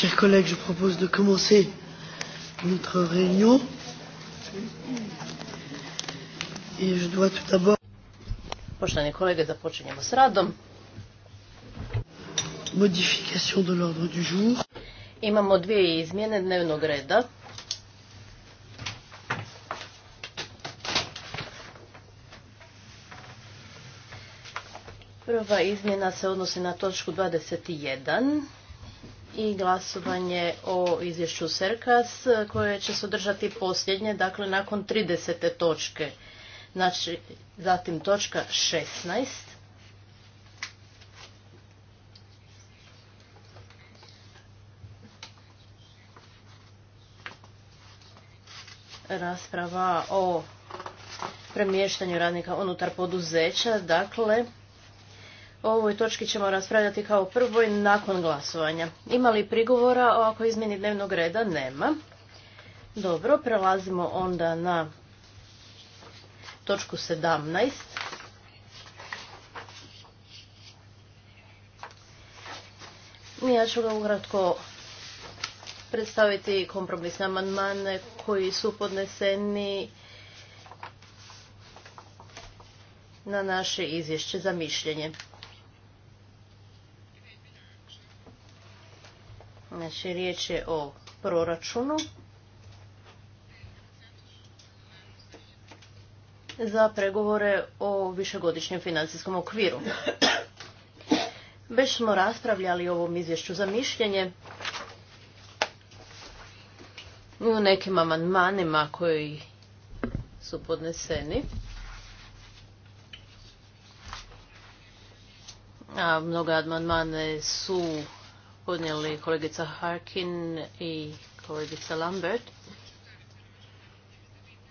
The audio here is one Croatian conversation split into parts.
Chers collègues, je propose de commencer notre réunion. Et je dois tout d'abord... Poštovani kolege, započinjemo s radom. Modification de l'ordre du jour. Imamo dvije izmjene dnevnog reda. Prva izmjena se odnosi na točku 21 i glasovanje o izvješću Serkas koje će se održati posljednje, dakle nakon 30. točke. Znači, zatim točka 16. rasprava o premještanju radnika unutar poduzeća, dakle o ovoj točki ćemo raspravljati kao prvoj nakon glasovanja. Ima li prigovora ako izmjeni dnevnog reda? Nema. Dobro, prelazimo onda na točku 17. Ja ću ga ukratko predstaviti kompromisne amandmane koji su podneseni na naše izvješće za mišljenje. Znači, riječ je o proračunu. za pregovore o višegodišnjem financijskom okviru. Već smo raspravljali o ovom izvješću za mišljenje i u nekim amandmanima koji su podneseni. A mnoga amandmane su podnijeli kolegica Harkin i kolegica Lambert.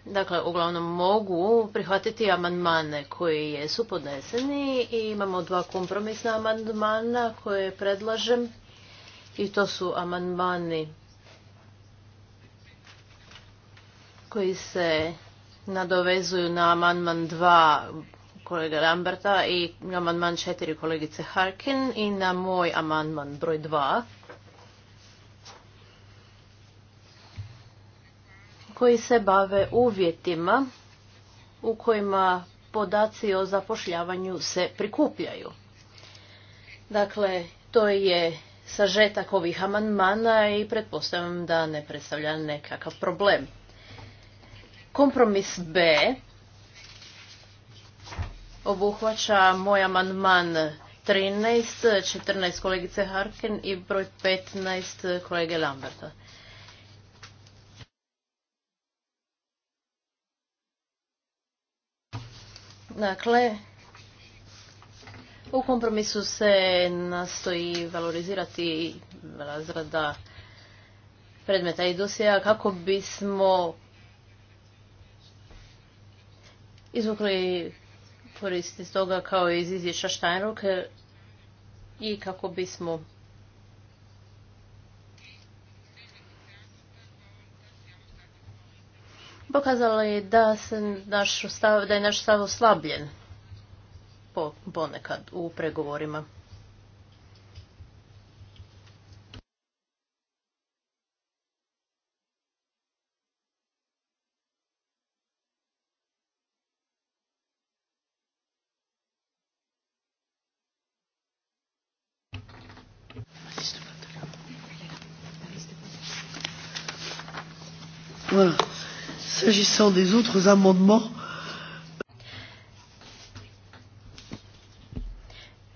Dakle, uglavnom mogu prihvatiti amandmane koji jesu podneseni i imamo dva kompromisna amandmana koje predlažem i to su amandmani koji se nadovezuju na amandman 2 kolega Lamberta i amandman četiri kolegice Harkin i na moj amandman broj dva koji se bave uvjetima u kojima podaci o zapošljavanju se prikupljaju. Dakle, to je sažetak ovih amandmana i pretpostavljam da ne predstavlja nekakav problem. Kompromis B obuhvaća moj amandman 13, 14 kolegice Harken i broj 15 kolege Lamberta. Dakle, u kompromisu se nastoji valorizirati razrada predmeta i dosija kako bismo izvukli koristi stoga kao iz izvješća Štajnruke i kako bismo pokazali da, se naš stav, da je naš stav oslabljen po, ponekad u pregovorima.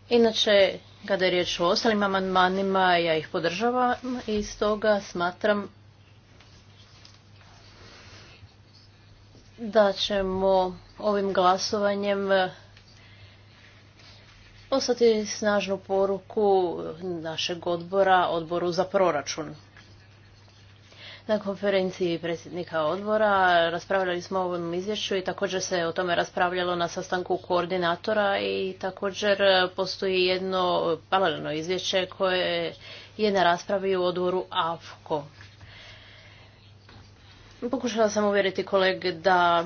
Inače, kada je riječ o ostalim amandmanima, ja ih podržavam i stoga smatram da ćemo ovim glasovanjem poslati snažnu poruku našeg odbora, odboru za proračun. Na konferenciji predsjednika odbora raspravljali smo o ovom izvješću i također se o tome raspravljalo na sastanku koordinatora i također postoji jedno paralelno izvješće koje je na raspravi u odboru AFKO. Pokušala sam uvjeriti kolege da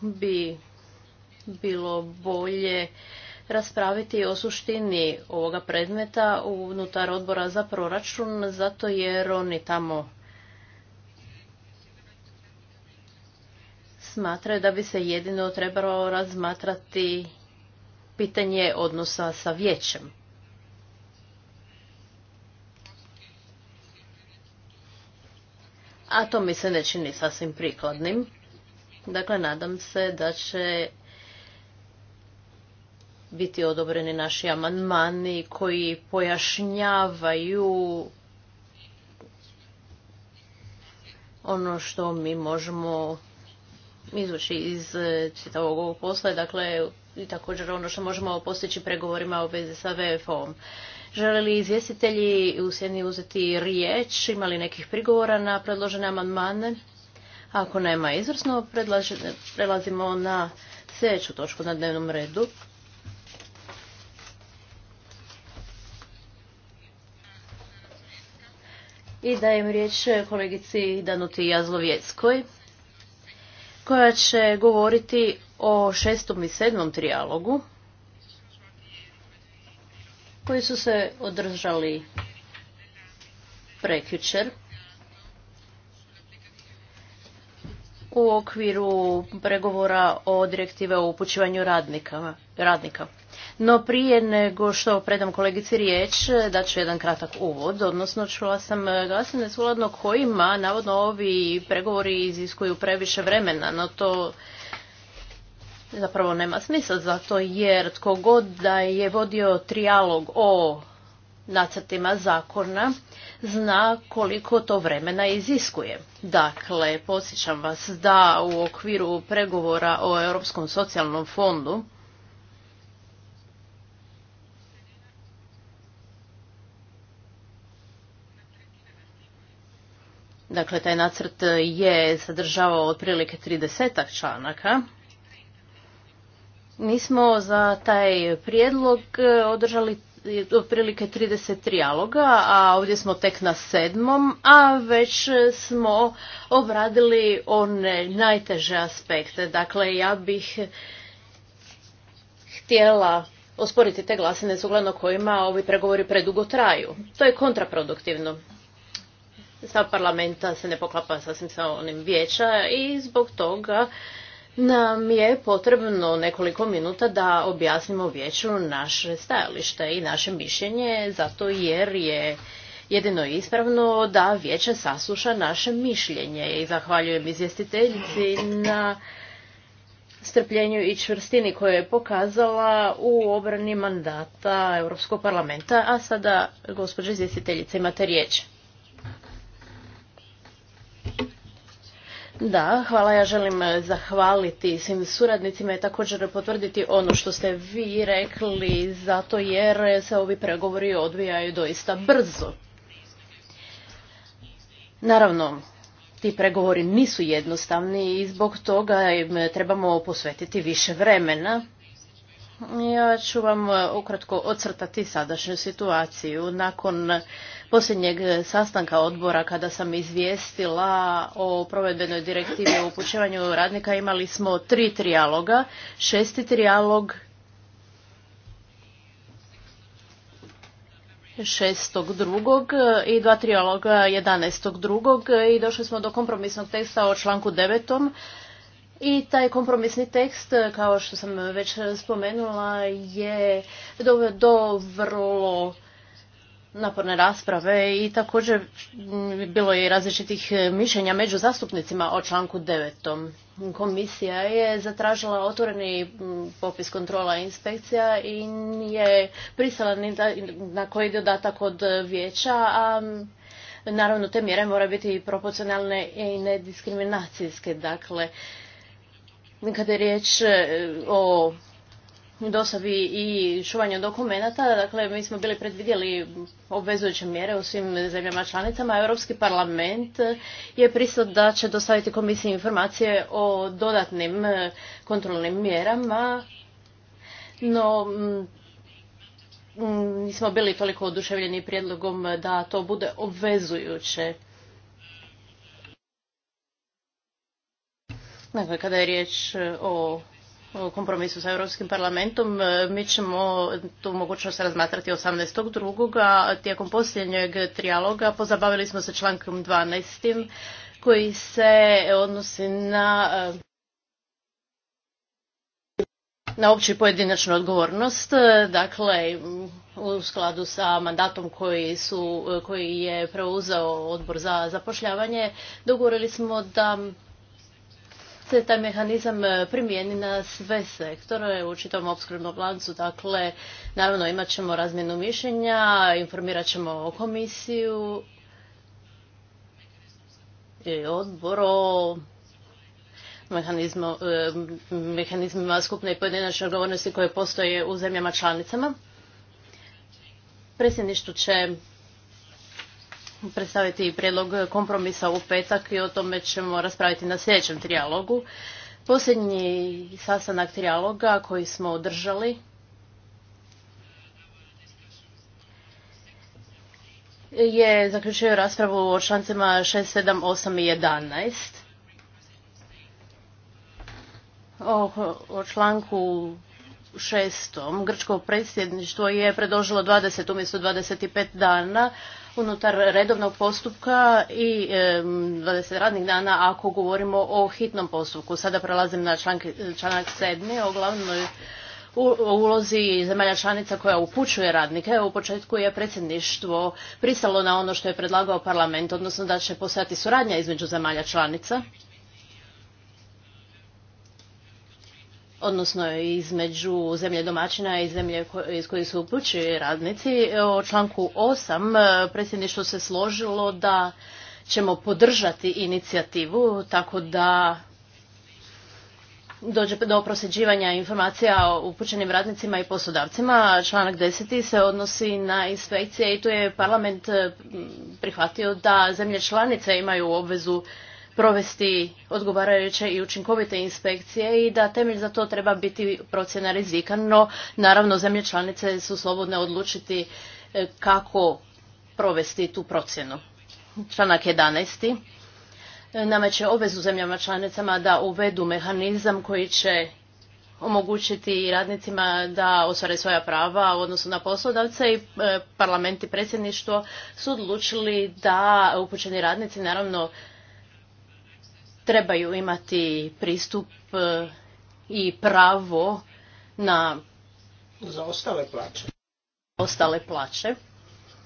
bi bilo bolje raspraviti o suštini ovoga predmeta unutar odbora za proračun, zato jer oni tamo smatraju da bi se jedino trebalo razmatrati pitanje odnosa sa vijećem. A to mi se ne čini sasvim prikladnim. Dakle, nadam se da će biti odobreni naši amandmani koji pojašnjavaju ono što mi možemo izvući iz e, čitavog ovog posla, dakle i također ono što možemo postići pregovorima u vezi sa VFO-om. Žele li izvjestitelji u sjeni uzeti riječ, imali nekih prigovora na predložene amandmane? Ako nema izvrsno, prelazimo na sljedeću točku na dnevnom redu. I dajem riječ kolegici Danuti Jazlovjeckoj koja će govoriti o šestom i sedmom trijalogu koji su se održali prekjučer u okviru pregovora o direktive o upućivanju radnika. radnika. No prije nego što predam kolegici riječ, daću jedan kratak uvod, odnosno čula sam glasine suladno kojima navodno ovi pregovori iziskuju previše vremena, no to zapravo nema smisla zato jer tko god da je vodio trijalog o nacrtima zakona zna koliko to vremena iziskuje. Dakle, posjećam vas da u okviru pregovora o Europskom socijalnom fondu Dakle, taj nacrt je sadržavao otprilike 30 članaka. Mi smo za taj prijedlog održali otprilike 30 trijaloga, a ovdje smo tek na sedmom, a već smo obradili one najteže aspekte. Dakle, ja bih htjela osporiti te glasine sukladno kojima ovi pregovori predugo traju. To je kontraproduktivno. Stav parlamenta se ne poklapa sasvim sa onim vijeća i zbog toga nam je potrebno nekoliko minuta da objasnimo vijeću naše stajalište i naše mišljenje, zato jer je jedino ispravno da vijeće sasluša naše mišljenje i zahvaljujem izvjestiteljici na strpljenju i čvrstini koje je pokazala u obrani mandata Europskog parlamenta, a sada gospođa izvjestiteljice, imate riječ. Da, hvala. Ja želim eh, zahvaliti svim suradnicima i također potvrditi ono što ste vi rekli, zato jer se ovi pregovori odvijaju doista brzo. Naravno, ti pregovori nisu jednostavni i zbog toga im eh, trebamo posvetiti više vremena. Ja ću vam e, ukratko ocrtati sadašnju situaciju. Nakon posljednjeg sastanka odbora kada sam izvijestila o provedbenoj direktivi o upućivanju radnika imali smo tri trijaloga. Šesti trijalog drugog i dva trijaloga drugog i došli smo do kompromisnog teksta o članku devetom. I taj kompromisni tekst, e, kao što sam već spomenula, je doveo do vrlo naporne rasprave i također mm, bilo je i različitih e, mišljenja među zastupnicima o članku devetom. Komisija je zatražila otvoreni mm, popis kontrola inspekcija i nije pristala na koji dodatak od vijeća, a mm, naravno te mjere moraju biti proporcionalne i nediskriminacijske. Dakle, kada je riječ e, o dosavi i čuvanju dokumenata, dakle mi smo bili predvidjeli obvezujuće mjere u svim zemljama članicama. Europski parlament je pristao da će dostaviti komisiji informacije o dodatnim e, kontrolnim mjerama, no mm, mm, nismo bili toliko oduševljeni prijedlogom da to bude obvezujuće. Dakle, kada je riječ e, o kompromisu sa Europskim parlamentom, e, mi ćemo tu mogućnost razmatrati 18.2. a tijekom posljednjeg trijaloga pozabavili smo se člankom 12. koji se odnosi na e, na opću pojedinačnu odgovornost, dakle u skladu sa mandatom koji, su, koji je preuzeo odbor za zapošljavanje, dogovorili smo da se taj mehanizam e, primijeni na sve sektore u čitavom opskrbnom lancu. Dakle, naravno imat ćemo razmjenu mišljenja, informirat ćemo komisiju i odbor o e, mehanizmima skupne i pojedinačne odgovornosti koje postoje u zemljama članicama. Predsjedništvo će predstaviti prijedlog kompromisa u petak i o tome ćemo raspraviti na sljedećem trijalogu. Posljednji sastanak trijaloga koji smo održali je zaključio raspravu o člancima 6, 7, 8 i 11. O, članku šestom grčko predsjedništvo je predložilo 20 umjesto 25 dana, unutar redovnog postupka i 20 radnih dana ako govorimo o hitnom postupku. Sada prelazim na članak, članak 7. o glavnoj ulozi zemalja članica koja upućuje radnike. U početku je predsjedništvo pristalo na ono što je predlagao parlament, odnosno da će postojati suradnja između zemalja članica odnosno između zemlje domaćina i zemlje iz koje su upućuju radnici. O članku 8 e, predsjedništvo se složilo da ćemo podržati inicijativu tako da dođe do prosjeđivanja informacija o upućenim radnicima i poslodavcima. Članak 10. se odnosi na inspekcije i tu je parlament e, prihvatio da zemlje članice imaju obvezu provesti odgovarajuće i učinkovite inspekcije i da temelj za to treba biti procjena rizika, no naravno zemlje članice su slobodne odlučiti e, kako provesti tu procjenu. Članak 11. E, nameće obvezu zemljama članicama da uvedu mehanizam koji će omogućiti radnicima da ostvare svoja prava u odnosu na poslodavce i e, parlament i predsjedništvo su odlučili da upućeni radnici naravno trebaju imati pristup e, i pravo na Ostale plaće.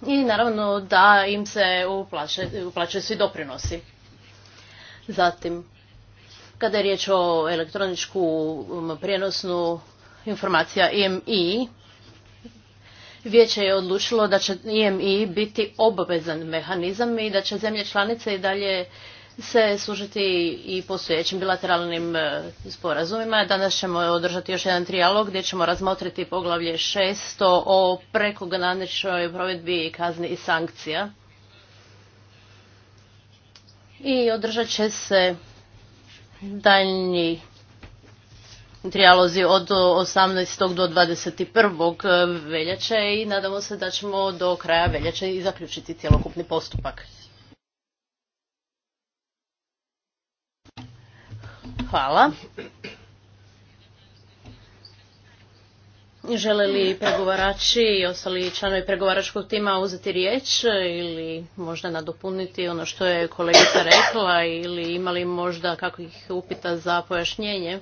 I naravno da im se uplaćaju svi doprinosi. Zatim, kada je riječ o elektroničku um, prijenosnu informacija IMI, Vijeće je odlučilo da će IMI biti obavezan mehanizam i da će zemlje članice i dalje se služiti i postojećim bilateralnim e, sporazumima. Danas ćemo održati još jedan trijalog gdje ćemo razmotriti poglavlje 600 o prekograničnoj provedbi kazni i sankcija. I održat će se daljnji trijalozi od 18. do 21. E, veljače i nadamo se da ćemo do kraja veljače i zaključiti cjelokupni postupak. Hvala. Žele li pregovarači i ostali članovi pregovaračkog tima uzeti riječ ili možda nadopuniti ono što je kolegica rekla ili imali možda kakvih upita za pojašnjenje?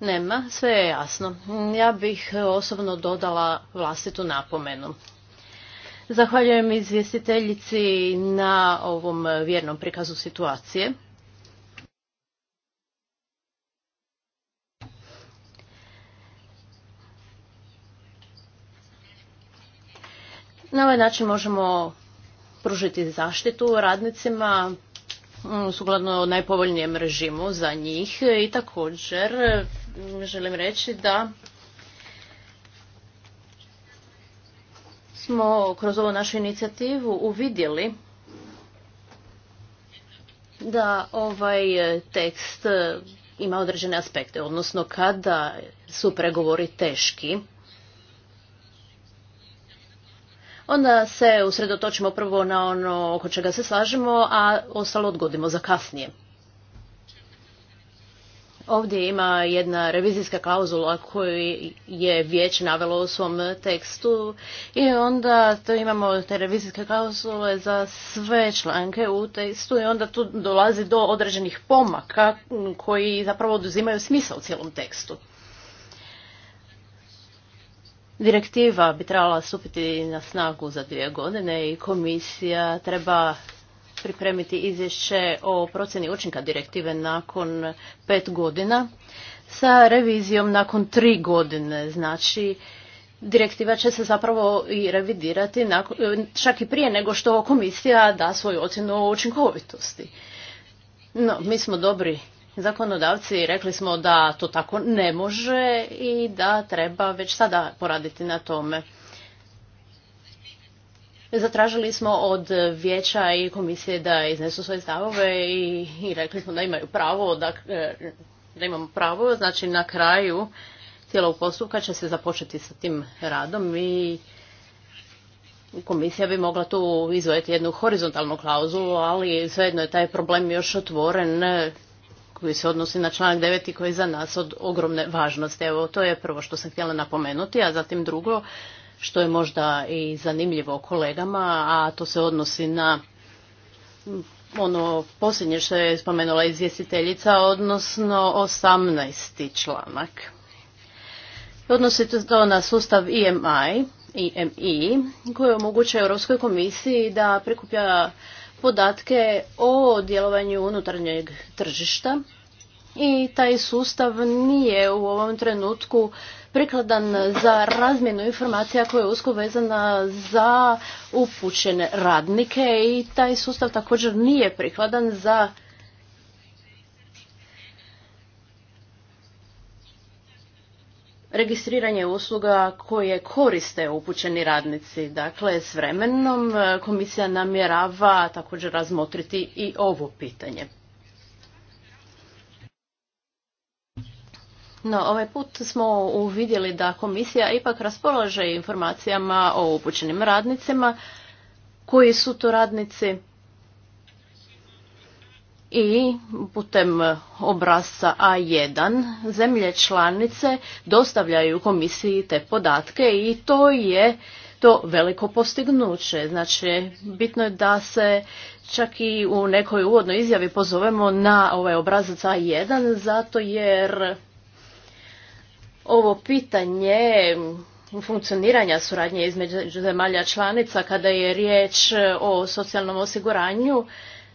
Nema, sve je jasno. Ja bih osobno dodala vlastitu napomenu. Zahvaljujem izvjestiteljici na ovom vjernom prikazu situacije. Na ovaj način možemo pružiti zaštitu radnicima mm, sukladno najpovoljnijem režimu za njih i također mm, želim reći da smo kroz ovu našu inicijativu uvidjeli da ovaj tekst ima određene aspekte, odnosno kada su pregovori teški, onda se usredotočimo prvo na ono oko čega se slažemo, a ostalo odgodimo za kasnije. Ovdje ima jedna revizijska klauzula koju je vijeć navelo u svom tekstu i onda to imamo te revizijske klauzule za sve članke u tekstu i onda tu dolazi do određenih pomaka koji zapravo oduzimaju smisao u cijelom tekstu. Direktiva bi trebala stupiti na snagu za dvije godine i komisija treba pripremiti izvješće o procjeni učinka direktive nakon pet godina sa revizijom nakon tri godine. Znači, direktiva će se zapravo i revidirati čak i prije nego što komisija da svoju ocjenu o učinkovitosti. No, mi smo dobri zakonodavci rekli smo da to tako ne može i da treba već sada poraditi na tome. Zatražili smo od vijeća i komisije da iznesu svoje stavove i, i rekli smo da imaju pravo, da, e, da imamo pravo, znači na kraju cijelog postupka će se započeti sa tim radom i komisija bi mogla tu izvojiti jednu horizontalnu klauzulu, ali svejedno je taj problem još otvoren koji se odnosi na članak 9. koji je za nas od ogromne važnosti. Evo, to je prvo što sam htjela napomenuti, a zatim drugo, što je možda i zanimljivo kolegama, a to se odnosi na mm, ono posljednje što je spomenula izvjestiteljica, odnosno 18. članak. Odnosi to na sustav EMI, EMI koji omogućuje Europskoj komisiji da prikuplja podatke o djelovanju unutarnjeg tržišta i taj sustav nije u ovom trenutku prikladan za razmjenu informacija koja je usko vezana za upućene radnike i taj sustav također nije prikladan za registriranje usluga koje koriste upućeni radnici. Dakle, s vremenom e, komisija namjerava također razmotriti i ovo pitanje. No, ovaj put smo uvidjeli da komisija ipak raspolaže informacijama o upućenim radnicima, koji su to radnici i putem obrazca A1 zemlje članice dostavljaju komisiji te podatke i to je to veliko postignuće. Znači, bitno je da se čak i u nekoj uvodnoj izjavi pozovemo na ovaj obrazac A1, zato jer ovo pitanje funkcioniranja suradnje između zemalja članica kada je riječ o socijalnom osiguranju,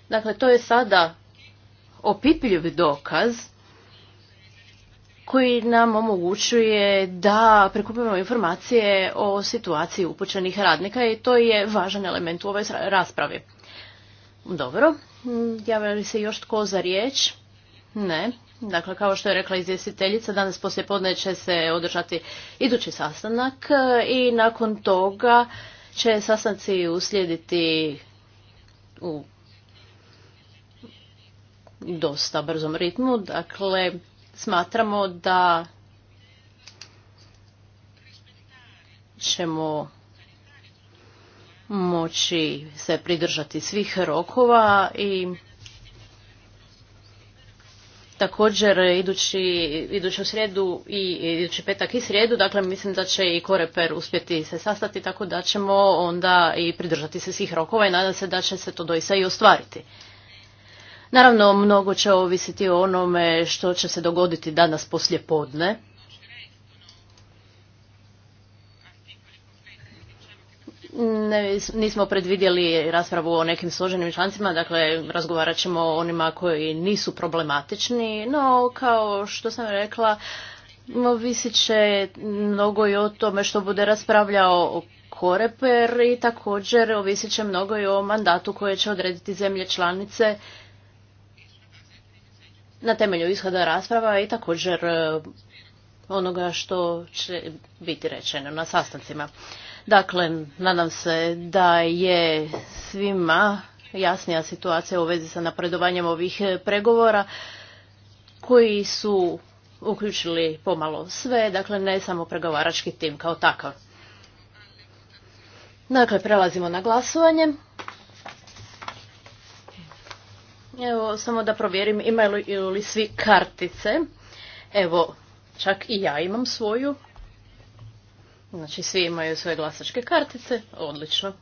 dakle to je sada opipljiv dokaz koji nam omogućuje da prikupimo informacije o situaciji upućenih radnika i to je važan element u ovoj raspravi. Dobro, javlja li se još tko za riječ? Ne. Dakle, kao što je rekla izvjestiteljica, danas poslije podne će se održati idući sastanak i nakon toga će sastanci uslijediti u dosta brzom ritmu. Dakle, smatramo da ćemo moći se pridržati svih rokova i također idući, iduću srijedu i idući petak i srijedu, dakle mislim da će i Koreper uspjeti se sastati, tako da ćemo onda i pridržati se svih rokova i nadam se da će se to doista i ostvariti. Naravno, mnogo će ovisiti o onome što će se dogoditi danas poslje podne. nismo predvidjeli raspravu o nekim složenim člancima, dakle razgovarat ćemo o onima koji nisu problematični, no kao što sam rekla, ovisit će mnogo i o tome što bude raspravljao Koreper i također ovisit će mnogo i o mandatu koje će odrediti zemlje članice na temelju ishoda rasprava i također e, onoga što će biti rečeno na sastancima. Dakle, nadam se da je svima jasnija situacija u vezi sa napredovanjem ovih pregovora koji su uključili pomalo sve, dakle ne samo pregovarački tim kao takav. Dakle, prelazimo na glasovanje. Evo, samo da provjerim imaju li svi kartice. Evo, čak i ja imam svoju. Znači, svi imaju svoje glasačke kartice. Odlično.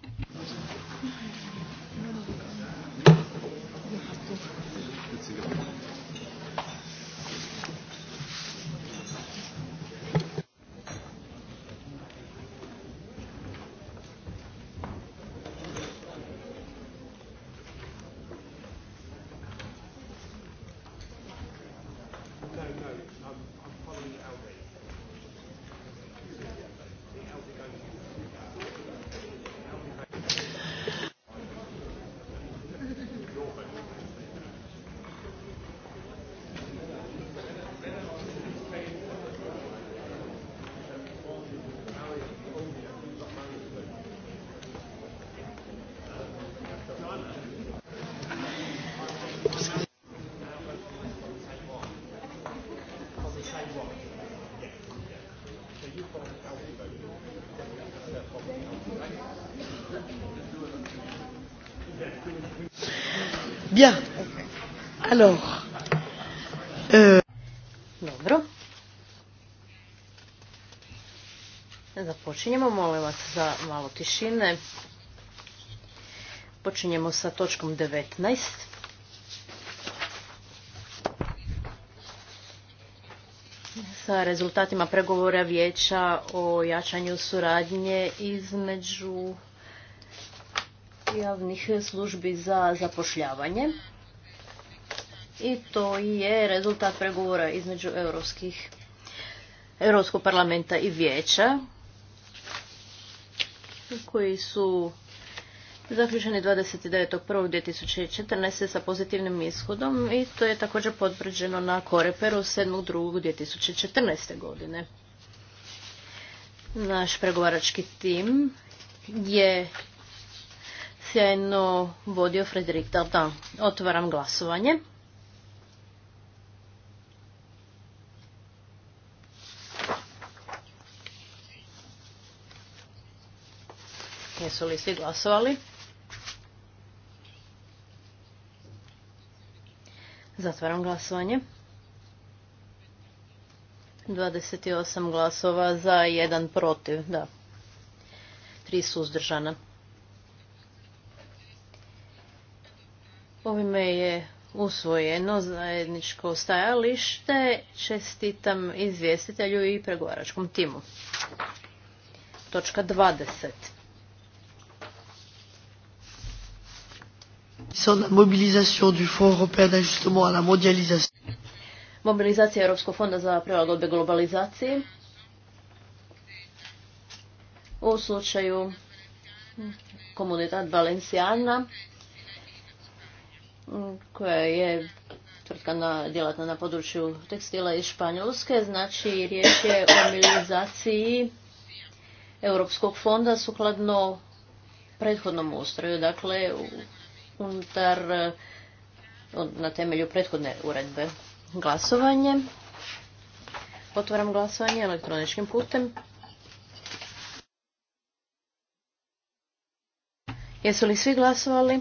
Euh, Dobro. Započinjemo, molim vas za malo tišine. Počinjemo sa točkom 19. Sa rezultatima pregovora vijeća o jačanju suradnje između javnih službi za zapošljavanje i to je rezultat pregovora između europskih Europskog parlamenta i vijeća koji su zaključeni 29.1.2014. sa pozitivnim ishodom i to je također potvrđeno na Koreperu 7.2.2014. godine. Naš pregovarački tim je sjajno vodio Frederik Dardan Otvaram glasovanje. Jesu li svi glasovali? Zatvaram glasovanje. 28 glasova za, 1 protiv, da. 3 suzdržana. Ovime je usvojeno zajedničko stajalište. Čestitam izvjestitelju i pregovaračkom timu. Točka 20. sur la du Mobilizacija Europskog fonda za prilagodbe globalizaciji. U slučaju komunitat Valenciana, koja je tvrtka na, djelatna na području tekstila iz Španjolske, znači riječ je o mobilizaciji Europskog fonda sukladno prethodnom ustroju, dakle u unutar e, na temelju prethodne uredbe. Glasovanje. Otvaram glasovanje elektroničkim putem. Jesu li svi glasovali?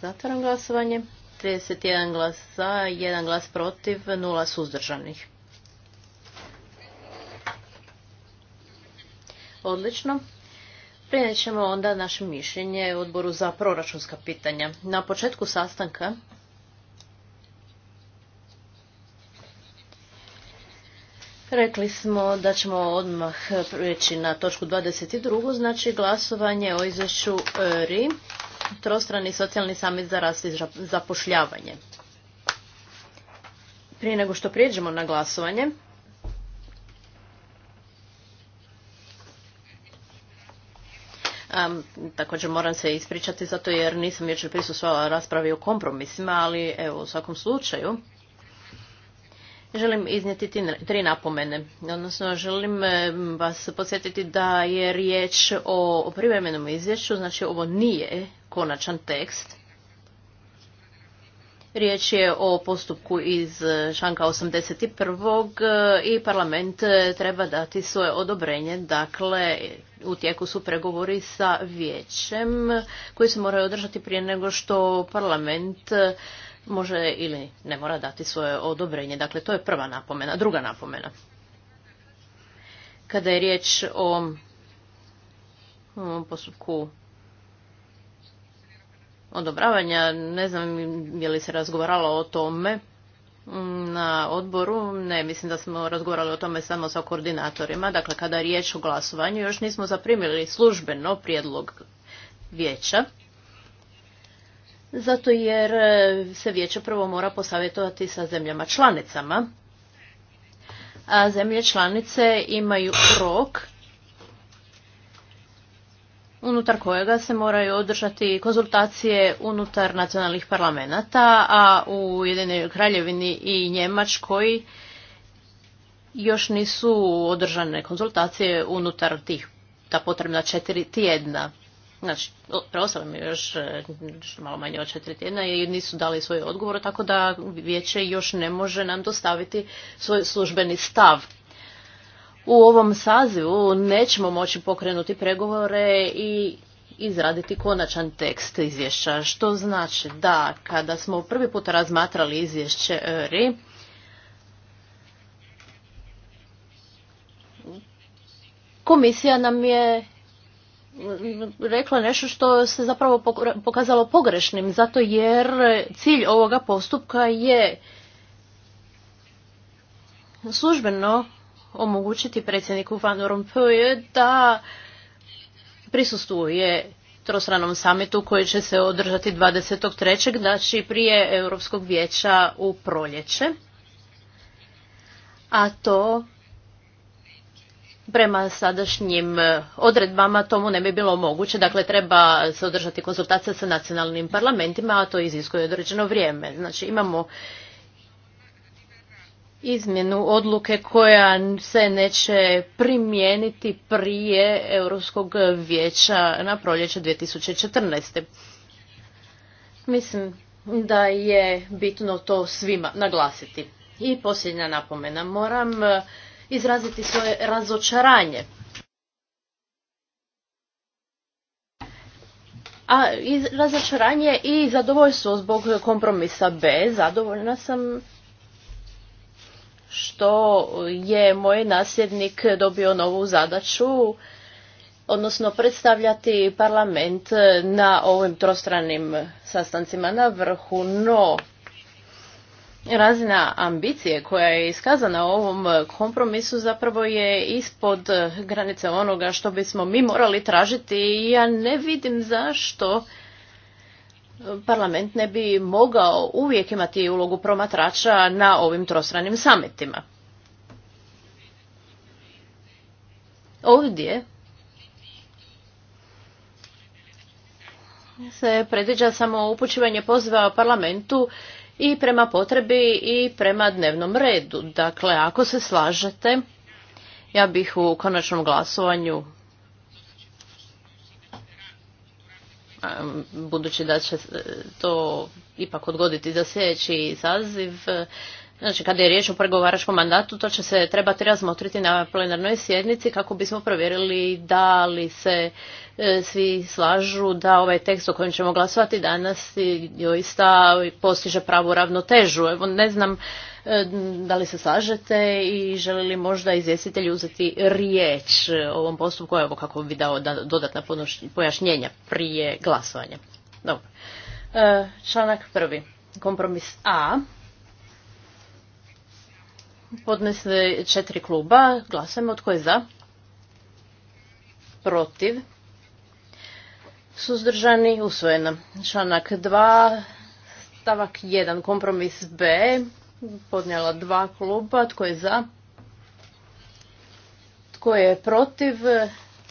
Zatvaram glasovanje. 31 glas za, 1 glas protiv, 0 suzdržanih. Odlično. Prenijet ćemo onda naše mišljenje odboru za proračunska pitanja. Na početku sastanka Rekli smo da ćemo odmah prijeći na točku 22. znači glasovanje o izvješću RI, trostrani socijalni samit za rast i zapošljavanje. Prije nego što prijeđemo na glasovanje, Um, također moram se ispričati zato jer nisam jučer prisustvala raspravi o kompromisima, ali evo u svakom slučaju želim iznijeti tri napomene. Odnosno želim e, vas podsjetiti da je riječ o privremenom izvješću, znači ovo nije konačan tekst. Riječ je o postupku iz članka 81. E, i parlament e, treba dati svoje odobrenje. Dakle, u tijeku su pregovori sa vijećem koji se moraju održati prije nego što parlament e, može ili ne mora dati svoje odobrenje. Dakle, to je prva napomena. Druga napomena. Kada je riječ o postupku odobravanja. Ne znam je li se razgovaralo o tome na odboru. Ne, mislim da smo razgovarali o tome samo sa koordinatorima. Dakle, kada je riječ o glasovanju, još nismo zaprimili službeno prijedlog vijeća. Zato jer se vijeće prvo mora posavjetovati sa zemljama članicama. A zemlje članice imaju rok unutar kojega se moraju održati konzultacije unutar nacionalnih parlamenta, a u Jedinoj Kraljevini i Njemačkoj još nisu održane konzultacije unutar tih ta potrebna četiri tjedna. Znači, preostalo mi e, još malo manje od četiri tjedna i nisu dali svoj odgovor, tako da vijeće još ne može nam dostaviti svoj službeni stav u ovom sazivu nećemo moći pokrenuti pregovore i izraditi konačan tekst izvješća, što znači da kada smo prvi put razmatrali izvješće ERI, komisija nam je rekla nešto što se zapravo pokazalo pogrešnim, zato jer cilj ovoga postupka je službeno omogućiti predsjedniku Van Rompuy da prisustuje trostranom samitu koji će se održati 23. znači prije Europskog vijeća u proljeće. A to prema sadašnjim odredbama tomu ne bi bilo moguće, dakle treba se održati konsultacija sa nacionalnim parlamentima, a to iziskuje određeno vrijeme. Znači imamo izmjenu odluke koja se neće primijeniti prije Europskog vijeća na proljeće 2014. Mislim da je bitno to svima naglasiti. I posljednja napomena. Moram e, izraziti svoje razočaranje. A razočaranje i zadovoljstvo zbog kompromisa B. Zadovoljna sam što je moj nasljednik dobio novu zadaću, odnosno predstavljati parlament na ovim trostranim sastancima na vrhu, no razina ambicije koja je iskazana u ovom kompromisu zapravo je ispod granice onoga što bismo mi morali tražiti i ja ne vidim zašto parlament ne bi mogao uvijek imati ulogu promatrača na ovim trostranim sametima. Ovdje se predviđa samo upućivanje poziva parlamentu i prema potrebi i prema dnevnom redu. Dakle, ako se slažete, ja bih u konačnom glasovanju budući da će e, to ipak odgoditi za sljedeći saziv, e, znači kada je riječ o pregovaračkom mandatu, to će se trebati razmotriti na plenarnoj sjednici kako bismo provjerili da li se e, svi slažu da ovaj tekst o kojem ćemo glasovati danas doista postiže pravu ravnotežu. Evo ne znam E, da li se slažete i želi li možda izvjestitelji uzeti riječ o e, ovom postupku? Evo kako bi dao dodatna pojašnjenja prije glasovanja. Dobro. E, članak prvi. Kompromis A. podnese četiri kluba. Glasujemo. Od koje za? Protiv? Suzdržani? Usvojeno. Članak 2. Stavak 1. Kompromis B podnijela dva kluba. Tko je za? Tko je protiv?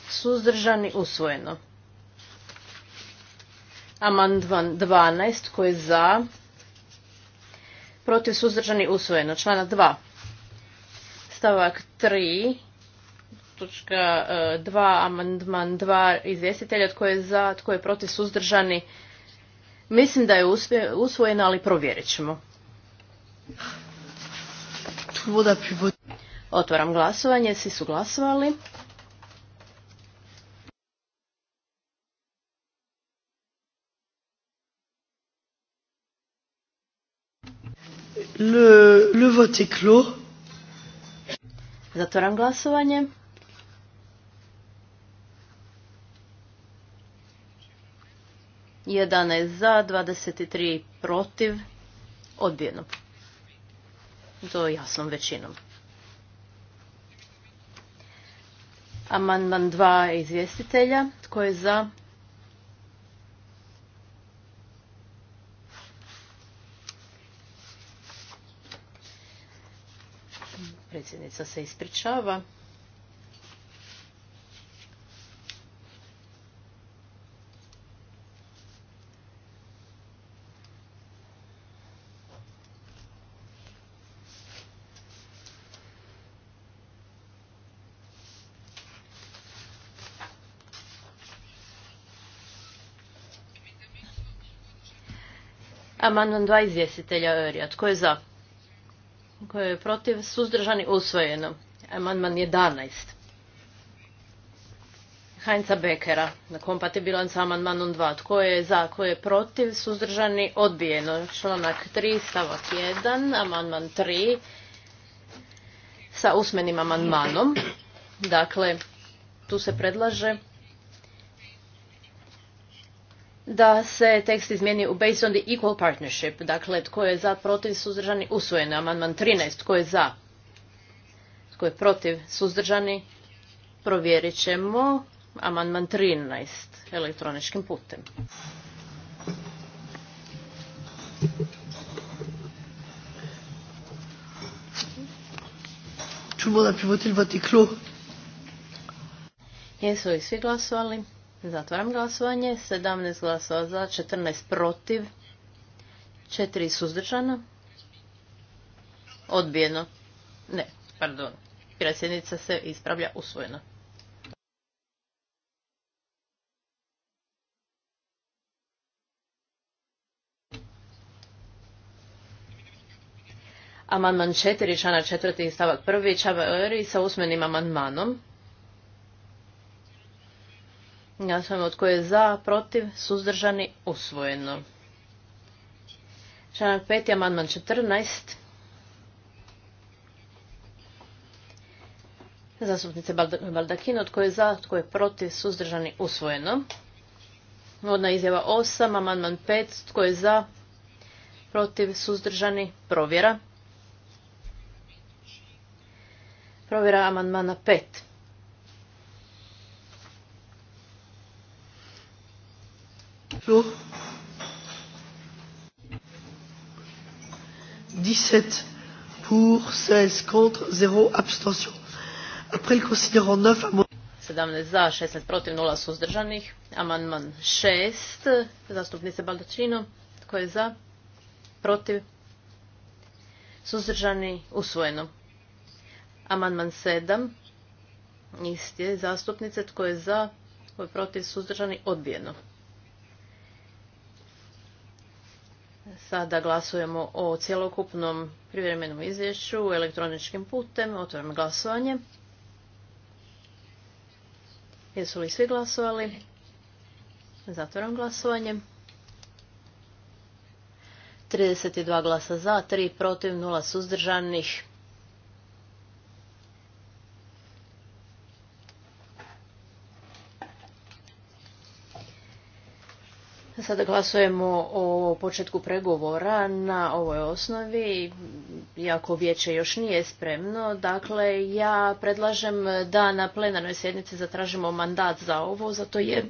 Suzdržani usvojeno. Amandman 12. Tko je za? Protiv suzdržani usvojeno. Člana 2. Stavak 3. Točka 2. E, Amandman 2. Izvjestitelja. Tko je za? Tko je protiv suzdržani? Mislim da je usvojeno, ali provjerit ćemo. Otvaram glasovanje, svi su glasovali. Le, le vote est clos. Zatvoram glasovanje. je za, 23 tri protiv, odbijeno to jasnom većinom. Amandman dva izvjestitelja. Tko je za? Predsjednica se ispričava. Amandman dva izvjestitelja Örija. Tko je za? Tko je protiv? Suzdržani usvojeno. Amandman 11. Heinza Bekera, na kompatibilan sa amandmanom 2. Tko je za, tko je protiv, suzdržani, odbijeno. Članak 3, stavak 1, amandman 3, sa usmenim amandmanom. Dakle, tu se predlaže da se tekst izmijeni u based on the equal partnership. Dakle, tko je za, protiv, suzdržani, je Amandman 13, tko je za, tko je protiv, suzdržani, provjerit ćemo. Amandman 13, elektroničkim putem. Jesu li svi glasovali? Zatvaram glasovanje. 17 glasova za, 14 protiv, 4 suzdržana. Odbijeno. Ne, pardon. Predsjednica se ispravlja usvojeno. Amandman 4, člana 4. stavak 1. Čaveri sa usmenim amandmanom. Glasujemo od koje je za, protiv, suzdržani, usvojeno. Članak 5. amandman 14. Zastupnice Baldakino, od koje je za, tko je protiv, suzdržani, usvojeno. Vodna izjava 8, amandman 5, tko je za, protiv, suzdržani, provjera. Provjera amandmana 5. 17 pour, 16 contre, 0 abstention. Après le considérant 9, amendement... 17 za, 16 protiv, 0 suzdržanih. Amandman 6, zastupnice Baldacino. tko je za, protiv, suzdržani, usvojeno. Amandman 7, isti je zastupnice, tko je za, tko je protiv, suzdržani, odbijeno. Sada glasujemo o cjelokupnom privremenom izvješću elektroničkim putem. Otvaram glasovanje. Jesu li svi glasovali? Zatvaram glasovanje. 32 glasa za, 3 protiv, 0 suzdržanih. Sada glasujemo o početku pregovora na ovoj osnovi, iako vijeće još nije spremno. Dakle, ja predlažem da na plenarnoj sjednici zatražimo mandat za ovo, zato je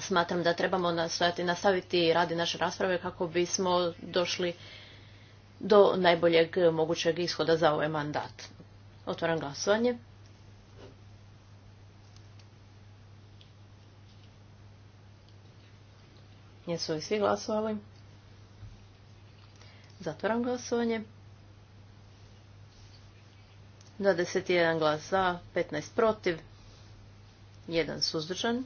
smatram da trebamo nastaviti, nastaviti radi naše rasprave kako bismo došli do najboljeg mogućeg ishoda za ovaj mandat. Otvaram glasovanje. Jesu li svi glasovali? Zatvoram glasovanje. 21 glas za, 15 protiv, 1 suzdržan.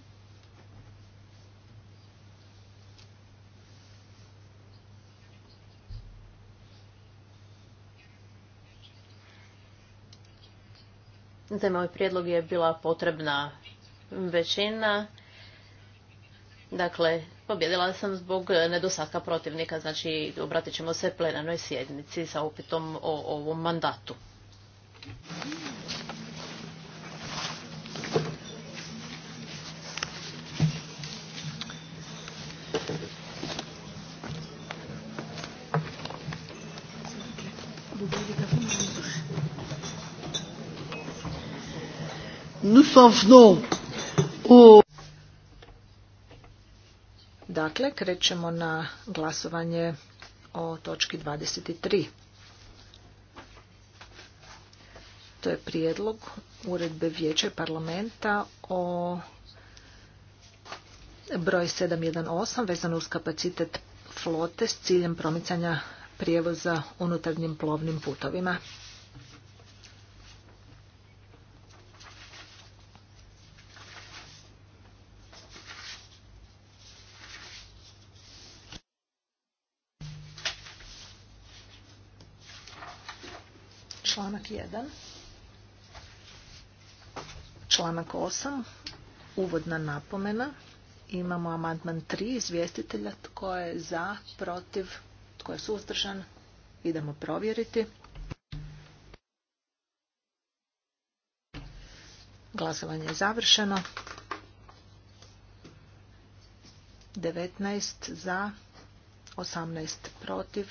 Za moj prijedlog je bila potrebna većina Dakle, pobjedila sam zbog nedostatka protivnika, znači obratit ćemo se plenarnoj sjednici sa upitom o ovom mandatu. Nous en venons au Dakle, krećemo na glasovanje o točki 23. To je prijedlog uredbe Vijeća parlamenta o broj 718 vezano uz kapacitet flote s ciljem promicanja prijevoza unutarnjim plovnim putovima. 1. Članak 8. Uvodna napomena. Imamo amandman 3 izvjestitelja. Tko je za, protiv, tko je suzdržan? Idemo provjeriti. Glasovanje je završeno. 19 za, 18 protiv,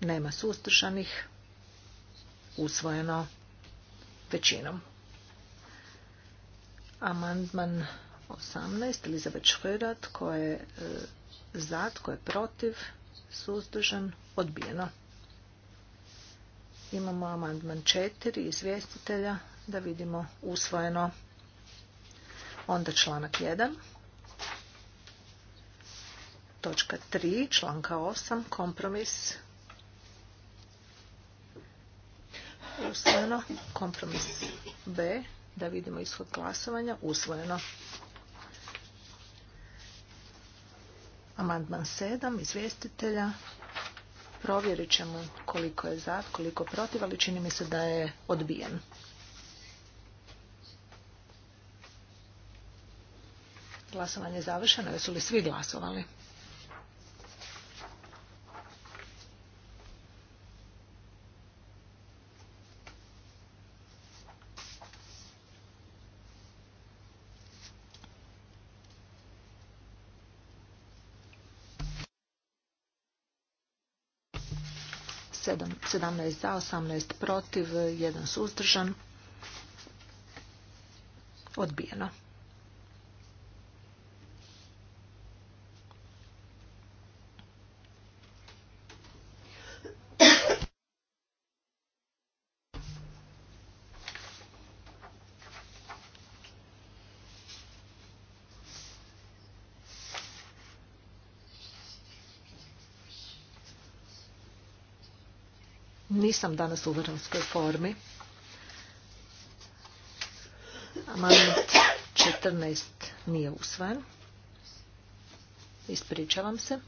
nema suzdržanih usvojeno većinom. Amandman 18, Elizabeth Šröda, ko je e, za, ko je protiv, suzdržan, odbijeno. Imamo amandman 4 izvjestitelja, da vidimo usvojeno. Onda članak 1, točka 3, članka 8, kompromis usvojeno. Kompromis B, da vidimo ishod glasovanja, usvojeno. Amandman 7, izvjestitelja. Provjerit ćemo koliko je za, koliko protiv, ali čini mi se da je odbijen. Glasovanje je završeno. Jesu li svi glasovali? 17 za, 18 protiv, 1 suzdržan. Odbijeno. nisam danas u vrhunskoj formi. Amandman 14 nije usvojen. Ispričavam se.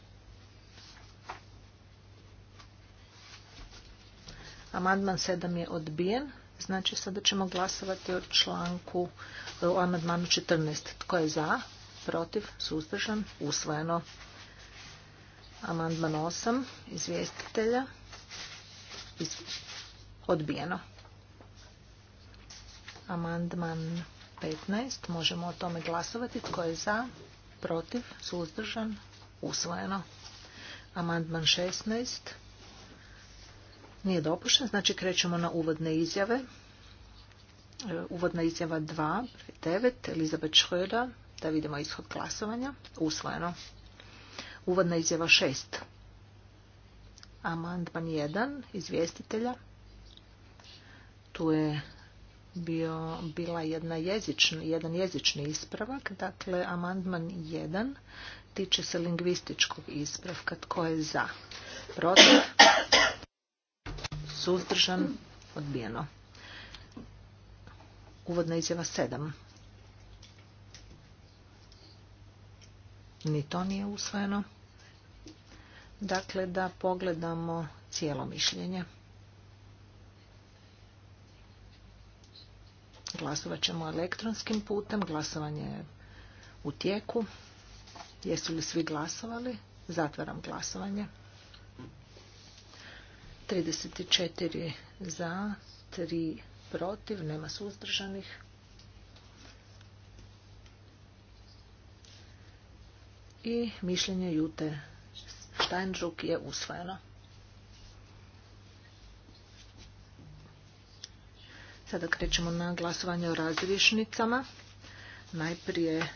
Amandman 7 je odbijen. Znači sada ćemo glasovati o članku, o amandmanu 14. Tko je za? Protiv? Suzdržan? Usvojeno. Amandman 8. Izvjestitelja odbijeno. Amandman 15. Možemo o tome glasovati. Tko je za? Protiv? Suzdržan? Usvojeno. Amandman 16. Nije dopušten. Znači krećemo na uvodne izjave. E, uvodna izjava 2. 9. Elizabeth Schröder. Da vidimo ishod glasovanja. Usvojeno. Uvodna izjava 6. Amandman 1 izvjestitelja. Tu je bio, bila jedna jedan jezični ispravak. Dakle, amandman 1 tiče se lingvističkog ispravka. Tko je za? Protiv? Suzdržan? Odbijeno. Uvodna izjava 7. Ni to nije usvojeno. Dakle, da pogledamo cijelo mišljenje. Glasovat ćemo elektronskim putem. Glasovanje je u tijeku. Jesu li svi glasovali? Zatvaram glasovanje. 34 za, 3 protiv, nema suzdržanih. I mišljenje Jute Štajnđuk je usvojeno. Sada krećemo na glasovanje o razrišnicama. Najprije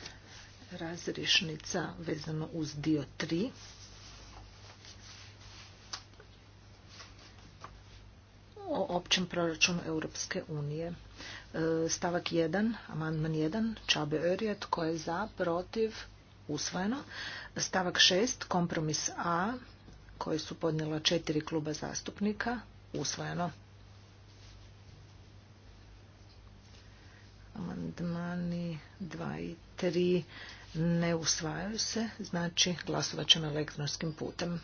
razrišnica vezano uz dio 3. o općem proračunu Europske unije. E, stavak 1, amandman 1, Čabe Örjet, tko je za, protiv, usvojeno. Stavak 6, kompromis A, koji su podnijela četiri kluba zastupnika, usvojeno. Amandmani 2 i 3 ne usvajaju se, znači glasovat ćemo elektronskim putem.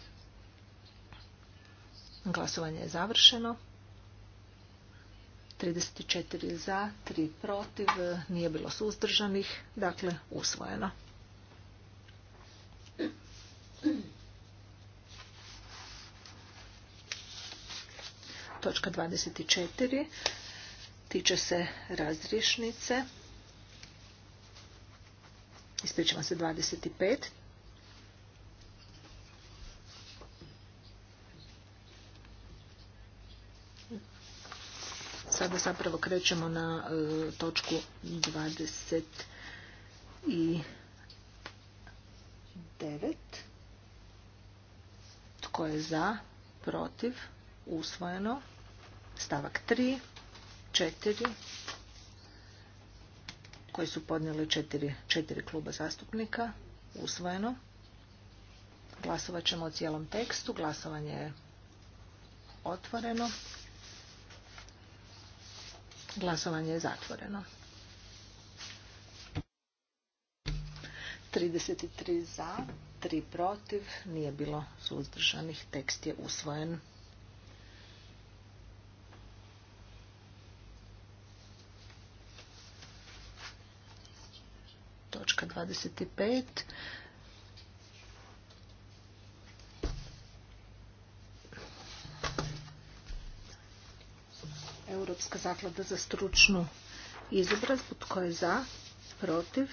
Glasovanje je završeno. 34 za, 3 protiv, nije bilo suzdržanih, dakle usvojeno. Točka 24 tiče se razrišnice. Ispričamo se 25. Sada zapravo krećemo na e, točku 20 i 9. Tko je za, protiv, usvojeno stavak 3, 4, koji su podnijeli četiri, četiri kluba zastupnika, usvojeno. Glasovat ćemo o cijelom tekstu, glasovanje je otvoreno, glasovanje je zatvoreno. 33 za, 3 protiv, nije bilo suzdržanih, tekst je usvojen. 25. Europska zaklada za stručnu izobrazbu. Tko je za? Protiv?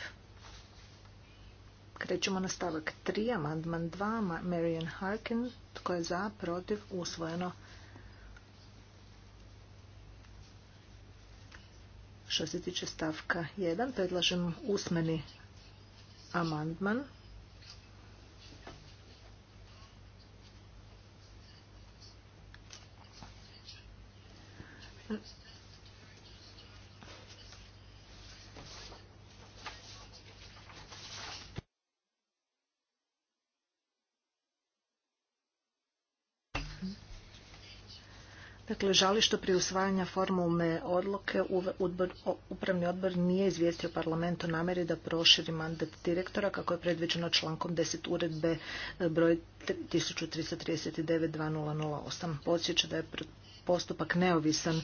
Krećemo na stavak 3, amandman 2, Marian Harkin. Tko je za? Protiv? Usvojeno. što se tiče stavka 1 predlažem usmeni amandman. Dakle, žali što prije usvajanja formalne odluke upravni odbor nije izvijestio parlament o namjeri da proširi mandat direktora kako je predviđeno člankom 10 uredbe e, broj 1339-2008. Podsjeća da je postupak neovisan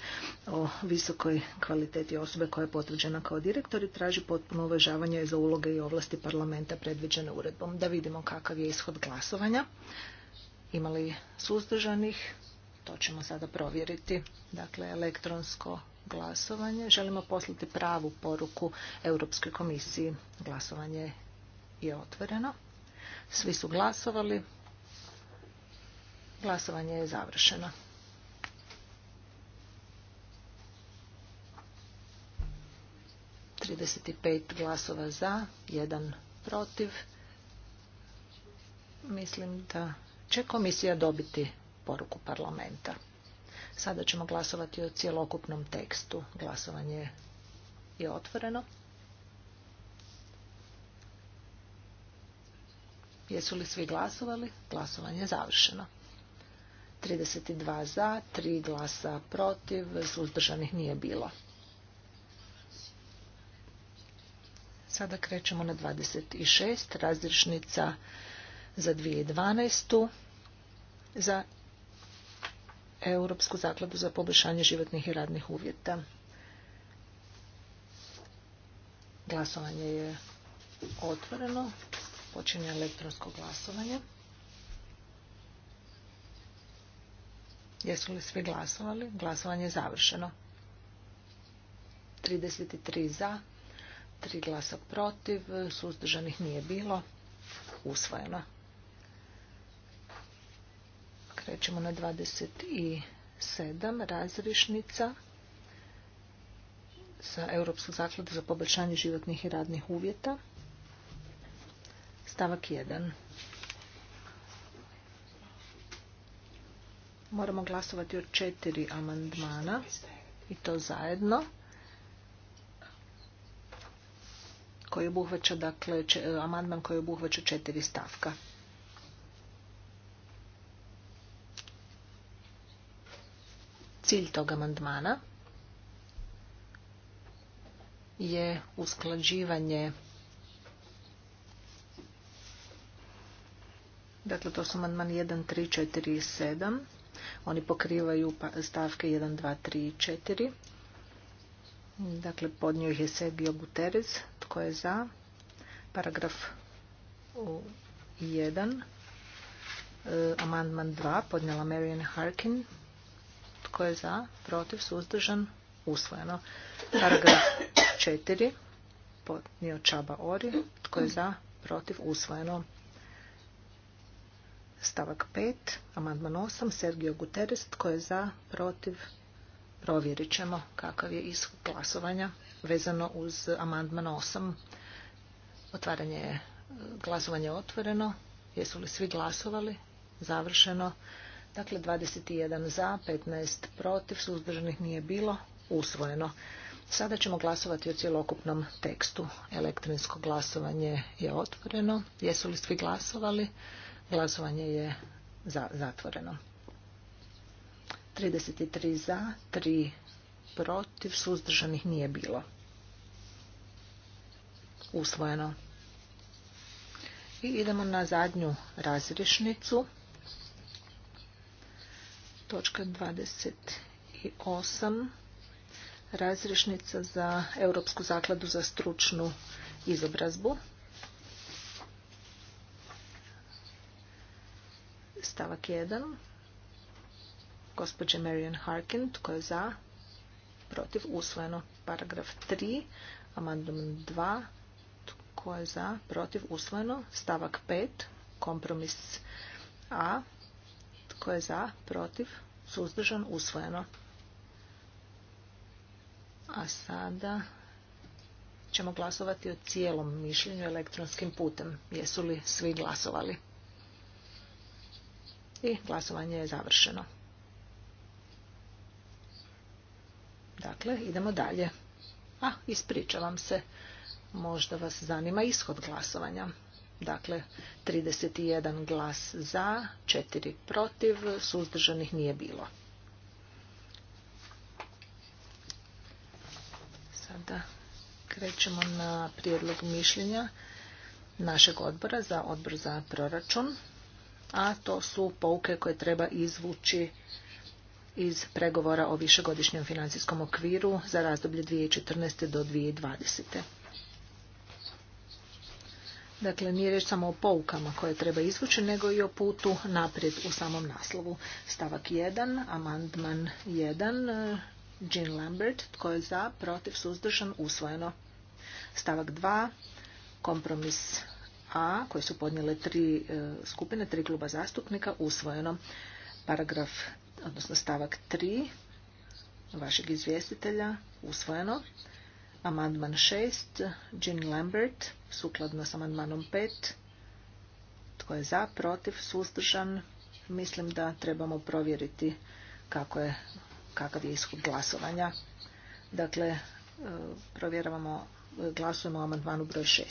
o visokoj kvaliteti osobe koja je potvrđena kao direktor i traži potpuno uvažavanje za uloge i ovlasti parlamenta predviđene uredbom. Da vidimo kakav je ishod glasovanja. Imali suzdržanih? to ćemo sada provjeriti. Dakle, elektronsko glasovanje. Želimo poslati pravu poruku Europskoj komisiji. Glasovanje je otvoreno. Svi su glasovali. Glasovanje je završeno. Trideset pet glasova za, jedan protiv. Mislim da će komisija dobiti poruku parlamenta. Sada ćemo glasovati o cjelokupnom tekstu. Glasovanje je otvoreno. Jesu li svi glasovali? Glasovanje je završeno. 32 za, 3 glasa protiv, suzdržanih nije bilo. Sada krećemo na 26, razrišnica za 2012. Za Europsku zakladu za poboljšanje životnih i radnih uvjeta. Glasovanje je otvoreno. Počinje elektronsko glasovanje. Jesu li svi glasovali? Glasovanje je završeno. 33 za, 3 glasa protiv, suzdržanih nije bilo, usvojeno. Krećemo na 27 razrišnica sa Europskog zakladu za poboljšanje životnih i radnih uvjeta. Stavak 1. Moramo glasovati o četiri amandmana i to zajedno koji obuhvaća, dakle, amandman koji obuhvaća četiri stavka. Cilj tog amandmana je usklađivanje Dakle, to su amandman 1, 3, 4 i 7. Oni pokrivaju pa, stavke 1, 2, 3 i 4. Dakle, podnio ih je Sergio Guterres. Tko je za? Paragraf 1. E, amandman 2 podnijela Marian Harkin. Tko je za? Protiv? Suzdržan? Usvojeno. Paragraf 4. Podnio Čaba Ori. Tko je za? Protiv? Usvojeno. Stavak 5. Amandman 8. Sergio Guterres. Tko je za? Protiv? Provjerit ćemo kakav je ishod glasovanja vezano uz amandman 8. Otvaranje je glasovanje je otvoreno. Jesu li svi glasovali? Završeno. Dakle, 21 za, 15 protiv, suzdržanih nije bilo, usvojeno. Sada ćemo glasovati o cjelokupnom tekstu. Elektronsko glasovanje je otvoreno. Jesu li svi glasovali? Glasovanje je za, zatvoreno. 33 za, 3 protiv, suzdržanih nije bilo. Usvojeno. I idemo na zadnju razrišnicu. Točka 28. Razrešnica za Europsku zakladu za stručnu izobrazbu. Stavak 1. Gospođe Marion Harkin, tko je za? Protiv. Usvojeno. Paragraf 3. Amandman 2. Tko je za? Protiv. Usvojeno. Stavak 5. Kompromis A. Tko je za? Protiv? Suzdržan? Usvojeno. A sada ćemo glasovati o cijelom mišljenju elektronskim putem. Jesu li svi glasovali? I glasovanje je završeno. Dakle, idemo dalje. A, ispričavam se. Možda vas zanima ishod glasovanja. Dakle, 31 glas za, 4 protiv, suzdržanih nije bilo. Sada krećemo na prijedlog mišljenja našeg odbora za odbor za proračun, a to su pouke koje treba izvući iz pregovora o višegodišnjem financijskom okviru za razdoblje 2014. do 2020. Dakle, nije riječ samo o poukama koje treba izvući, nego i o putu naprijed u samom naslovu. Stavak 1, amandman 1, e, Jean Lambert, tko je za, protiv, suzdržan, usvojeno. Stavak 2, kompromis A, koji su podnijele tri e, skupine, tri kluba zastupnika, usvojeno. Paragraf, odnosno stavak 3, vašeg izvjestitelja, usvojeno. Amandman 6, Jean Lambert, sukladno s amandmanom 5. Tko je za, protiv, suzdržan? Mislim da trebamo provjeriti kako je, kakav je ishod glasovanja. Dakle, e, provjeravamo, glasujemo o amandmanu broj 6.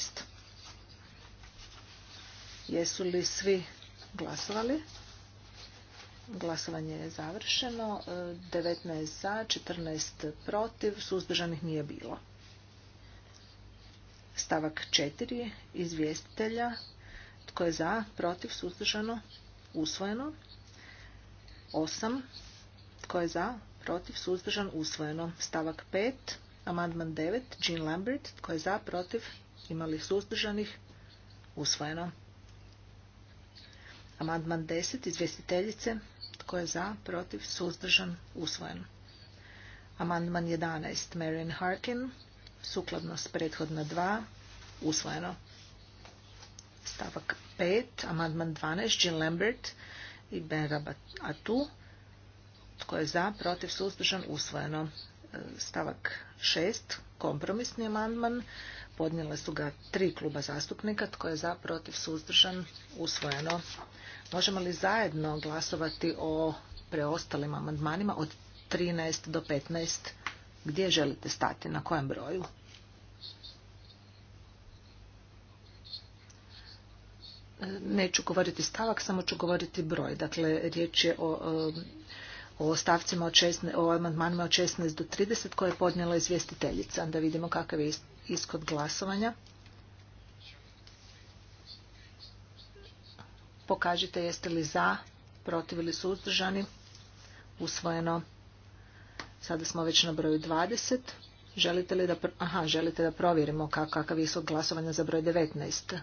Jesu li svi glasovali? Glasovanje je završeno. 19 e, za, 14 protiv, suzdržanih nije bilo. Stavak 4. Izvjestitelja. Tko je za, protiv, suzdržano, usvojeno. 8. Tko je za, protiv, suzdržan, usvojeno. Stavak 5. Amandman 9. Jean Lambert. Tko je za, protiv, imali suzdržanih, usvojeno. Amandman 10. Izvjestiteljice. Tko je za, protiv, suzdržan, usvojen. Amandman 11. Marion Harkin sukladno s prethodna dva, usvojeno. Stavak 5, amandman 12, Jean Lambert i Ben Rabat Atu. Tko je za, protiv, suzdržan, usvojeno. E, stavak 6, kompromisni amandman. Podnijele su ga tri kluba zastupnika. Tko je za, protiv, suzdržan, usvojeno. Možemo li zajedno glasovati o preostalim amandmanima od 13 do 15? Gdje želite stati? Na kojem broju? E, neću govoriti stavak, samo ću govoriti broj. Dakle, riječ je o, e, o stavcima, o amandmanima od 16 do 30 koje je podnijela izvjestiteljica. Da vidimo kakav je ishod glasovanja. Pokažite jeste li za, protiv ili suzdržani. Usvojeno Sada smo već na broju 20. Želite li da, aha, želite da provjerimo kakav je ishod glasovanja za broj 19?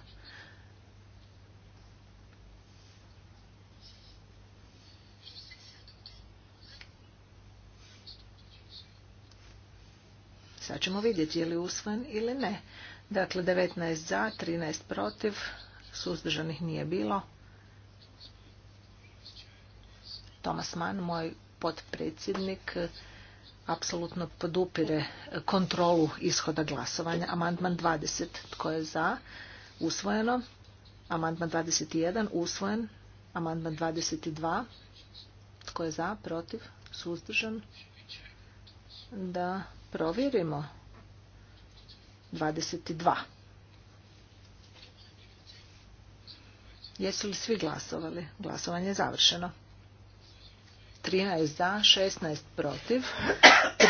Sad ćemo vidjeti je li usvojen ili ne. Dakle, 19 za, 13 protiv, suzdržanih nije bilo. Tomas Mann, moj potpredsjednik, apsolutno podupire kontrolu ishoda glasovanja. Amandman 20. Tko je za? Usvojeno. Amandman 21. Usvojen. Amandman 22. Tko je za? Protiv? Suzdržan? Da provjerimo. 22. Jesu li svi glasovali? Glasovanje je završeno. 13 za, 16 protiv,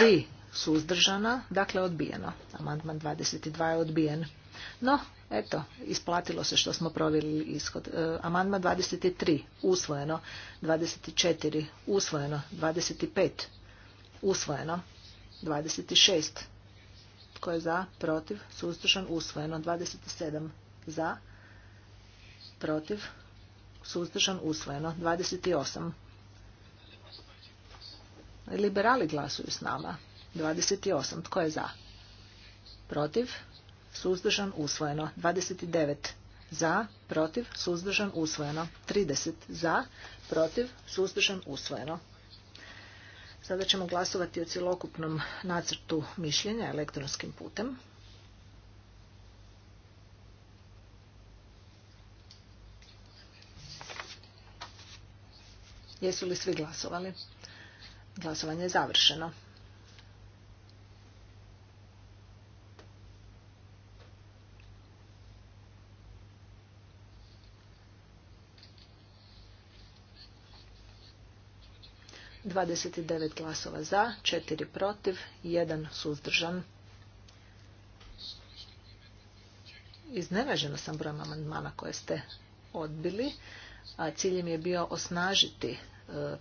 3 suzdržana, dakle odbijeno. Amandman 22 je odbijen. No, eto, isplatilo se što smo provjerili ishod. E, amandman 23 usvojeno, 24 usvojeno, 25 usvojeno, 26 tko je za, protiv, suzdržan, usvojeno, 27 za, protiv, suzdržan, usvojeno, 28 Liberali glasuju s nama. 28. Tko je za? Protiv? Suzdržan? Usvojeno. 29. Za? Protiv? Suzdržan? Usvojeno. 30. Za? Protiv? Suzdržan? Usvojeno. Sada ćemo glasovati o cjelokupnom nacrtu mišljenja elektronskim putem. Jesu li svi glasovali? Glasovanje je završeno. Dvadeset devet glasova za, četiri protiv, jedan suzdržan. iznenađena sam brojem amandmana koje ste odbili, a ciljem je bio osnažiti e,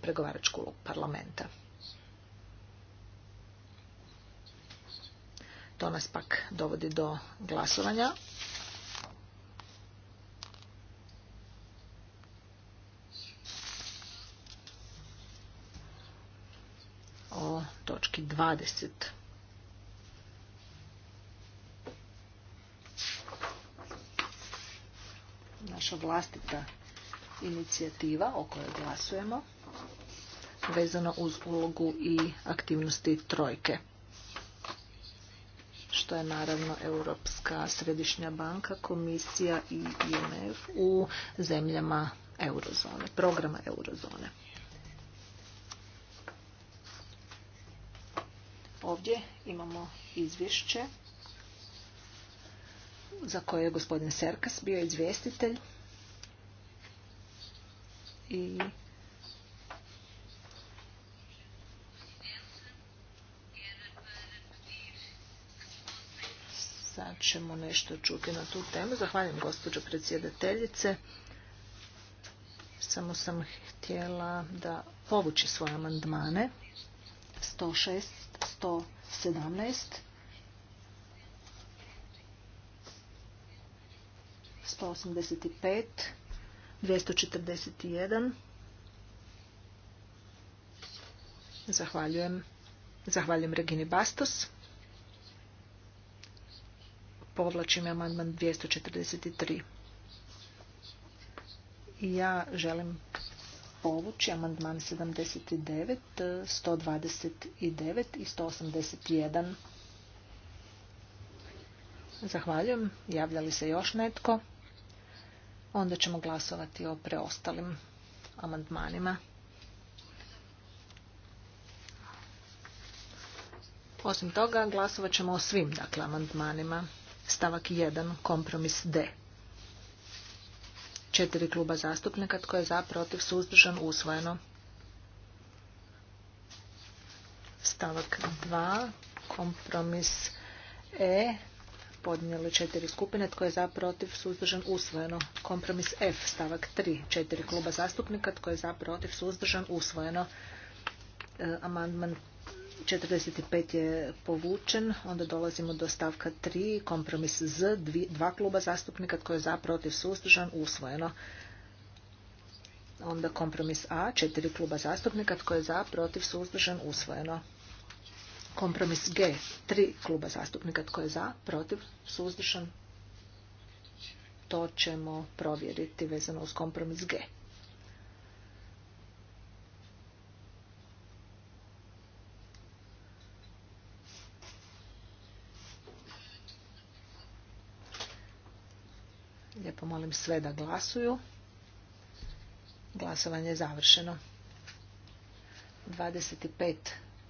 pregovaračku parlamenta. To nas pak dovodi do glasovanja. O točki 20. Naša vlastita inicijativa o kojoj glasujemo vezano uz ulogu i aktivnosti trojke što je naravno Europska središnja banka, komisija i IMF u zemljama eurozone, programa eurozone. Ovdje imamo izvješće za koje je gospodin Serkas bio izvjestitelj i sad ćemo nešto čuti na tu temu. Zahvaljujem gospođo predsjedateljice. Samo sam htjela da povući svoje amandmane. 106, 117, 185, 241. Zahvaljujem. Zahvaljujem Regini Bastos povlačim amandman 243. Ja želim povući amandman 79, 129 i 181. Zahvaljujem. Javlja li se još netko? Onda ćemo glasovati o preostalim amandmanima. Osim toga, glasovat ćemo o svim dakle, amandmanima stavak 1, kompromis D. Četiri kluba zastupnika, tko je za, protiv, suzdržan, usvojeno. Stavak 2, kompromis E, Podnijeli četiri skupine, tko je za, protiv, suzdržan, usvojeno. Kompromis F, stavak 3, četiri kluba zastupnika, tko je za, protiv, suzdržan, usvojeno. E, amandman 45 je povučen, onda dolazimo do stavka 3, kompromis Z, dva kluba zastupnika tko je za, protiv, suzdržan, usvojeno. Onda kompromis A, četiri kluba zastupnika tko je za, protiv, suzdržan, usvojeno. Kompromis G, tri kluba zastupnika tko je za, protiv, suzdržan, to ćemo provjeriti vezano uz kompromis G. lijepo molim sve da glasuju. Glasovanje je završeno. 25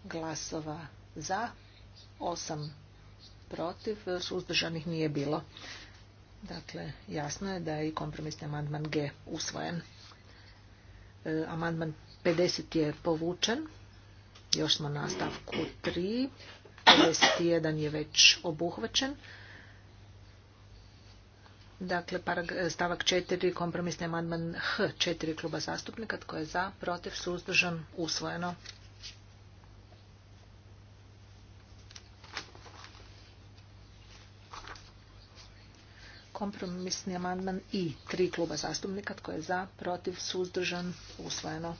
glasova za, 8 protiv, suzdržanih nije bilo. Dakle, jasno je da je i kompromisni amandman G usvojen. E, amandman 50 je povučen. Još smo na stavku 3. 51 je već obuhvaćen. Dakle, stavak 4, kompromisni amandman H, četiri kluba zastupnika, tko je za, protiv, suzdržan, usvojeno. Kompromisni amandman I, tri kluba zastupnika, tko je za, protiv, suzdržan, usvojeno.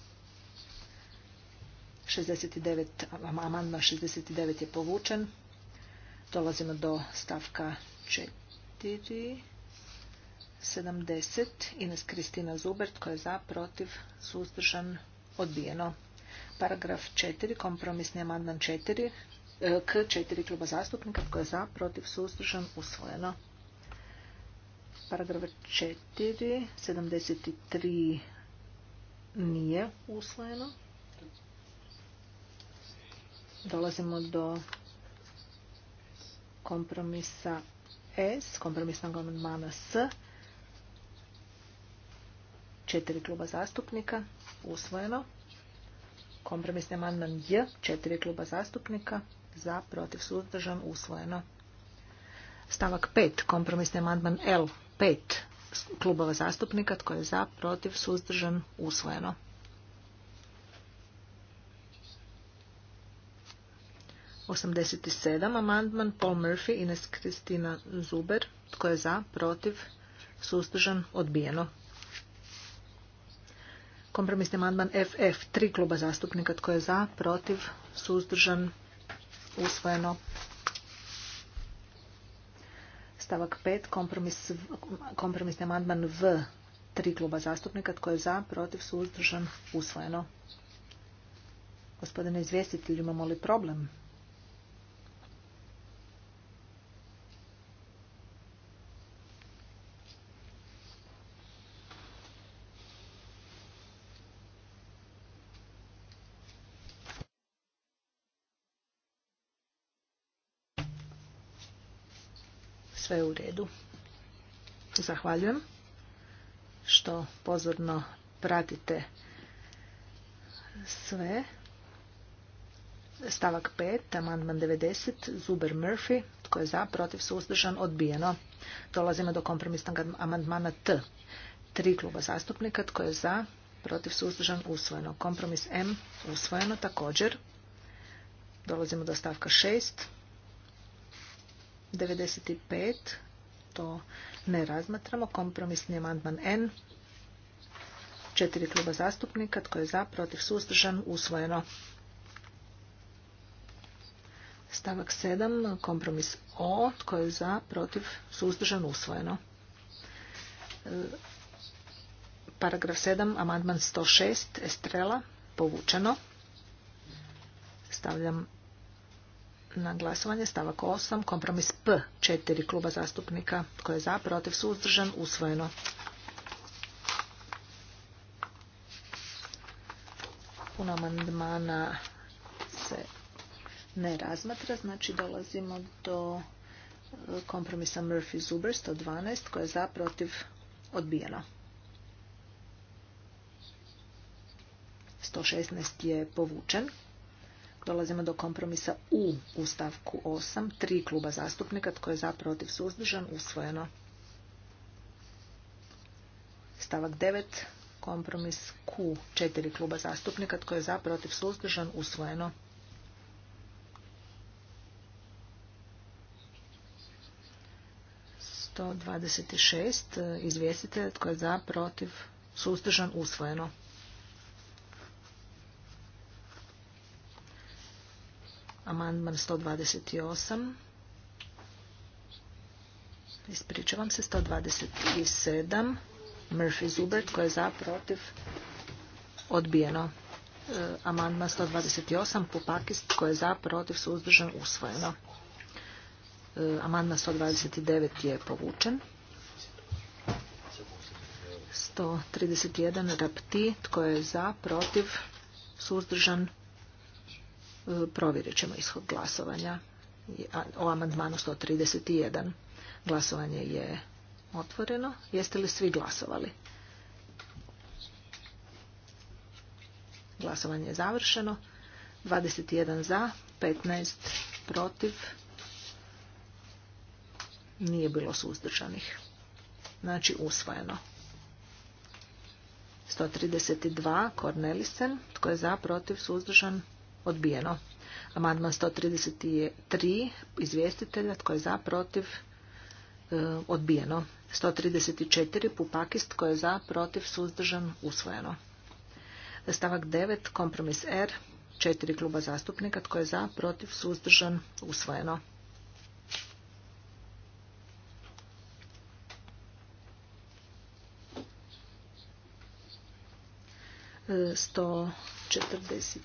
69, amandman 69 je povučen. Dolazimo do stavka 4. 70. Ines Kristina Zubert koja je za, protiv, suzdržan, odbijeno. Paragraf 4. Kompromisni amandman 4. E, K 4. kluba zastupnika tko je za, protiv, suzdržan, usvojeno. Paragraf 4, 73 nije usvojeno. Dolazimo do kompromisa S, kompromisnog amandmana S četiri kluba zastupnika, usvojeno. Kompromisni amandman J, četiri kluba zastupnika, za, protiv, suzdržan, usvojeno. Stavak 5, kompromisni amandman L, 5 klubova zastupnika, tko je za, protiv, suzdržan, usvojeno. Osamdeset sedam amandman Paul Murphy, Ines Kristina Zuber, tko je za, protiv, suzdržan, odbijeno. Kompromisni amandman FF. Tri kluba zastupnika. Tko je za? Protiv? Suzdržan? Usvojeno. Stavak 5. Kompromis, kompromisni amandman V. Tri kluba zastupnika. Tko je za? Protiv? Suzdržan? Usvojeno. Gospodine izvjestitelji, imamo li problem? sve u redu. Zahvaljujem što pozorno pratite sve. Stavak 5, amandman 90, Zuber Murphy, tko je za, protiv, suzdržan, odbijeno. Dolazimo do kompromisnog amandmana T. Tri kluba zastupnika, tko je za, protiv, suzdržan, usvojeno. Kompromis M, usvojeno također. Dolazimo do stavka 6. 95, to ne razmatramo. Kompromisni amandman N, četiri kluba zastupnika, tko je za, protiv, suzdržan, usvojeno. Stavak 7, kompromis O, tko je za, protiv, suzdržan, usvojeno. E, paragraf 7, amandman 106, Estrela, povučeno. Stavljam na glasovanje stavak 8, kompromis P, četiri kluba zastupnika. Tko je za, protiv, suzdržan, usvojeno. Puno amandmana se ne razmatra, znači dolazimo do e, kompromisa Murphy Zuber 112, koje je za, protiv, odbijeno. 116 je povučen. Dolazimo do kompromisa U Ustavku stavku 8. Tri kluba zastupnika tko je za protiv suzdržan usvojeno. Stavak 9. Kompromis Q. Četiri kluba zastupnika tko je za protiv suzdržan usvojeno. Sto dvadeset šest izvjestitelj tko je za protiv suzdržan usvojeno. Amandman 128. Ispričavam se, 127. Murphy Zubert, tko je za, protiv, odbijeno. E, amandman 128. Pupakis, tko je za, protiv, suzdržan, usvojeno. E, amandman 129 je povučen. 131. Rapti, tko je za, protiv, suzdržan, E, provjerit ćemo ishod glasovanja o amandmanu 131. Glasovanje je otvoreno. Jeste li svi glasovali? Glasovanje je završeno. 21 za, 15 protiv. Nije bilo suzdržanih. Znači usvojeno. 132 Kornelisen. Tko je za, protiv, suzdržan? odbijeno. Amandman 133 izvjestitelja, tko je za, protiv, e, odbijeno. 134 Pupakist, tko je za, protiv, suzdržan, usvojeno. Stavak 9, kompromis R, četiri kluba zastupnika, tko je za, protiv, suzdržan, usvojeno. 142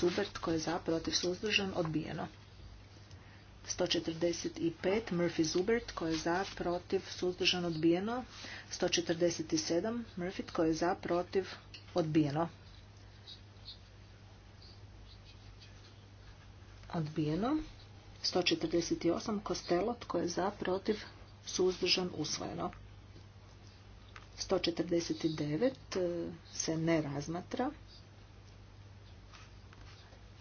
Zubert koji je za protiv suzdržan odbijeno. 145 Murphy Zubert koji je za protiv suzdržan odbijeno. 147 Murphy koji je za protiv odbijeno. Odbijeno. 148 Kostelot, koji je za protiv suzdržan usvojeno. 149 e, se ne razmatra,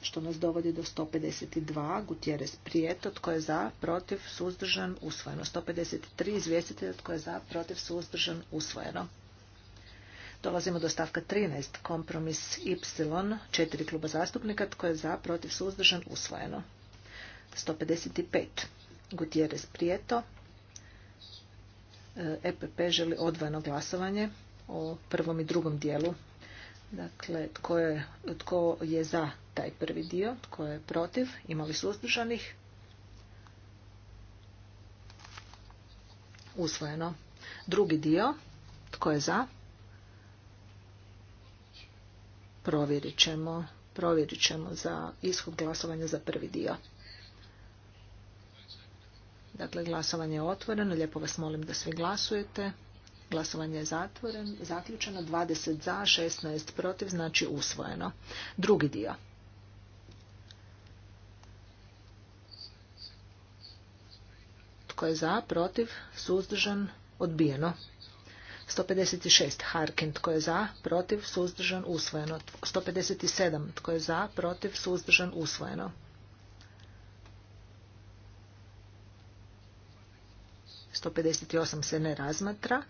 što nas dovodi do 152, Gutjerez Prijeto, tko je za, protiv, suzdržan, usvojeno. 153, izvjestitelj, tko je za, protiv, suzdržan, usvojeno. Dolazimo do stavka 13, kompromis Y, četiri kluba zastupnika, tko je za, protiv, suzdržan, usvojeno. 155, Gutjeres Prijeto, EPP želi odvojeno glasovanje o prvom i drugom dijelu. Dakle, tko je, tko je za taj prvi dio, tko je protiv, imali suzdržanih. Usvojeno. Drugi dio, tko je za? Provjerit ćemo, provjerit ćemo za ishod glasovanja za prvi dio. Dakle, glasovanje je otvoreno. Lijepo vas molim da svi glasujete. Glasovanje je zatvoren, zaključeno 20 za, 16 protiv, znači usvojeno. Drugi dio. Tko je za, protiv, suzdržan, odbijeno. 156 Harkin, tko je za, protiv, suzdržan, usvojeno. 157 tko je za, protiv, suzdržan, usvojeno. 158 se ne razmatra.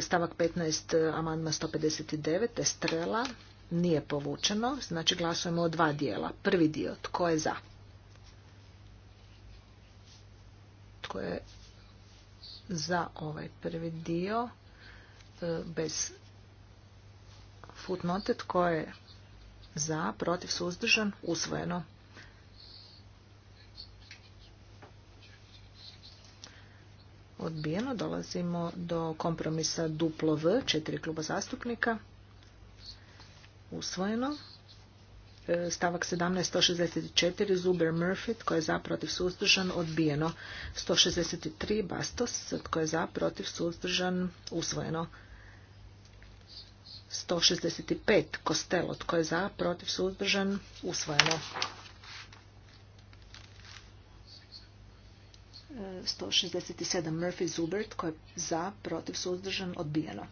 Stavak 15, amandman 159, strela, nije povučeno. Znači glasujemo o dva dijela. Prvi dio, tko je za? Tko je za ovaj prvi dio? E, bez footnote, tko je za, protiv, suzdržan, usvojeno. odbijeno. Dolazimo do kompromisa duplo V, četiri kluba zastupnika. Usvojeno. E, stavak 17, 164, Zuber Murphy, tko je za, protiv, suzdržan, odbijeno. 163, Bastos, tko je za, protiv, suzdržan, usvojeno. 165, Kostelo, tko je za, protiv, suzdržan, usvojeno. 167 Murphy Zubert koji je za, protiv, suzdržan, odbijeno.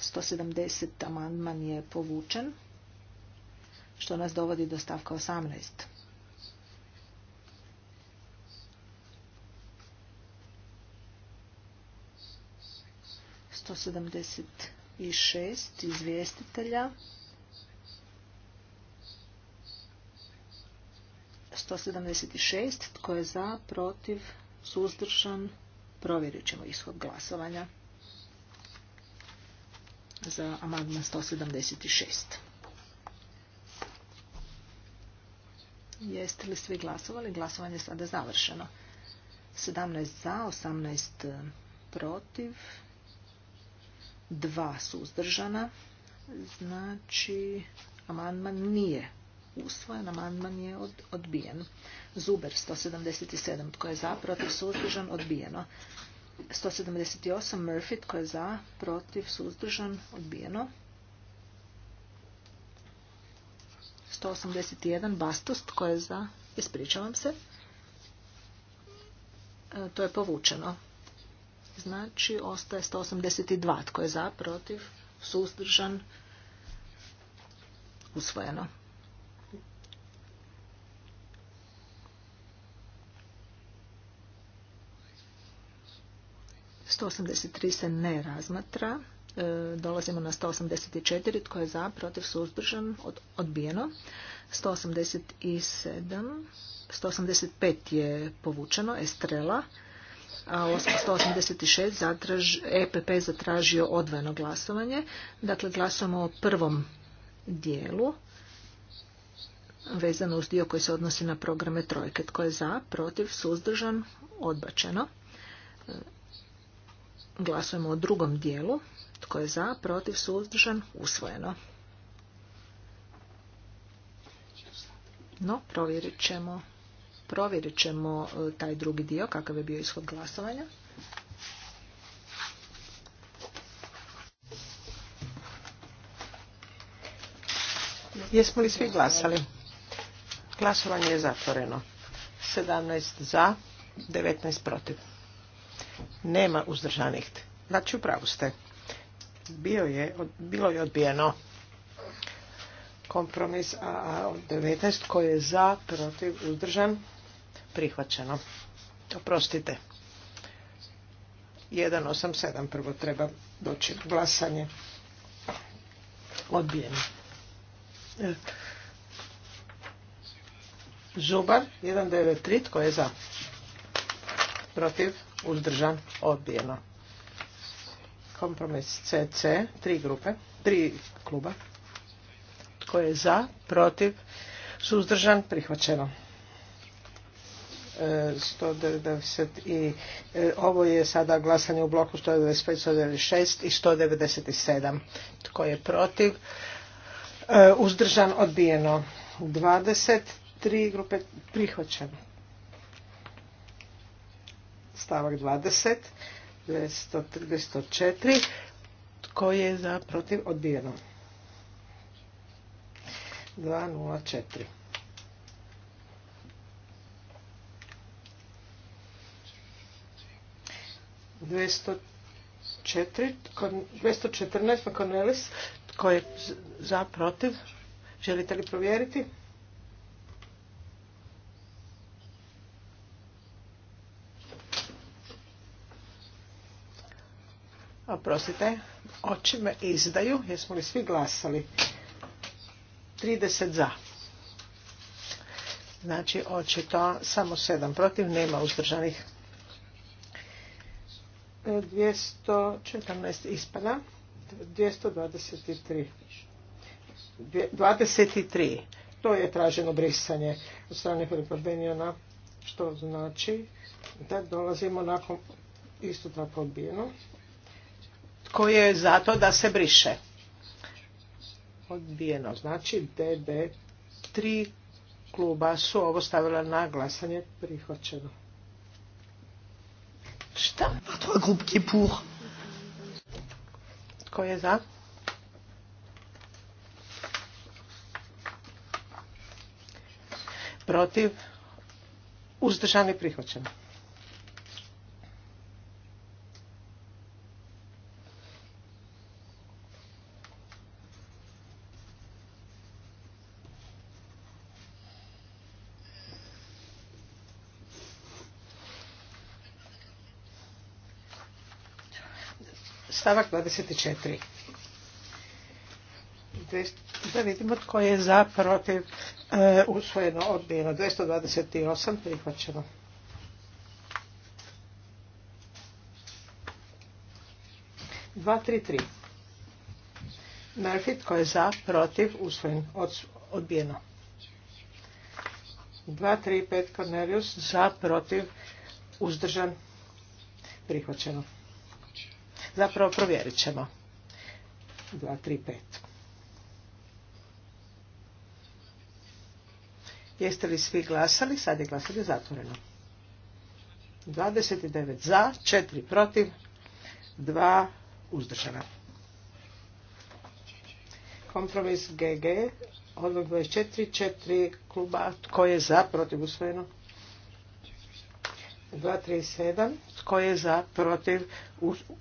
170 amandman je povučen, što nas dovodi do stavka 18. Sto sedamdeset šest izvjestitelja 176. Tko je za, protiv, suzdržan? Provjerit ćemo ishod glasovanja za amandman 176. Jeste li svi glasovali? Glasovanje je sada završeno. 17 za, 18 e, protiv, 2 suzdržana. Znači, amandman nije usvojen, amandman je odbijen. Zuber 177, tko je za, protiv, suzdržan, odbijeno. 178, Murphy, tko je za, protiv, suzdržan, odbijeno. 181, Bastos, tko je za, ispričavam se. E, to je povučeno. Znači, ostaje 182, tko je za, protiv, suzdržan, usvojeno. 183 se ne razmatra. E, dolazimo na 184. Tko je za, protiv, suzdržan, odbijeno. 187. 185 je povučeno, Estrela. A 186 zatraž, EPP zatražio odvojeno glasovanje. Dakle, glasujemo o prvom dijelu vezano uz dio koji se odnosi na programe trojke. Tko je za, protiv, suzdržan, odbačeno. Glasujemo o drugom dijelu. Tko je za, protiv, suzdržan, usvojeno. No, provjerit ćemo, provjerit ćemo e, taj drugi dio, kakav je bio ishod glasovanja. Jesmo li svi glasali? Glasovanje je zatvoreno. 17 za, 19 protiv. Nema uzdržanih. Znači, pravu ste. je, bilo je odbijeno. Kompromis A od 19 koji je za, protiv, uzdržan, prihvaćeno. Oprostite. 187 prvo treba doći glasanje. Odbijeno. E. Zubar 193, tko je za? Protiv? uzdržan, odbijeno. Kompromis CC, tri grupe, tri kluba. Tko je za, protiv, suzdržan, prihvaćeno. 190 e, e, ovo je sada glasanje u bloku 195, 196 i 197. Tko je protiv? E, uzdržan, odbijeno. 23 grupe prihvaćeno stavak 20, 234, koji je za protiv odbijeno. 204. Dvesto četiri, dvesto četrnaest, tko je za protiv, želite li provjeriti? Oprostite, oči me izdaju, jesmo li svi glasali? 30 za. Znači, očito samo 7 protiv, nema uzdržanih. 214 ispada, 223. 23. To je traženo brisanje od strane Filipa što znači da dolazimo nakon isto tako odbijeno. Tko je za to da se briše? Odbijeno. Znači DB tri kluba su ovo stavila na glasanje prihvaćeno. Šta? Tko je za? Protiv? Uzdržani prihvaćeno. stavak 24. Da vidimo tko je za, protiv, e, usvojeno, odbijeno. 228 prihvaćeno. Dva, tri, tri. Murphy, tko je za, protiv, usvojen, odbijeno. dva trideset pet Cornelius, za, protiv, uzdržan, prihvaćeno. Zapravo provjerit ćemo. 2, 3, 5. Jeste li svi glasali? Sad je glasanje zatvoreno. 29 za, 4 protiv, 2 uzdržana. Kompromis GG, odlog 24, 4 kluba, tko je za, protiv usvojeno? 237. Tko je za, protiv,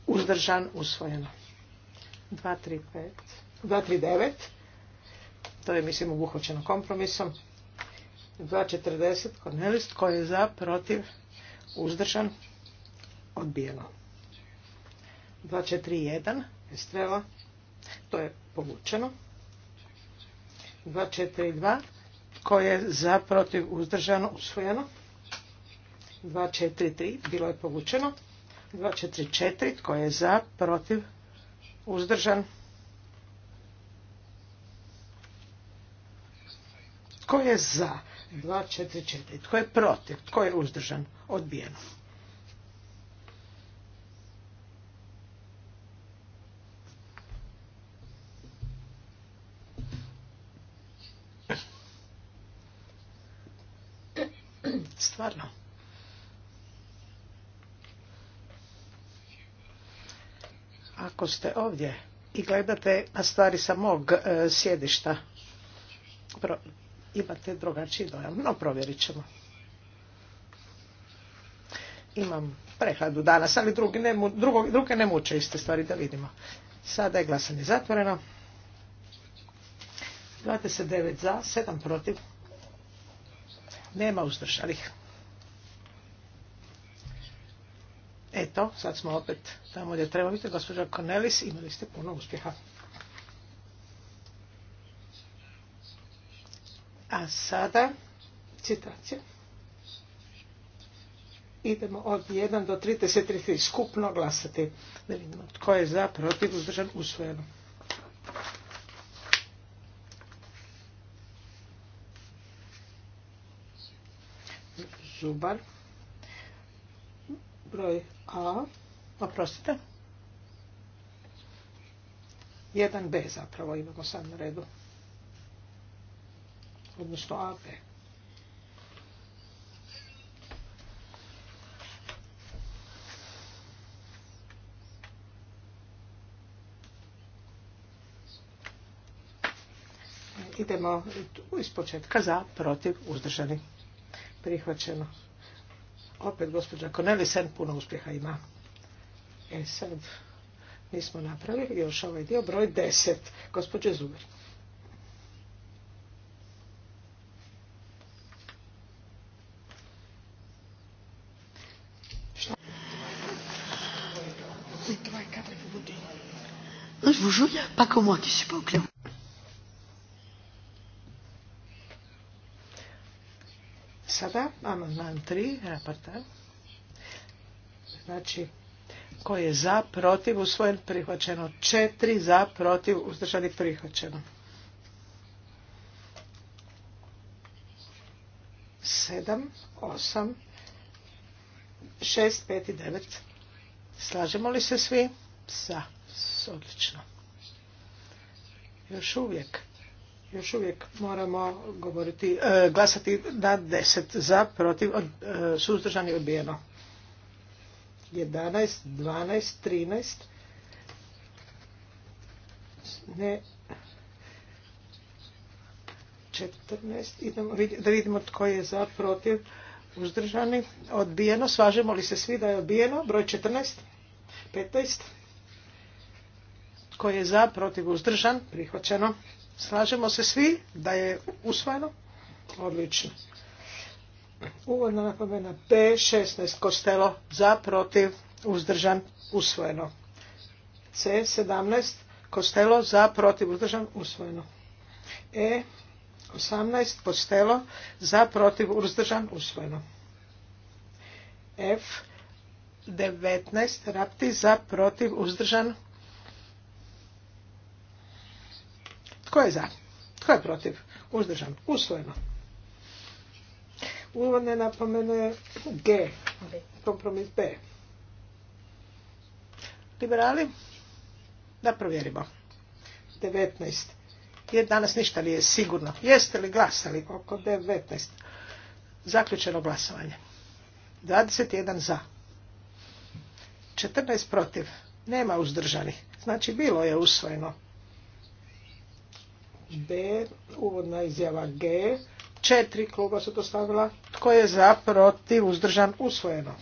uzdržan, usvojeno. 235. 239. To je, mislim, obuhvaćeno kompromisom. 240. Kornelist. Tko je za, protiv, uzdržan, odbijeno. 241. Estrela. To je povučeno. 242. Tko je za, protiv, uzdržano, usvojeno. 2-4-3, bilo je povučeno. 2-4-4, tko je za, protiv, uzdržan. Tko je za, 2-4-4, tko je protiv, tko je uzdržan, odbijeno. ste ovdje i gledate na stvari sa mog e, sjedišta, imate drugačiji dojam, no provjerit ćemo. Imam prehladu danas, ali druge ne muče iste stvari da vidimo. Sada je glasanje zatvoreno. 29 za, 7 protiv. Nema uzdržalih. Eto, sad smo opet tamo gdje treba. biti. gospođa Cornelis, imali ste puno uspjeha. A sada, citacija. Idemo od 1 do 33, skupno glasati. Da vidimo tko je za, protiv, uzdržan, usvojeno. Zubar broj A, oprostite, 1B zapravo imamo sad na redu, odnosno AB. Idemo iz početka za, protiv, uzdržani. Prihvaćeno. Opet gospođa sen puno uspjeha ima. E sad, mi smo napravili još ovaj dio, broj 10, gospođe Zuber. Je vous jure, il n'y a pas que moi qui suis pas au clair. Sada amandman tri raporta. Znači, koji je za, protiv, usvojen, prihvaćeno. Četiri za, protiv, uzdržani, prihvaćeno. Sedam, osam, šest, pet i devet Slažemo li se svi? Za. odlično. Još uvijek još uvijek moramo govoriti, e, glasati na 10 za, protiv, od, e, suzdržani odbijeno. 11, 12, 13. Ne. 14. Idemo vidjeti, da vidimo tko je za, protiv, uzdržani. Odbijeno. Svažemo li se svi da je odbijeno? Broj 14. 15. Tko je za, protiv, uzdržan? Prihvaćeno. Slažemo se svi da je usvojeno? Odlično. Uvodna napomena P16 Kostelo za protiv uzdržan usvojeno. C17 Kostelo za protiv uzdržan usvojeno. E18 Kostelo za protiv uzdržan usvojeno. F19 Rapti za protiv uzdržan Tko je za? Tko je protiv? Uzdržan. Usvojeno. Uvodne napomene G. Kompromis B. Liberali? Da provjerimo. 19. Jer danas ništa nije sigurno. Jeste li glasali oko 19? Zaključeno glasovanje. 21 za. 14 protiv. Nema uzdržanih. Znači bilo je usvojeno. B, uvodna izjava G, četiri kluba su dostavila, tko je za, protiv, uzdržan, usvojeno.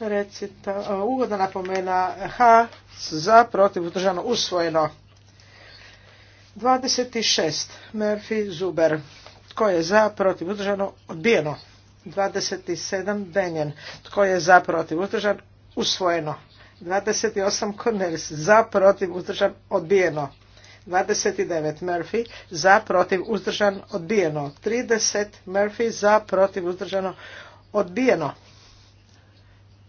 Recita, e, uvodna napomena H, za, protiv, uzdržano, usvojeno. 26. Murphy Zuber. Tko je za, protiv, uzdržano, odbijeno. 27. Benjen. Tko je za, protiv, uzdržan, usvojeno. 28. Cornelis. Za, protiv, uzdržan, odbijeno. 29 Murphy za protiv uzdržan odbijeno. 30 Murphy za protiv uzdržano odbijeno.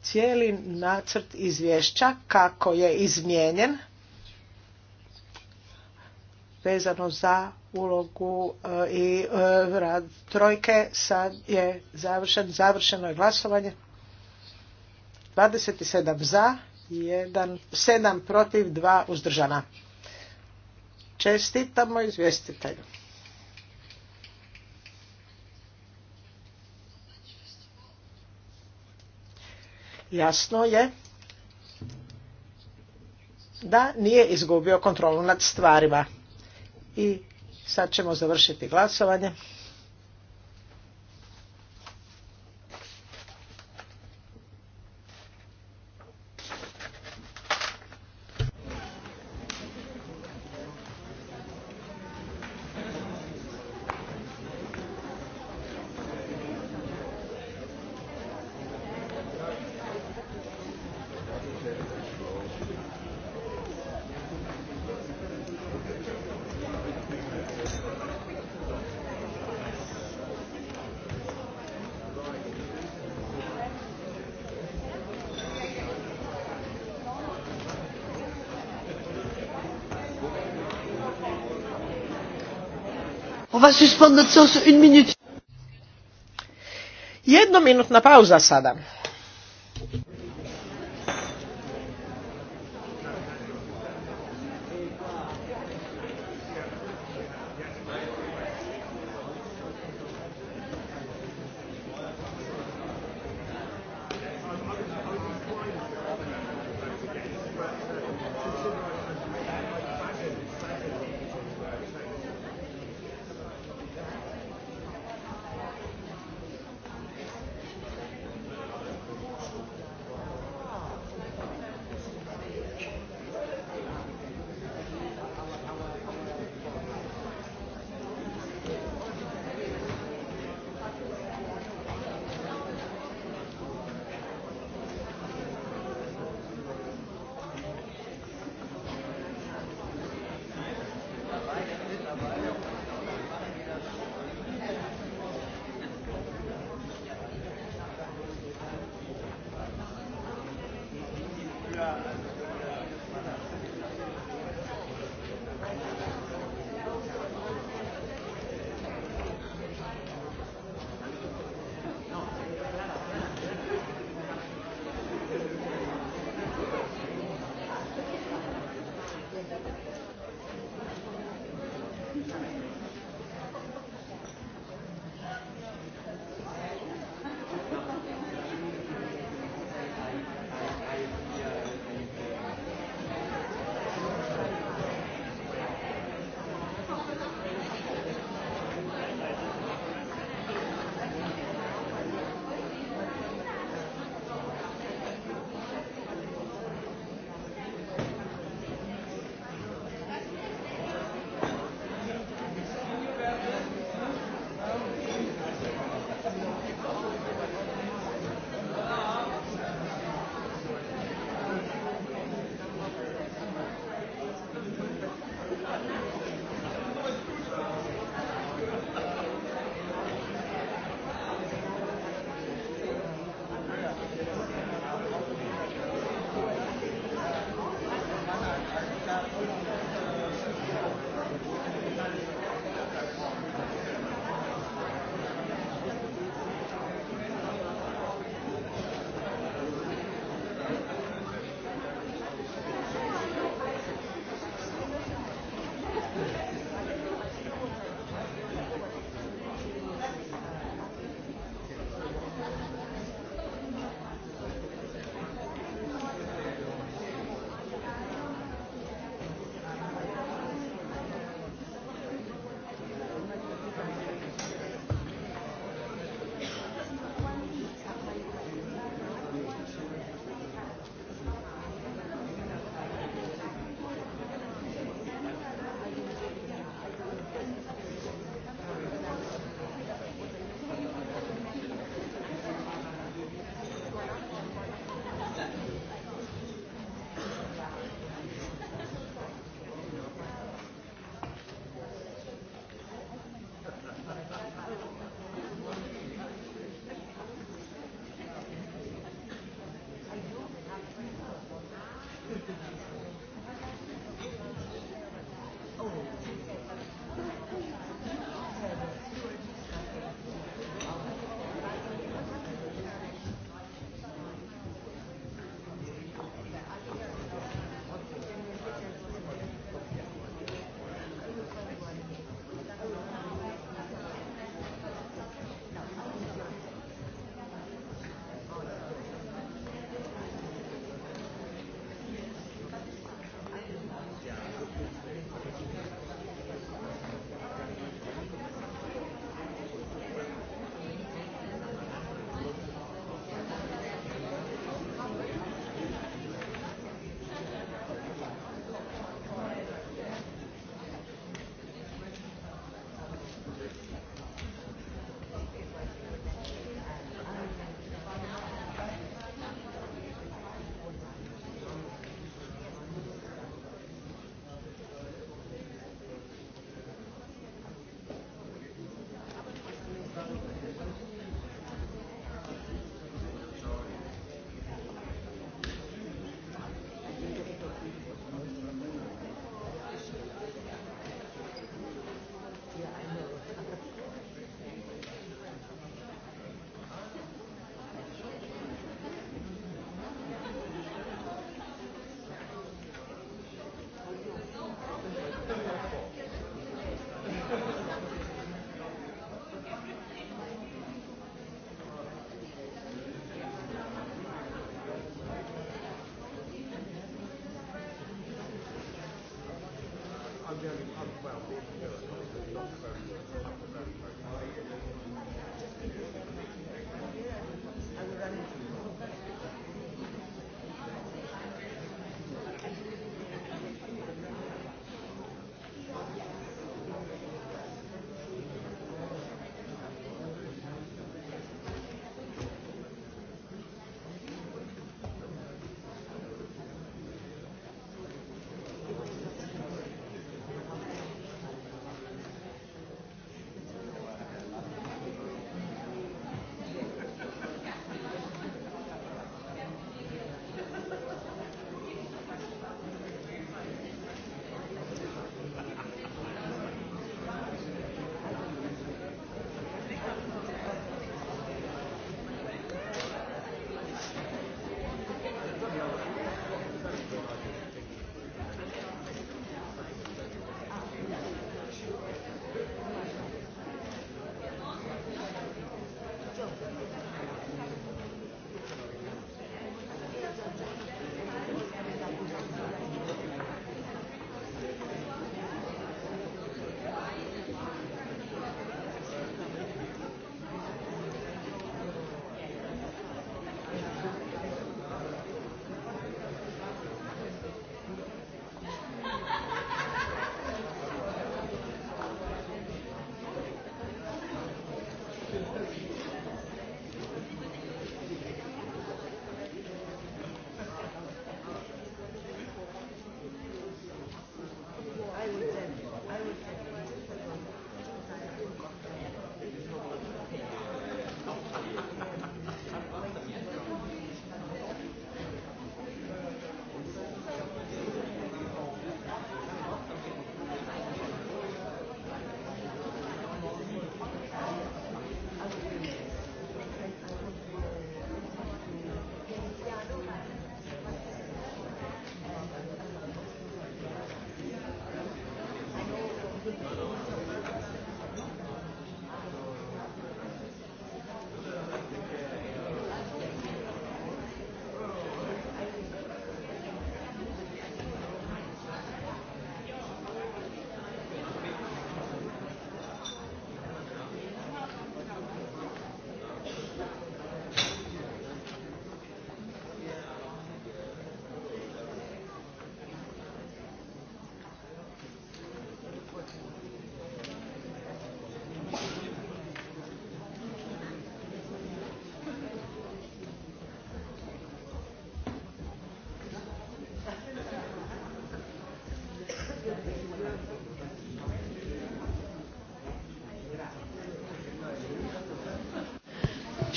Cijeli nacrt izvješća kako je izmijenjen vezano za ulogu e, i e, rad trojke sad je završen, završeno je glasovanje. 27 za, 1, 7 protiv, 2 uzdržana. Čestitamo izvjestitelju. Jasno je da nije izgubio kontrolu nad stvarima. I sad ćemo završiti glasovanje. Jednominutna pauza sada.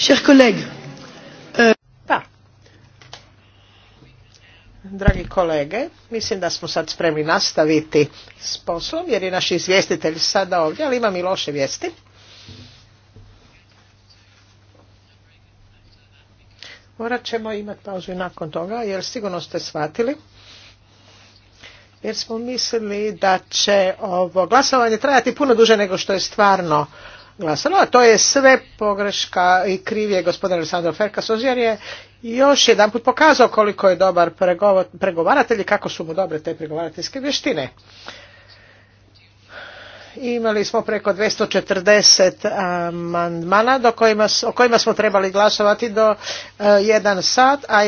Chers collègues, euh, Dragi kolege, mislim da smo sad spremni nastaviti s poslom jer je naš izvjestitelj sada ovdje, ali imam i loše vijesti. Morat ćemo imati pauzu i nakon toga jer sigurno ste shvatili jer smo mislili da će ovo glasovanje trajati puno duže nego što je stvarno glasalo, a to je sve pogreška i kriv je gospodin Alessandro Ferkas, jer je još jedan put pokazao koliko je dobar pregovaratelj i kako su mu dobre te pregovarateljske vještine. Imali smo preko 240 eh, amandmana o kojima smo trebali glasovati do eh, jedan sat, a,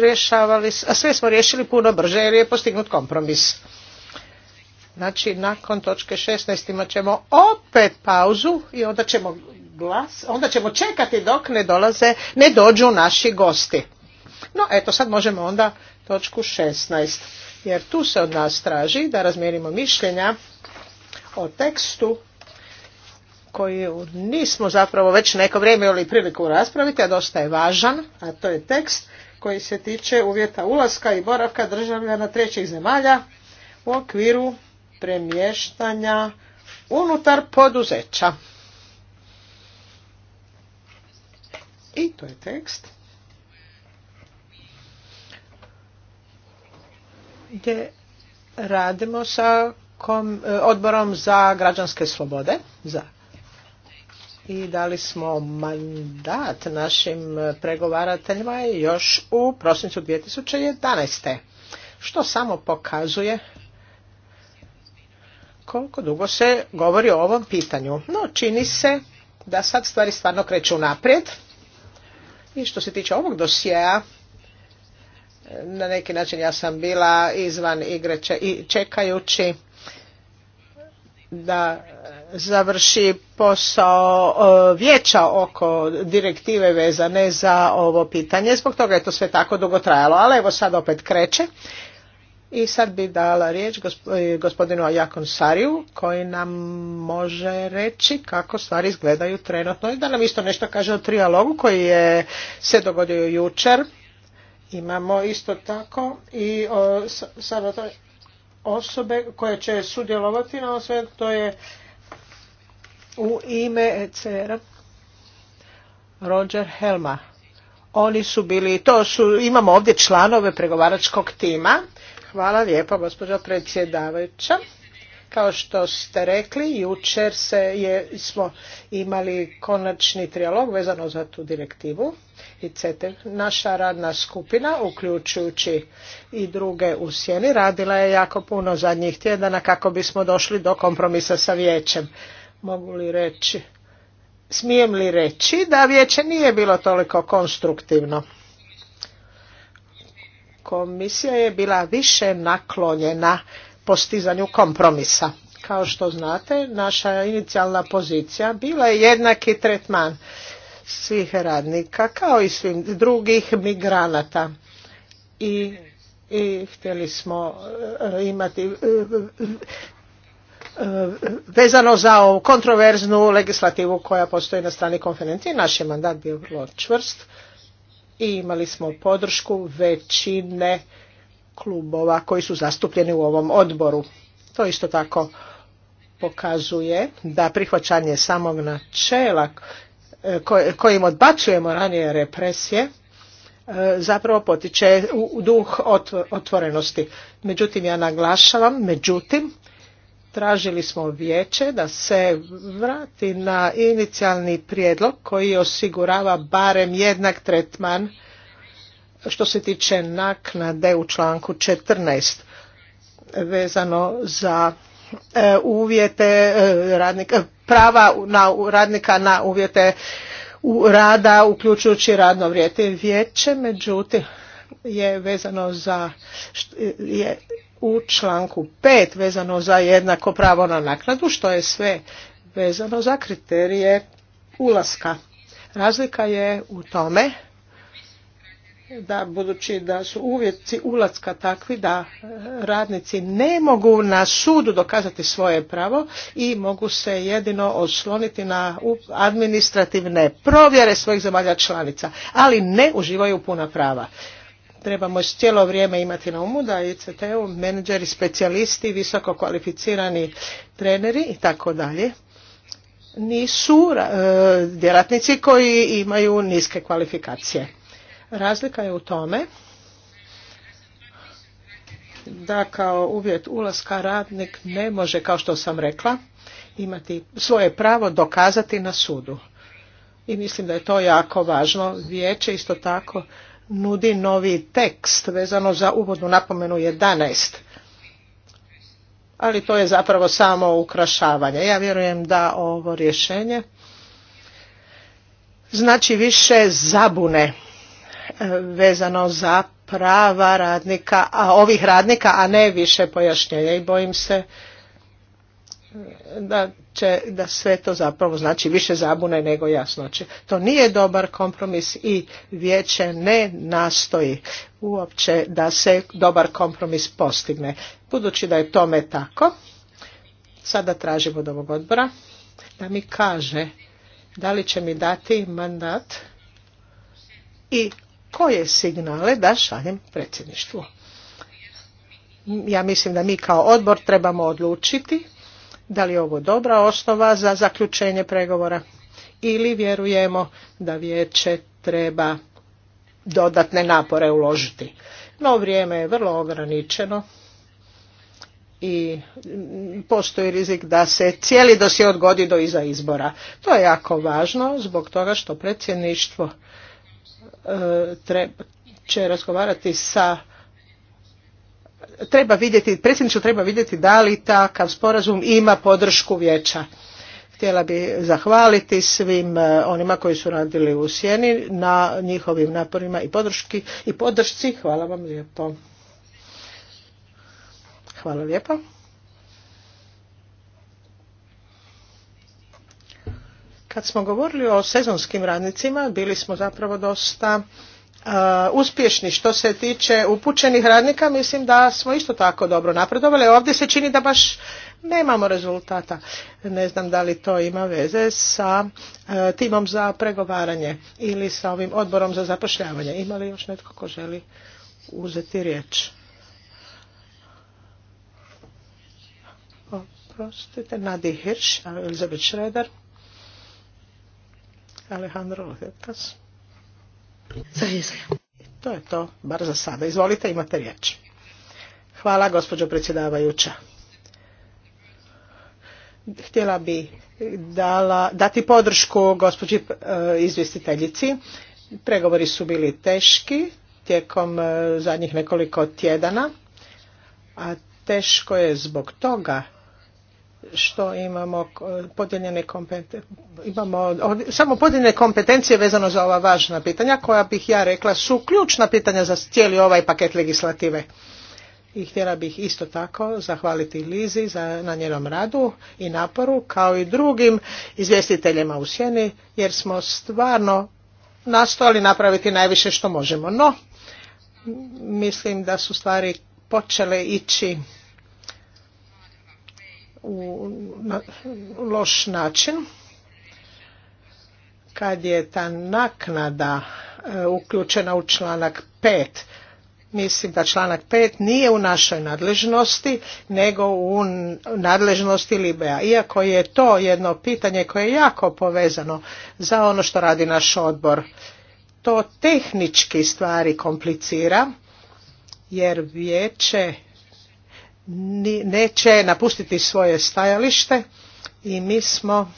rješavali, a sve smo riješili puno brže jer je postignut kompromis. Znači, nakon točke 16 imat ćemo opet pauzu i onda ćemo glas, onda ćemo čekati dok ne dolaze, ne dođu naši gosti. No, eto, sad možemo onda točku 16, jer tu se od nas traži da razmjerimo mišljenja o tekstu koji nismo zapravo već neko vrijeme imali priliku raspraviti, a dosta je važan, a to je tekst koji se tiče uvjeta ulaska i boravka državljana trećih zemalja u okviru premještanja unutar poduzeća. I to je tekst. Gdje radimo sa kom, e, odborom za građanske slobode. Za. I dali smo mandat našim pregovarateljima još u prosincu 2011. Što samo pokazuje koliko dugo se govori o ovom pitanju. No, čini se da sad stvari stvarno kreću naprijed. I što se tiče ovog dosjeja, na neki način ja sam bila izvan igre i čekajući da završi posao e, vijeća oko direktive vezane za ovo pitanje. Zbog toga je to sve tako dugo trajalo, ali evo sad opet kreće i sad bi dala riječ e, gospodinu Ajakon Sariju koji nam može reći kako stvari izgledaju trenutno i da nam isto nešto kaže o trijalogu koji je se dogodio jučer. Imamo isto tako i sada to osobe koje će sudjelovati na sve to je u ime ECR Roger Helma. Oni su bili, to su, imamo ovdje članove pregovaračkog tima Hvala lijepo gospođo predsjedavajuća. Kao što ste rekli, jučer se smo imali konačni trijalog vezano za tu direktivu i CETE. Naša radna skupina, uključujući i druge u sjeni, radila je jako puno zadnjih tjedana kako bismo došli do kompromisa sa vijećem. Mogu li reći, smijem li reći da vijeće nije bilo toliko konstruktivno? komisija je bila više naklonjena postizanju kompromisa. Kao što znate, naša inicijalna pozicija bila je jednaki tretman svih radnika kao i svih drugih migranata. I, i htjeli smo e, imati e, e, vezano za ovu kontroverznu legislativu koja postoji na strani konferencije. Naš je mandat bio vrlo čvrst i imali smo podršku većine klubova koji su zastupljeni u ovom odboru. To isto tako pokazuje da prihvaćanje samog načela e, kojim odbacujemo ranije represije e, zapravo potiče u duh otvorenosti. Međutim, ja naglašavam, međutim, tražili smo vijeće da se vrati na inicijalni prijedlog koji osigurava barem jednak tretman što se tiče naknade u članku 14 vezano za e, uvjete e, radnika, e, prava na radnika na uvjete u rada uključujući radno vrijeme vijeće međutim je vezano za je u članku 5 vezano za jednako pravo na naknadu, što je sve vezano za kriterije ulaska. Razlika je u tome da budući da su uvjeti ulaska takvi da radnici ne mogu na sudu dokazati svoje pravo i mogu se jedino osloniti na administrativne provjere svojih zemalja članica, ali ne uživaju puna prava trebamo cijelo vrijeme imati na umu da ICT-u menadžeri, specijalisti, visoko kvalificirani treneri i tako dalje nisu e, djelatnici koji imaju niske kvalifikacije. Razlika je u tome da kao uvjet ulaska radnik ne može, kao što sam rekla, imati svoje pravo dokazati na sudu. I mislim da je to jako važno. Vijeće isto tako nudi novi tekst vezano za uvodnu napomenu 11. Ali to je zapravo samo ukrašavanje. Ja vjerujem da ovo rješenje znači više zabune e, vezano za prava radnika, a ovih radnika, a ne više pojašnjenja i bojim se da, će, da sve to zapravo znači više zabune nego jasnoće. To nije dobar kompromis i vijeće ne nastoji uopće da se dobar kompromis postigne. Budući da je tome tako, sada tražimo od ovog odbora da mi kaže da li će mi dati mandat i koje signale da šaljem predsjedništvu. Ja mislim da mi kao odbor trebamo odlučiti da li je ovo dobra osnova za zaključenje pregovora ili vjerujemo da vijeće treba dodatne napore uložiti. No vrijeme je vrlo ograničeno i postoji rizik da se cijeli dosje odgodi do iza izbora. To je jako važno zbog toga što predsjedništvo e, treba, će razgovarati sa treba vidjeti, predsjedniče treba vidjeti da li takav sporazum ima podršku vijeća. Htjela bi zahvaliti svim e, onima koji su radili u Sjeni na njihovim naporima i, podrški, i podršci. Hvala vam lijepo. Hvala lijepo. Kad smo govorili o sezonskim radnicima, bili smo zapravo dosta Uh, uspješni što se tiče upućenih radnika, mislim da smo isto tako dobro napredovali. Ovdje se čini da baš nemamo rezultata. Ne znam da li to ima veze sa uh, timom za pregovaranje ili sa ovim odborom za zapošljavanje. Ima li još netko ko želi uzeti riječ? Oprostite, Nadi Hirš, Elizabeth Schroeder, Alejandro to je to, bar za sada. Izvolite, imate riječ. Hvala, gospođo predsjedavajuća. Htjela bi dati podršku gospođi e, izvjestiteljici. Pregovori su bili teški tijekom e, zadnjih nekoliko tjedana, a teško je zbog toga što imamo podijeljene imamo samo podijeljene kompetencije vezano za ova važna pitanja koja bih ja rekla su ključna pitanja za cijeli ovaj paket legislative. I htjela bih isto tako zahvaliti Lizi za, na njenom radu i naporu kao i drugim izvjestiteljima u Sjeni jer smo stvarno nastojali napraviti najviše što možemo. No, mislim da su stvari počele ići u loš način kad je ta naknada e, uključena u članak 5 mislim da članak 5 nije u našoj nadležnosti nego u nadležnosti Libea. Iako je to jedno pitanje koje je jako povezano za ono što radi naš odbor. To tehnički stvari komplicira jer vijeće neće napustiti svoje stajalište i mi smo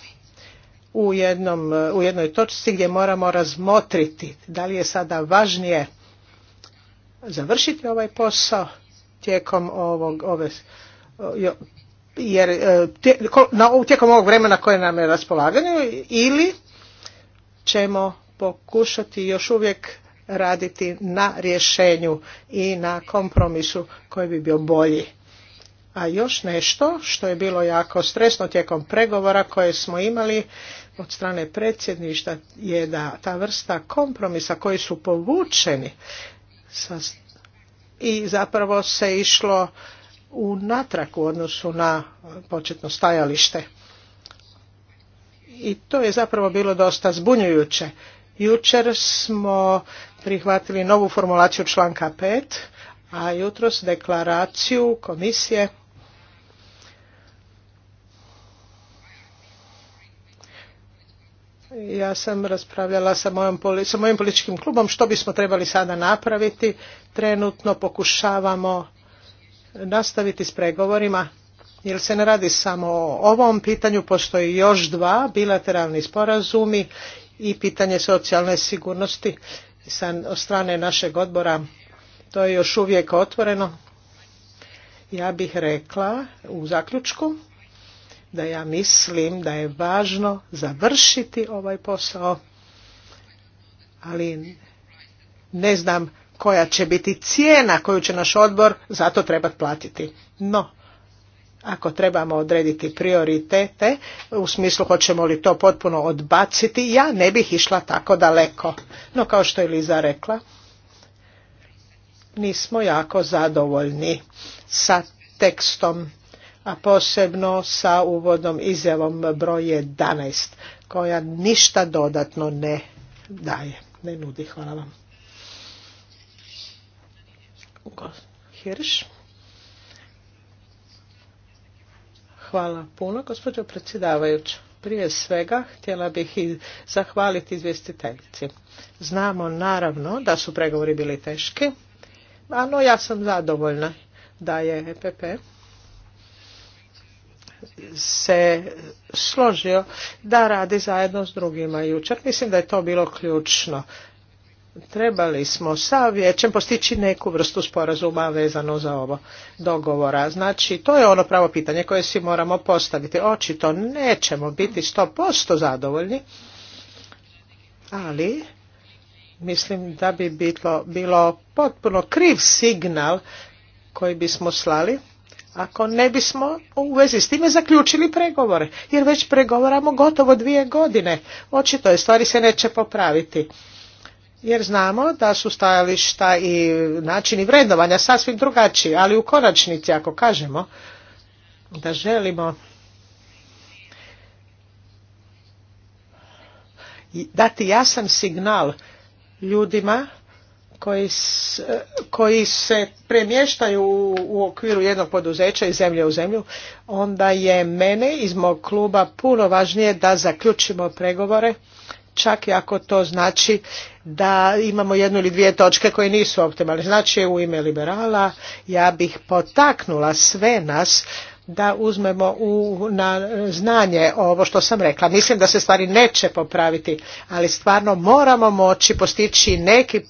u, jednom, u jednoj točci gdje moramo razmotriti da li je sada važnije završiti ovaj posao tijekom ovog ove jer e, tijekom ovog vremena koje nam je raspolaganju ili ćemo pokušati još uvijek raditi na rješenju i na kompromisu koji bi bio bolji a još nešto što je bilo jako stresno tijekom pregovora koje smo imali od strane predsjedništva je da ta vrsta kompromisa koji su povučeni sa, i zapravo se išlo u natrag u odnosu na početno stajalište. I to je zapravo bilo dosta zbunjujuće. Jučer smo prihvatili novu formulaciju članka 5, a jutros deklaraciju komisije ja sam raspravljala sa, mojim političkim klubom što bismo trebali sada napraviti. Trenutno pokušavamo nastaviti s pregovorima jer se ne radi samo o ovom pitanju, postoji još dva bilateralni sporazumi i pitanje socijalne sigurnosti sa, od strane našeg odbora. To je još uvijek otvoreno. Ja bih rekla u zaključku da ja mislim da je važno završiti ovaj posao, ali ne znam koja će biti cijena koju će naš odbor za to trebati platiti. No, ako trebamo odrediti prioritete, u smislu hoćemo li to potpuno odbaciti, ja ne bih išla tako daleko. No kao što je Liza rekla, nismo jako zadovoljni sa tekstom a posebno sa uvodnom izjavom broj 11 koja ništa dodatno ne daje, ne nudi. Hvala vam. Hvala puno, gospođo predsjedavajuć. Prije svega htjela bih i zahvaliti izvjestiteljici. Znamo naravno da su pregovori bili teški, ali ja sam zadovoljna da je EPP se složio da radi zajedno s drugima. Jučer mislim da je to bilo ključno. Trebali smo sa vijećem postići neku vrstu sporazuma vezano za ovo dogovora. Znači, to je ono pravo pitanje koje si moramo postaviti. Očito nećemo biti 100% zadovoljni, ali mislim da bi bilo, bilo potpuno kriv signal koji bismo slali ako ne bismo u vezi s time zaključili pregovore, jer već pregovaramo gotovo dvije godine. Očito je, stvari se neće popraviti. Jer znamo da su stajališta i načini vrednovanja sasvim drugačiji, ali u konačnici ako kažemo da želimo dati jasan signal ljudima koji, se premještaju u, okviru jednog poduzeća iz zemlje u zemlju, onda je mene iz mog kluba puno važnije da zaključimo pregovore, čak i ako to znači da imamo jednu ili dvije točke koje nisu optimalne. Znači u ime liberala ja bih potaknula sve nas da uzmemo u, na znanje ovo što sam rekla. Mislim da se stvari neće popraviti, ali stvarno moramo moći postići neki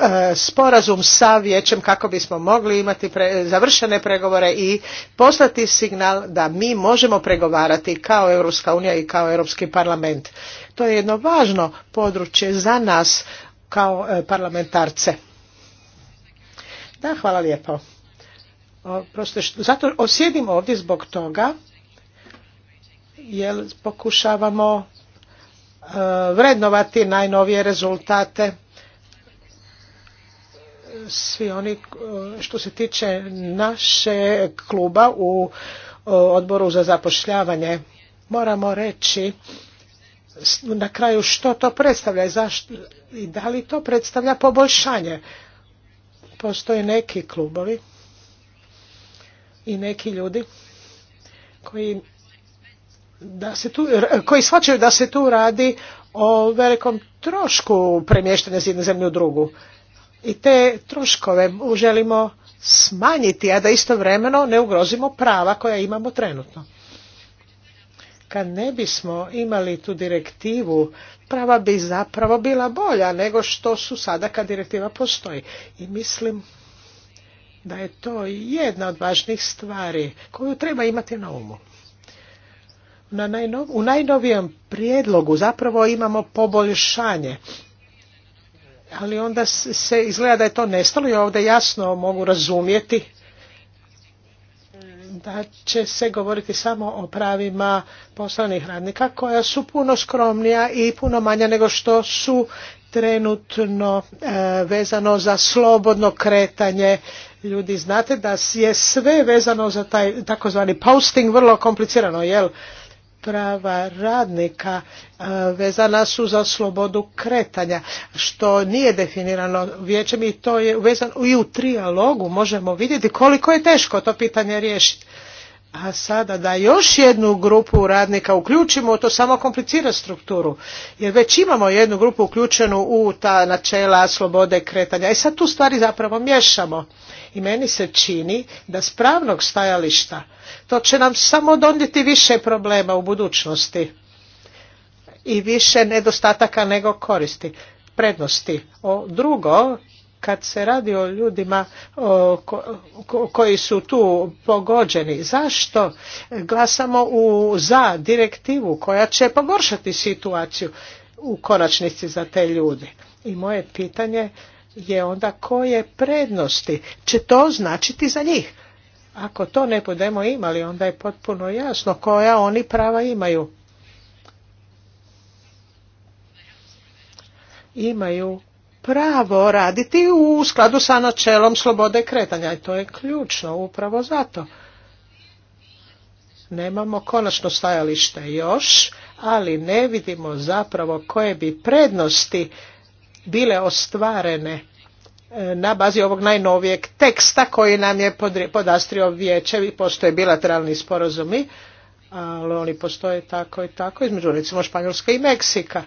E, sporazum sa vijećem kako bismo mogli imati završene pregovore i poslati signal da mi možemo pregovarati kao Europska unija i kao Europski parlament. To je jedno važno područje za nas kao e, parlamentarce. Da, hvala lijepo. O, zato osjedim ovdje zbog toga jer pokušavamo e, vrednovati najnovije rezultate svi oni e, što se tiče naše kluba u e, odboru za zapošljavanje. Moramo reći na kraju što to predstavlja i, zašto, i da li to predstavlja poboljšanje. Postoje neki klubovi i neki ljudi koji da se tu, koji shvaćaju da se tu radi o velikom trošku premještanja iz jedne zemlje u drugu i te troškove želimo smanjiti, a da istovremeno ne ugrozimo prava koja imamo trenutno. Kad ne bismo imali tu direktivu, prava bi zapravo bila bolja nego što su sada kad direktiva postoji. I mislim da je to jedna od važnih stvari koju treba imati na umu. Na u najnovijem prijedlogu zapravo imamo poboljšanje ali onda se izgleda da je to nestalo i ovdje jasno mogu razumjeti da će se govoriti samo o pravima poslovnih radnika koja su puno skromnija i puno manja nego što su trenutno e, vezano za slobodno kretanje ljudi. Znate da je sve vezano za taj takozvani posting vrlo komplicirano, jel? prava radnika e, vezana su za slobodu kretanja što nije definirano vijećem i to je vezano i u trialogu možemo vidjeti koliko je teško to pitanje riješiti a sada da još jednu grupu radnika uključimo, to samo komplicira strukturu. Jer već imamo jednu grupu uključenu u ta načela slobode kretanja. I e sad tu stvari zapravo miješamo. I meni se čini da s pravnog stajališta to će nam samo donijeti više problema u budućnosti. I više nedostataka nego koristi prednosti. O drugo, kad se radi o ljudima koji su tu pogođeni zašto glasamo u za direktivu koja će pogoršati situaciju u konačnici za te ljude i moje pitanje je onda koje prednosti će to značiti za njih ako to ne budemo imali onda je potpuno jasno koja oni prava imaju imaju pravo raditi u skladu sa načelom slobode kretanja i to je ključno upravo zato. Nemamo konačno stajalište još, ali ne vidimo zapravo koje bi prednosti bile ostvarene e, na bazi ovog najnovijeg teksta koji nam je podastrio vijeće i postoje bilateralni sporazumi, ali oni postoje tako i tako između recimo Španjolska i Meksika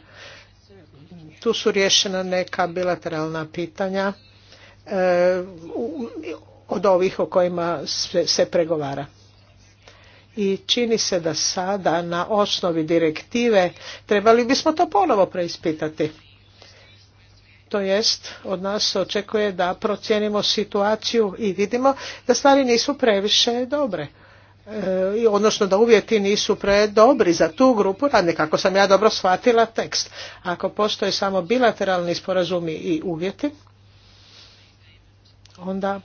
tu su rješena neka bilateralna pitanja e, od ovih o kojima se pregovara i čini se da sada na osnovi direktive trebali bismo to ponovo preispitati. To jest, od nas se očekuje da procijenimo situaciju i vidimo da stvari nisu previše dobre. E, odnosno da uvjeti nisu predobri za tu grupu radnika, kako sam ja dobro shvatila tekst. Ako postoje samo bilateralni sporazumi i uvjeti, onda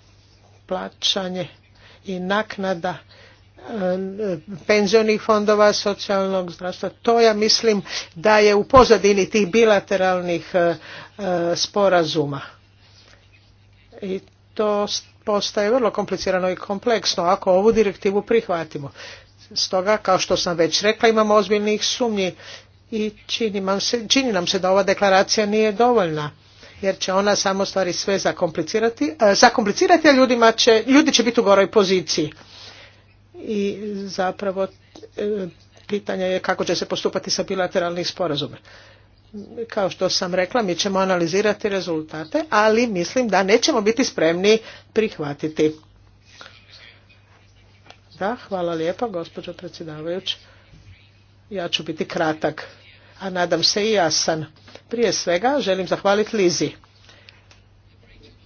plaćanje i naknada e, penzionih fondova, socijalnog zdravstva. To ja mislim da je u pozadini tih bilateralnih e, sporazuma. I to postaje vrlo komplicirano i kompleksno ako ovu direktivu prihvatimo. Stoga, kao što sam već rekla, imamo ozbiljnih sumnji i čini nam se, da ova deklaracija nije dovoljna jer će ona samo stvari sve zakomplicirati, e, zakomplicirati a ljudima ljudi će biti u goroj poziciji. I zapravo e, pitanje je kako će se postupati sa bilateralnih sporazuma kao što sam rekla, mi ćemo analizirati rezultate, ali mislim da nećemo biti spremni prihvatiti. Da, hvala lijepa, gospođo predsjedavajuć. Ja ću biti kratak, a nadam se i jasan. Prije svega želim zahvaliti Lizi,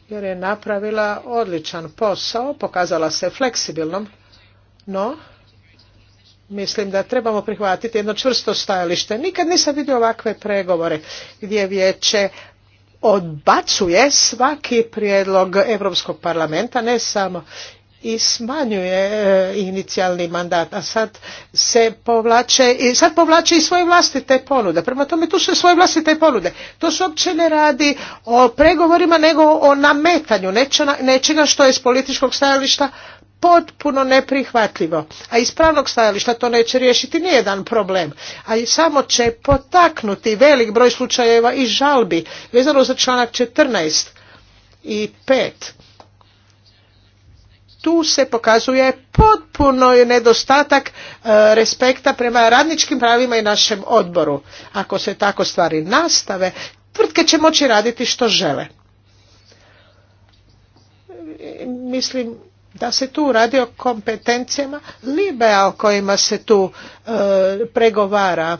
jer je napravila odličan posao, pokazala se fleksibilnom, no mislim da trebamo prihvatiti jedno čvrsto stajalište. Nikad nisam vidio ovakve pregovore gdje vijeće odbacuje svaki prijedlog Europskog parlamenta, ne samo i smanjuje e, inicijalni mandat, a sad se povlače i sad povlače i svoje vlastite ponude. Prema tome tu su svoje vlastite ponude. To se uopće ne radi o pregovorima nego o nametanju nečega, što je s političkog stajališta potpuno neprihvatljivo. A iz pravnog stajališta to neće riješiti nijedan problem, a i samo će potaknuti velik broj slučajeva i žalbi vezano za članak 14 i 5 tu se pokazuje potpuno nedostatak e, respekta prema radničkim pravima i našem odboru. Ako se tako stvari nastave, tvrtke će moći raditi što žele. E, mislim da se tu radi o kompetencijama Libea o kojima se tu e, pregovara.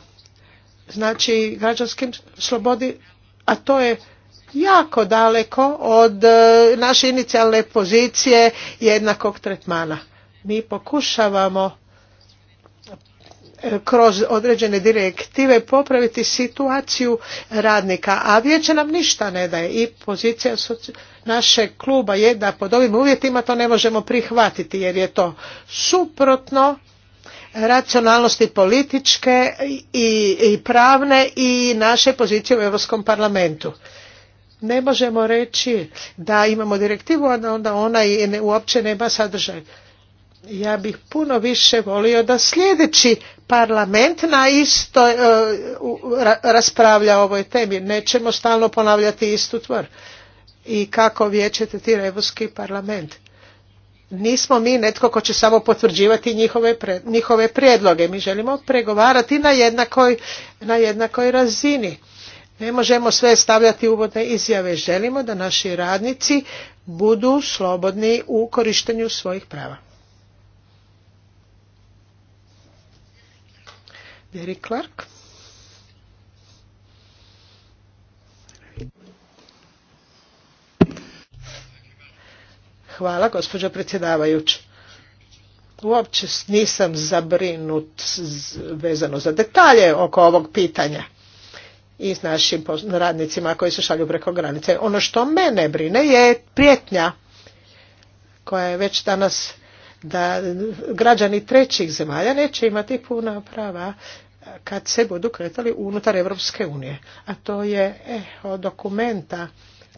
Znači građanskim slobodi, a to je jako daleko od e, naše inicijalne pozicije jednakog tretmana. Mi pokušavamo e, kroz određene direktive popraviti situaciju radnika, a vijeće nam ništa ne daje i pozicija našeg kluba je da pod ovim uvjetima to ne možemo prihvatiti jer je to suprotno racionalnosti političke i, pravne i naše pozicije u Europskom parlamentu. Ne možemo reći da imamo direktivu, a onda ona i ne, uopće nema sadržaj. Ja bih puno više volio da sljedeći parlament na isto e, raspravlja o ovoj temi. Nećemo stalno ponavljati istu tvor i kako vijeće tretira Europski parlament. Nismo mi netko ko će samo potvrđivati njihove, njihove prijedloge. Mi želimo pregovarati na jednakoj, na jednakoj razini. Ne možemo sve stavljati uvodne izjave. Želimo da naši radnici budu slobodni u korištenju svojih prava. Derek Clark. Hvala, gospođo predsjedavajući. Uopće nisam zabrinut vezano za detalje oko ovog pitanja i s našim radnicima koji se šalju preko granice. Ono što mene brine je prijetnja koja je već danas da građani trećih zemalja neće imati puna prava kad se budu kretali unutar Evropske unije. A to je eh, od dokumenta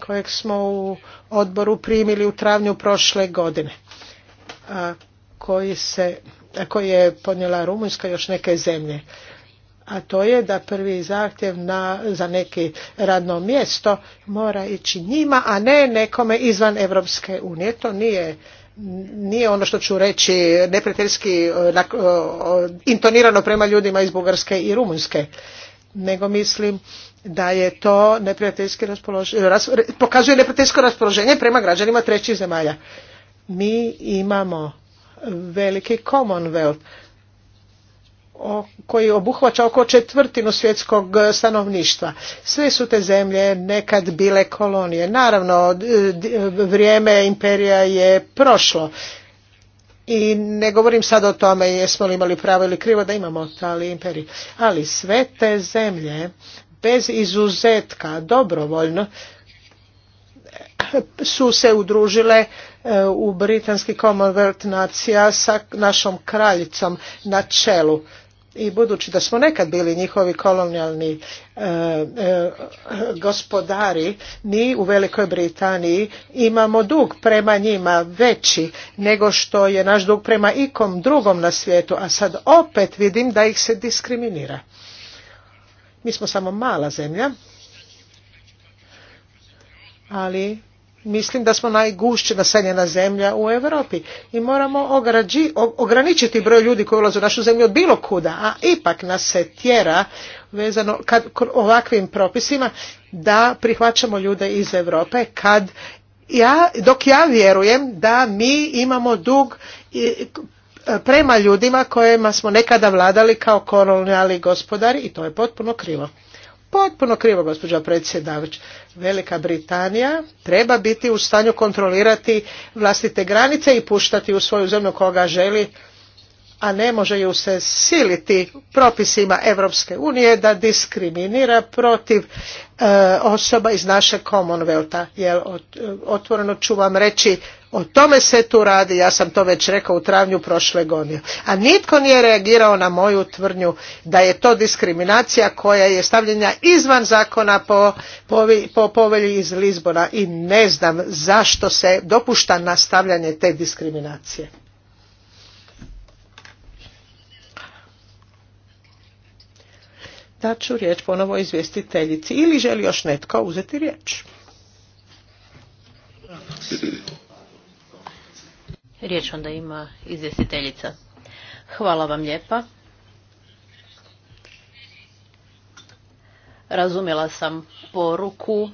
kojeg smo u odboru primili u travnju prošle godine, a koji, se, a koji je podnijela Rumunjska još neke zemlje. A to je da prvi zahtjev na, za neki radno mjesto mora ići njima, a ne nekome izvan Europske unije. To nije nije ono što ću reći neprijateljski e, e, intonirano prema ljudima iz Bugarske i Rumunjske, nego mislim da je to neprijateljski raspoloženje, pokazuje neprijateljsko raspoloženje prema građanima trećih zemalja. Mi imamo veliki Commonwealth koji obuhvaća oko četvrtinu svjetskog stanovništva. Sve su te zemlje nekad bile kolonije. Naravno, vrijeme imperija je prošlo. I ne govorim sad o tome jesmo li imali pravo ili krivo da imamo tali imperij. Ali sve te zemlje bez izuzetka dobrovoljno su se udružile e, u britanski Commonwealth nacija sa našom kraljicom na čelu. I budući da smo nekad bili njihovi kolonijalni e, e, gospodari, mi u Velikoj Britaniji imamo dug prema njima veći nego što je naš dug prema ikom drugom na svijetu, a sad opet vidim da ih se diskriminira. Mi smo samo mala zemlja, ali mislim da smo najgušće naseljena zemlja u Europi i moramo ograničiti broj ljudi koji ulaze u našu zemlju od bilo kuda, a ipak nas se tjera vezano kad, ovakvim propisima da prihvaćamo ljude iz Europe kad ja, dok ja vjerujem da mi imamo dug E, prema ljudima kojima smo nekada vladali kao kolonijalni gospodari i to je potpuno krivo. Potpuno krivo, gospođa predsjedavić. Velika Britanija treba biti u stanju kontrolirati vlastite granice i puštati u svoju zemlju koga želi, a ne može ju se siliti propisima Europske unije da diskriminira protiv E, osoba iz naše Commonwealtha. Jer e, otvoreno ću vam reći o tome se tu radi, ja sam to već rekao u travnju prošle godine. A nitko nije reagirao na moju tvrdnju da je to diskriminacija koja je stavljena izvan zakona po, po povelji iz Lizbona i ne znam zašto se dopušta nastavljanje te diskriminacije. da ću riječ ponovo izvjestiteljici ili želi još netko uzeti riječ. Riječ onda ima izvjestiteljica. Hvala vam lijepa. Razumjela sam poruku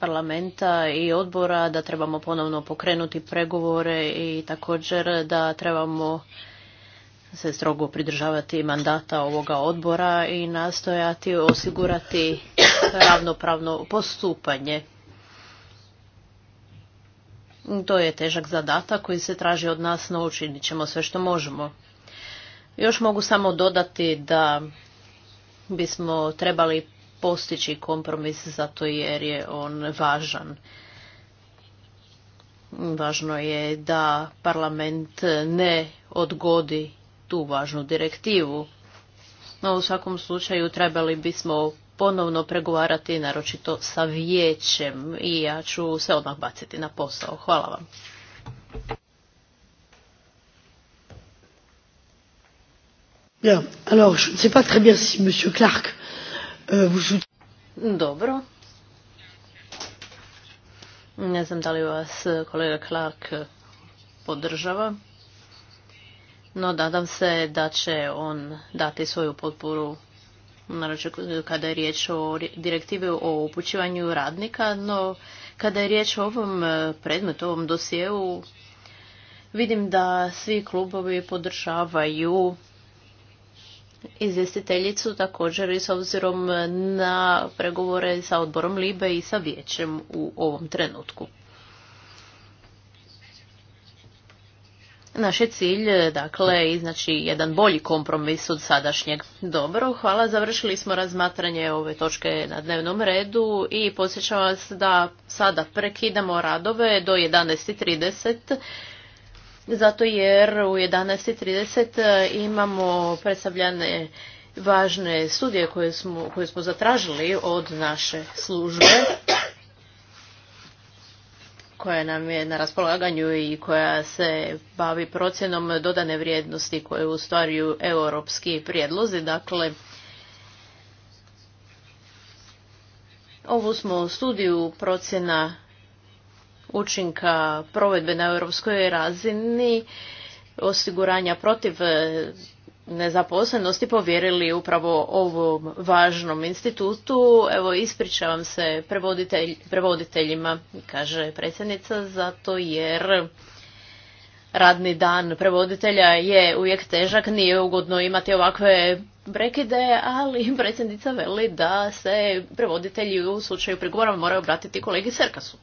parlamenta i odbora da trebamo ponovno pokrenuti pregovore i također da trebamo se strogo pridržavati mandata ovoga odbora i nastojati osigurati ravnopravno postupanje. To je težak zadatak koji se traži od nas, no učinit ćemo sve što možemo. Još mogu samo dodati da bismo trebali postići kompromis zato jer je on važan. Važno je da parlament ne odgodi tu važnu direktivu. No u svakom slučaju trebali bismo ponovno pregovarati, naročito sa vijećem i ja ću se odmah baciti na posao. Hvala vam. Dobro. Ne znam da li vas kolega Clark podržava. No, nadam se da će on dati svoju potporu naravno kada je riječ o direktivi o upućivanju radnika, no kada je riječ o ovom e, predmetu, ovom dosjeu, vidim da svi klubovi podržavaju izvjestiteljicu također i s obzirom na pregovore sa odborom Libe i sa vijećem u ovom trenutku. Naš je cilj, e, dakle, iznaći jedan bolji kompromis od sadašnjeg. Dobro, hvala, završili smo razmatranje ove točke na dnevnom redu i posjećam vas da sada prekidamo radove do 11.30, zato jer u 11.30 e, imamo predstavljane važne studije koje smo, koje smo zatražili od naše službe koja nam je na raspolaganju i koja se bavi procjenom dodane vrijednosti koje ustvaruju europski prijedlozi. Dakle, ovu smo studiju procjena učinka provedbe na europskoj razini osiguranja protiv nezaposlenosti povjerili upravo ovom važnom institutu. Evo, ispričavam se prevoditelj, prevoditeljima, kaže predsjednica, zato jer radni dan prevoditelja je uvijek težak, nije ugodno imati ovakve prekide, ali predsjednica veli da se prevoditelji u slučaju prigovora moraju obratiti kolegi Serkasu.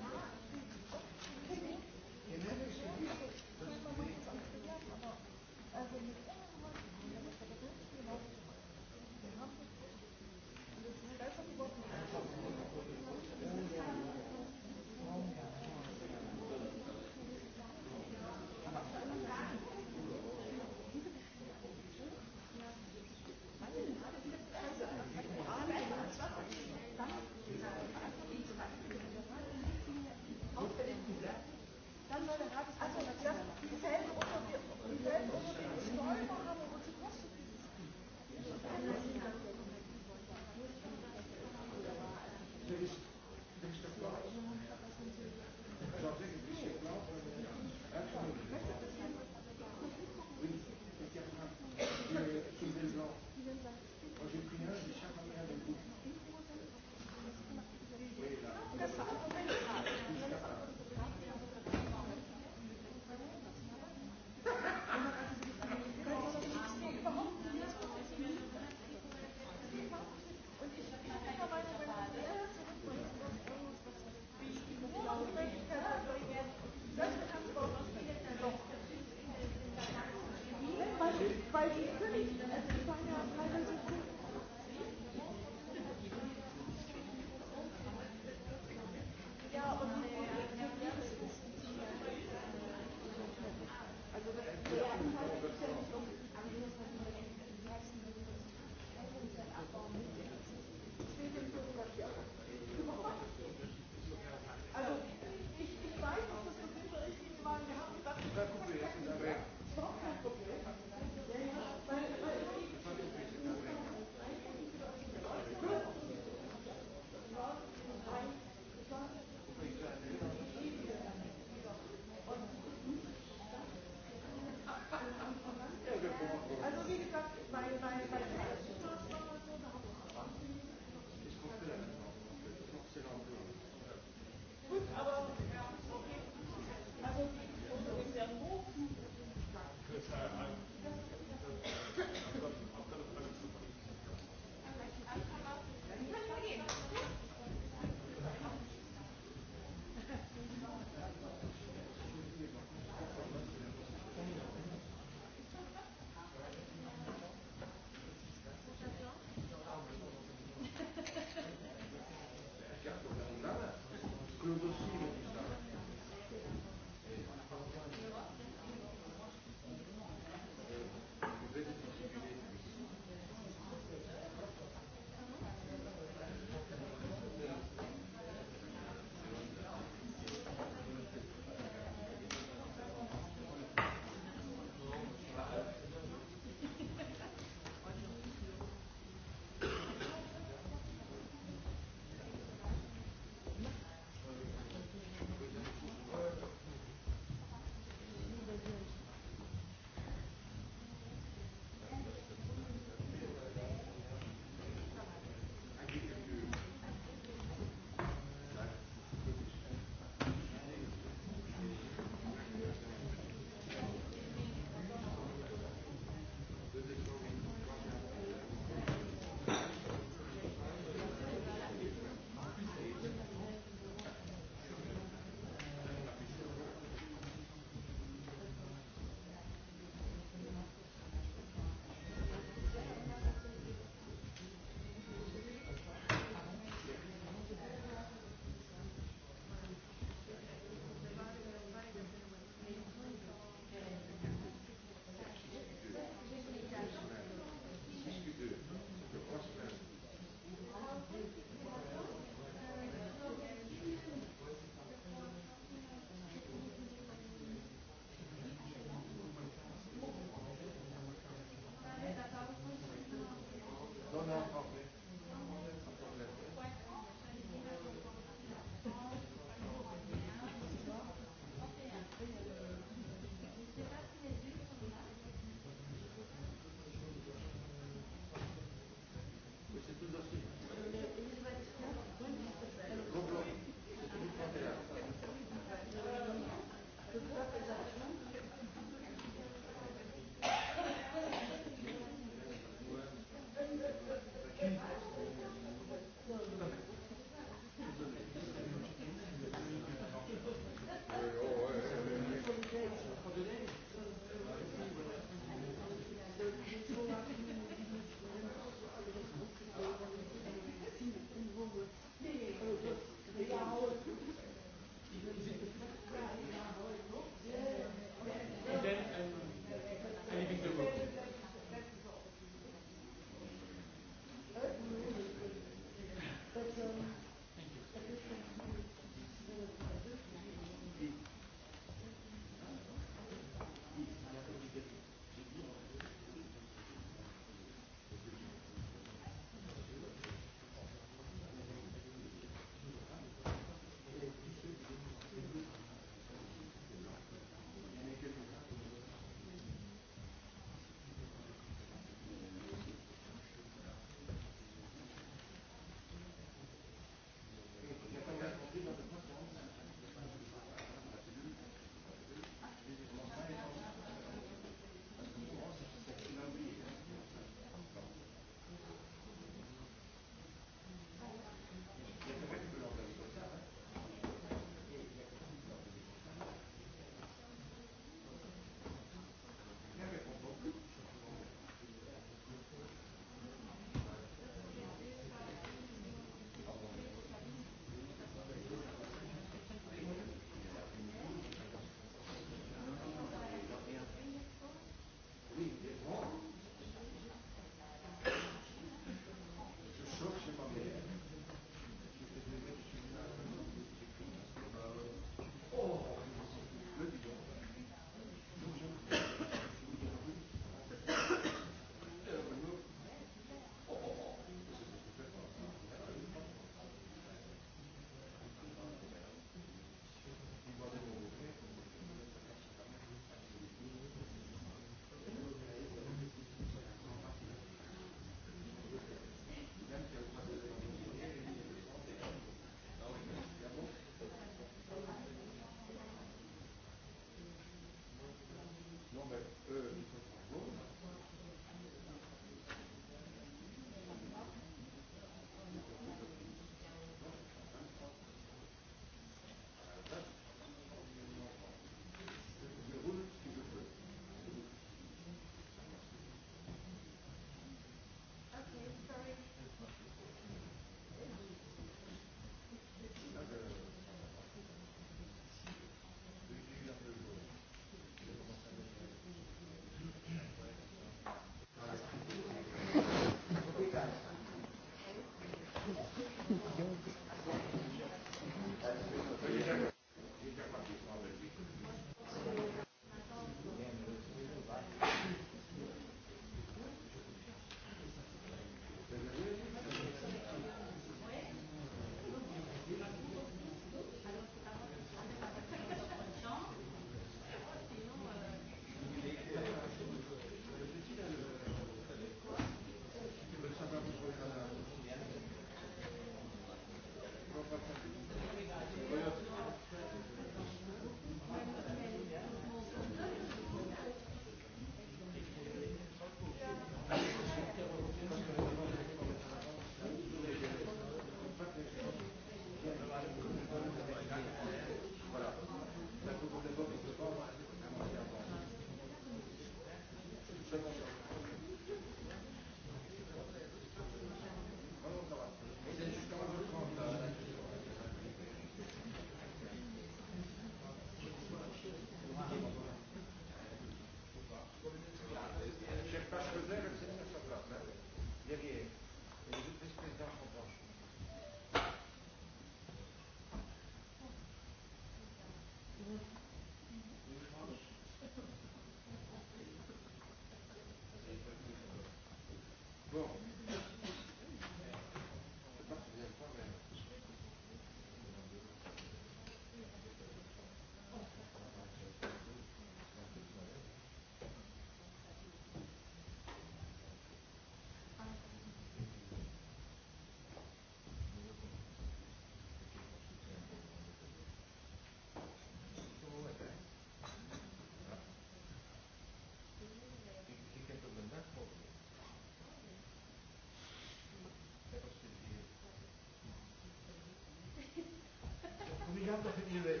obligato a finire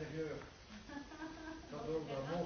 intérieur. Ça donne un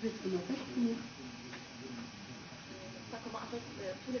Vous êtes Ça commence, euh, tous les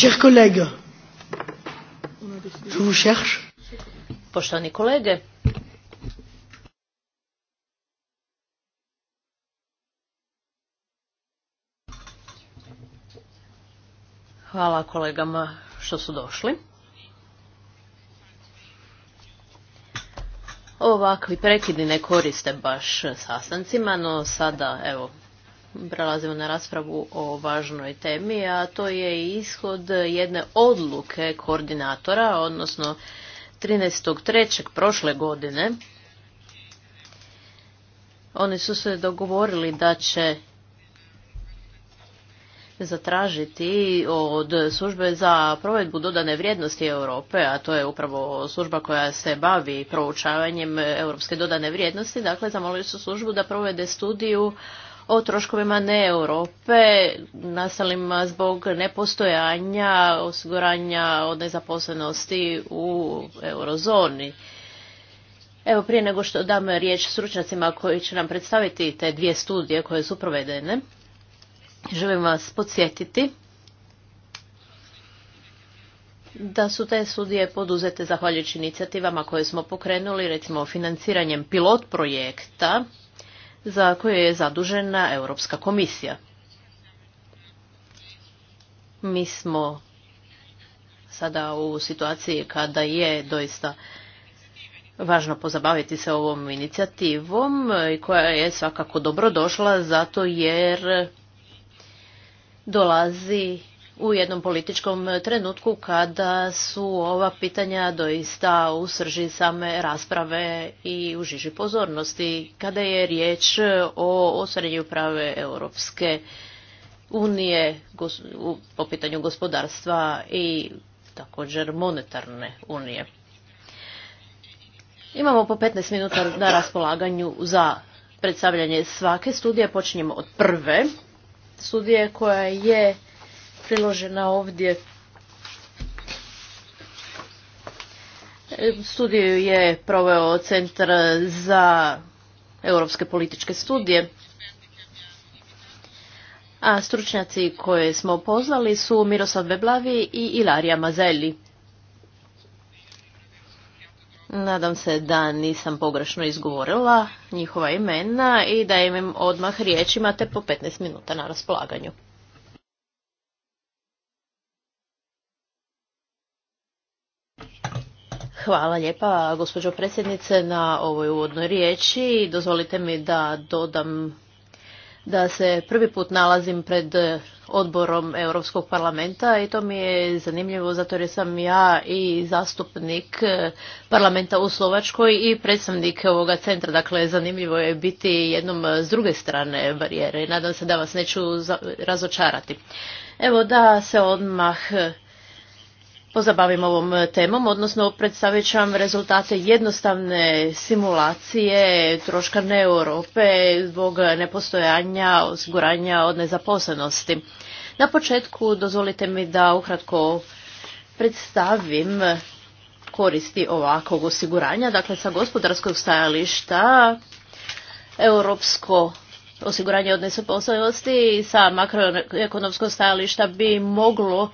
Chers collègues, Poštovani kolege, Hvala kolegama što su došli. Ovakvi prekidi ne koriste baš sastancima, no sada evo prelazimo na raspravu o važnoj temi, a to je ishod jedne odluke koordinatora, odnosno 13.3. prošle godine. Oni su se dogovorili da će zatražiti od službe za provedbu dodane vrijednosti Europe, a to je upravo služba koja se bavi proučavanjem europske dodane vrijednosti, dakle zamolili su službu da provede studiju o troškovima ne Europe nastalima zbog nepostojanja osiguranja od nezaposlenosti u eurozoni. Evo prije nego što dam riječ stručnjacima koji će nam predstaviti te dvije studije koje su provedene, želim vas podsjetiti da su te studije poduzete zahvaljujući inicijativama koje smo pokrenuli, recimo financiranjem pilot projekta za koje je zadužena Europska komisija. Mi smo sada u situaciji kada je doista važno pozabaviti se ovom inicijativom i koja je svakako dobro došla zato jer dolazi u jednom političkom trenutku kada su ova pitanja doista u srži same rasprave i u žiži pozornosti. Kada je riječ o ostvarenju prave Europske unije po pitanju gospodarstva i također monetarne unije. Imamo po 15 minuta na raspolaganju za predstavljanje svake studije. Počinjemo od prve studije koja je priložena ovdje. Studiju je proveo Centar za europske političke studije. A stručnjaci koje smo poznali su Miroslav Beblavi i Ilarija Mazelli. Nadam se da nisam pogrešno izgovorila njihova imena i da im odmah riječ imate po 15 minuta na raspolaganju. Hvala lijepa, gospođo predsjednice, na ovoj uvodnoj riječi. Dozvolite mi da dodam da se prvi put nalazim pred odborom Europskog parlamenta i to mi je zanimljivo zato jer sam ja i zastupnik parlamenta u Slovačkoj i predstavnik ovoga centra. Dakle, zanimljivo je biti jednom s druge strane barijere. Nadam se da vas neću razočarati. Evo da se odmah pozabavim ovom e, temom, odnosno predstavit ću vam rezultate jednostavne simulacije troška Europe zbog nepostojanja osiguranja od nezaposlenosti. Na početku dozvolite mi da ukratko predstavim koristi ovakvog osiguranja. Dakle, sa gospodarskog stajališta europsko osiguranje od nezaposlenosti sa makroekonomskog stajališta bi moglo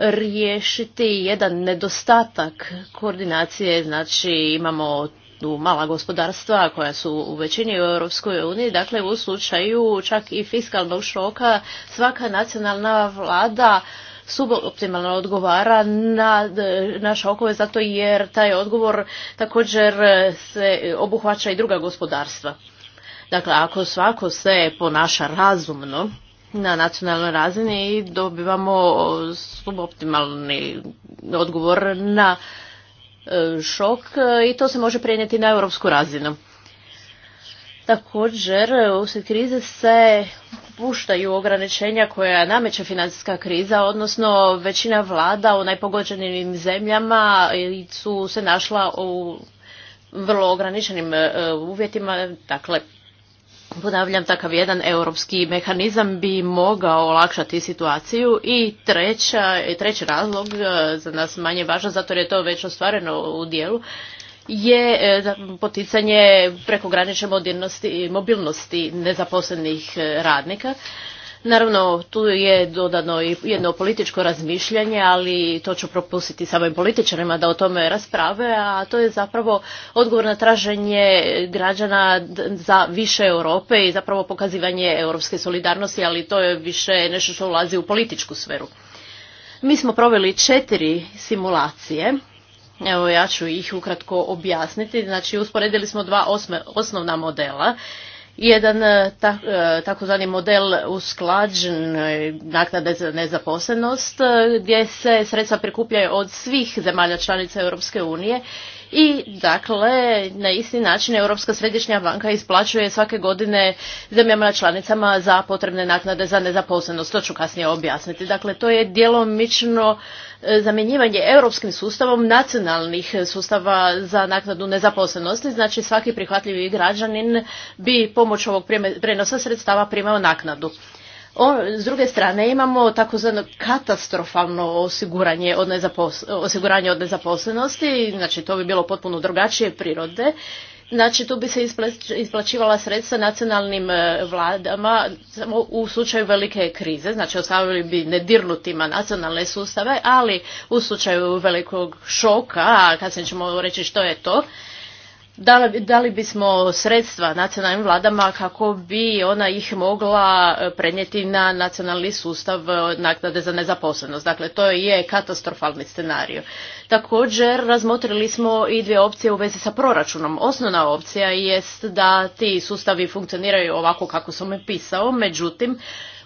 riješiti jedan nedostatak koordinacije, znači imamo tu mala gospodarstva koja su u većini u Europskoj uniji, dakle u slučaju čak i fiskalnog šoka svaka nacionalna vlada suboptimalno odgovara na, naše okove zato jer taj odgovor također se obuhvaća i druga gospodarstva. Dakle, ako svako se ponaša razumno, na nacionalnoj razini i dobivamo suboptimalni odgovor na e, šok i to se može prenijeti na europsku razinu. Također, uslijed krize se puštaju ograničenja koja nameće financijska kriza, odnosno većina vlada u najpogođenijim zemljama su se našla u vrlo ograničenim e, uvjetima, dakle Ponavljam, takav jedan europski mehanizam bi mogao olakšati situaciju i treća, treći razlog, e, za nas manje važan, zato jer je to već ostvareno u dijelu, je e, poticanje prekogranične mobilnosti nezaposlenih e, radnika Naravno, tu je dodano i jedno političko razmišljanje, ali to ću propustiti samim političarima da o tome rasprave, a to je zapravo odgovor na traženje građana za više Europe i zapravo pokazivanje europske solidarnosti, ali to je više nešto što ulazi u političku sferu. Mi smo proveli četiri simulacije Evo ja ću ih ukratko objasniti. Znači usporedili smo dva osnovna modela jedan e, e, takozvani model usklađen naknade za nezaposlenost e, gdje se sredstva prikupljaju od svih zemalja članica Europske unije i dakle na isti način Europska središnja banka isplaćuje svake godine zemljama članicama za potrebne naknade za nezaposlenost. To ću kasnije objasniti. Dakle, to je djelomično e, zamjenjivanje europskim sustavom nacionalnih sustava za naknadu nezaposlenosti. Znači svaki prihvatljivi građanin bi pomoć ovog prijenosa sredstava primao naknadu s druge strane imamo takozvano katastrofalno osiguranje od, osiguranje od nezaposlenosti, znači to bi bilo potpuno drugačije prirode. Znači tu bi se isplaćivala sredstva nacionalnim e, vladama samo u slučaju velike krize, znači ostavili bi nedirnutima nacionalne sustave, ali u slučaju velikog šoka, a kasnije ćemo reći što je to, Dali, bismo sredstva nacionalnim vladama kako bi ona ih mogla e, prenijeti na nacionalni sustav e, naknade za nezaposlenost. Dakle, to je katastrofalni scenarij. Također, razmotrili smo i dvije opcije u vezi sa proračunom. Osnovna opcija jest da ti sustavi funkcioniraju ovako kako sam pisao, međutim,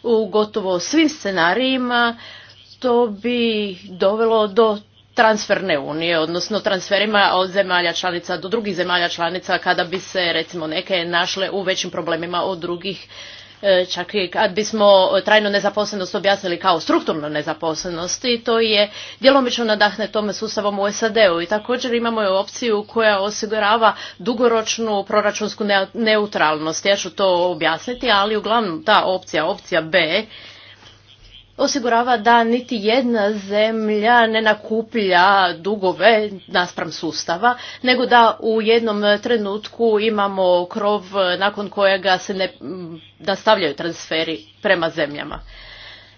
u gotovo svim scenarijima to bi dovelo do transferne unije, odnosno transferima od zemalja članica do drugih zemalja članica kada bi se recimo neke našle u većim problemima od drugih e, čak i kad bismo trajnu nezaposlenost objasnili kao strukturnu nezaposlenost i to je djelomično nadahne tome sustavom u SAD-u i također imamo i opciju koja osigurava dugoročnu proračunsku neutralnost. Ja ću to objasniti, ali uglavnom ta opcija, opcija B, osigurava da niti jedna zemlja ne nakuplja dugove naspram sustava, nego da u jednom trenutku imamo krov nakon kojega se ne nastavljaju transferi prema zemljama.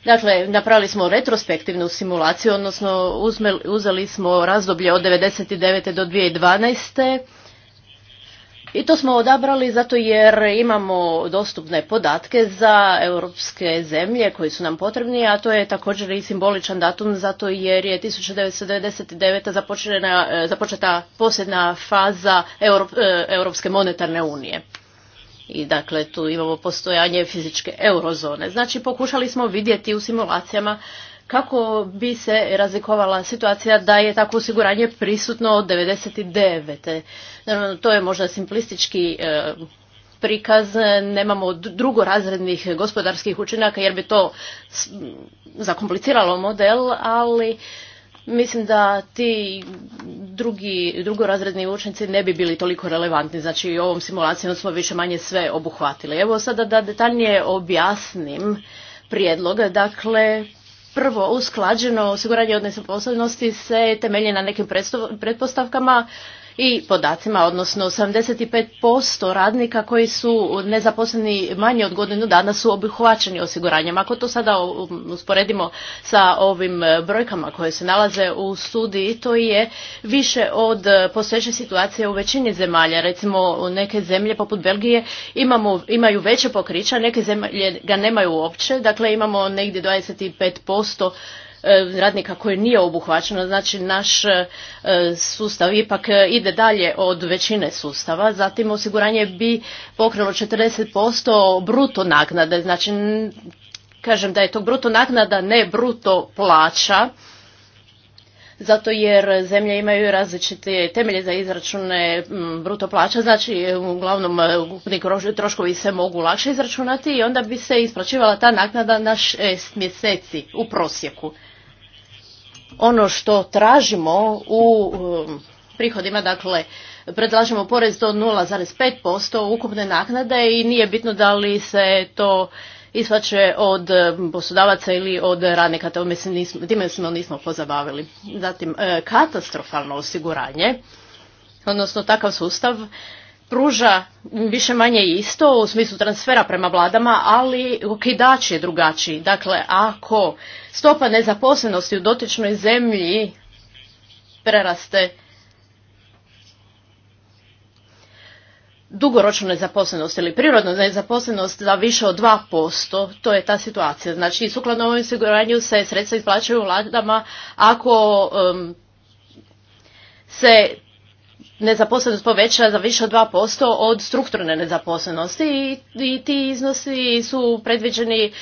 Dakle, napravili smo retrospektivnu simulaciju, odnosno uzeli smo razdoblje od 1999. do 2012 i to smo odabrali zato jer imamo dostupne podatke za europske zemlje koji su nam potrebni, a to je također i simboličan datum zato jer je 1999. započeta, e, započeta posljedna faza e, Europske monetarne unije. I dakle tu imamo postojanje fizičke eurozone. Znači pokušali smo vidjeti u simulacijama kako bi se razlikovala situacija da je tako osiguranje prisutno od 99. Naravno, to je možda simplistički e, prikaz, nemamo drugorazrednih gospodarskih učinaka jer bi to zakompliciralo model, ali mislim da ti drugi, drugorazredni učenci ne bi bili toliko relevantni. Znači ovom simulacijom smo više manje sve obuhvatili. Evo sada da detaljnije objasnim prijedlog. Dakle, prvo usklađeno osiguranje od nezaposlenosti se temelji na nekim pretpostavkama i podacima, odnosno 85% radnika koji su nezaposleni manje od godinu dana su obuhvaćeni osiguranjem. Ako to sada usporedimo sa ovim brojkama koje se nalaze u studiji, to je više od posveće situacije u većini zemalja. Recimo neke zemlje poput Belgije imamo, imaju veće pokrića, neke zemlje ga nemaju uopće, dakle imamo negdje 25% E, radnika koji nije obuhvaćeno. Znači naš e, sustav ipak e, ide dalje od većine sustava. Zatim osiguranje bi pokrilo 40% bruto naknade. Znači kažem da je to bruto naknada, ne bruto plaća zato jer zemlje imaju različite temelje za izračune bruto plaća, znači uglavnom ukupni troškovi se mogu lakše izračunati i onda bi se isplaćivala ta naknada na šest mjeseci u prosjeku ono što tražimo u prihodima, dakle predlažemo porez do 0,5% ukupne naknade i nije bitno da li se to isvače od poslodavaca ili od radnika, to mislim, nismo, time smo nismo pozabavili. Zatim, e, katastrofalno osiguranje, odnosno takav sustav pruža više manje isto u smislu transfera prema vladama, ali okidač je drugačiji. Dakle, ako stopa nezaposlenosti u dotičnoj zemlji preraste dugoročnu nezaposlenost ili prirodnu nezaposlenost za više od 2%, to je ta situacija. Znači, sukladno ovom osiguranju se sredstva isplaćaju vladama ako um, se nezaposlenost poveća za više od 2% od strukturne nezaposlenosti i, i ti iznosi su predviđeni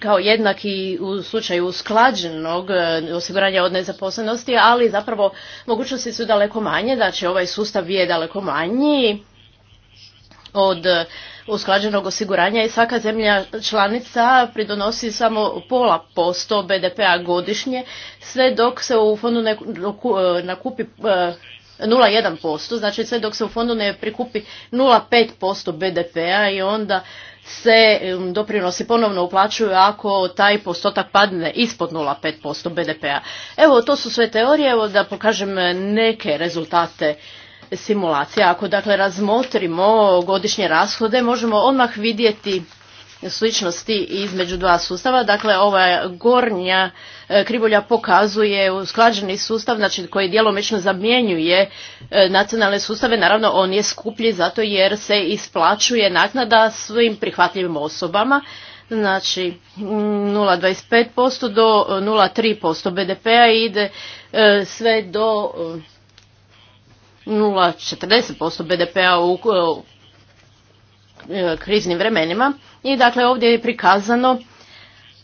kao jednaki u slučaju usklađenog e, osiguranja od nezaposlenosti, ali zapravo mogućnosti su daleko manje, znači ovaj sustav je daleko manji od usklađenog osiguranja i svaka zemlja članica pridonosi samo pola posto BDP-a godišnje, sve dok se u fondu e, nakupi e, 0,1%, znači sve dok se u fondu ne prikupi 0,5% BDP-a i onda se um, doprinosi ponovno uplaćuju ako taj postotak padne ispod 0,5% BDP-a. Evo, to su sve teorije, evo da pokažem neke rezultate simulacija. Ako dakle razmotrimo godišnje rashode, možemo odmah vidjeti sličnosti između dva sustava. Dakle, ova gornja e, krivulja pokazuje usklađeni sustav znači, koji djelomično zamjenjuje e, nacionalne sustave. Naravno, on je skuplji zato jer se isplaćuje naknada svim prihvatljivim osobama. Znači, 0,25% do 0,3% BDP-a ide e, sve do 0,40% BDP-a u E, kriznim vremenima. I dakle ovdje je prikazano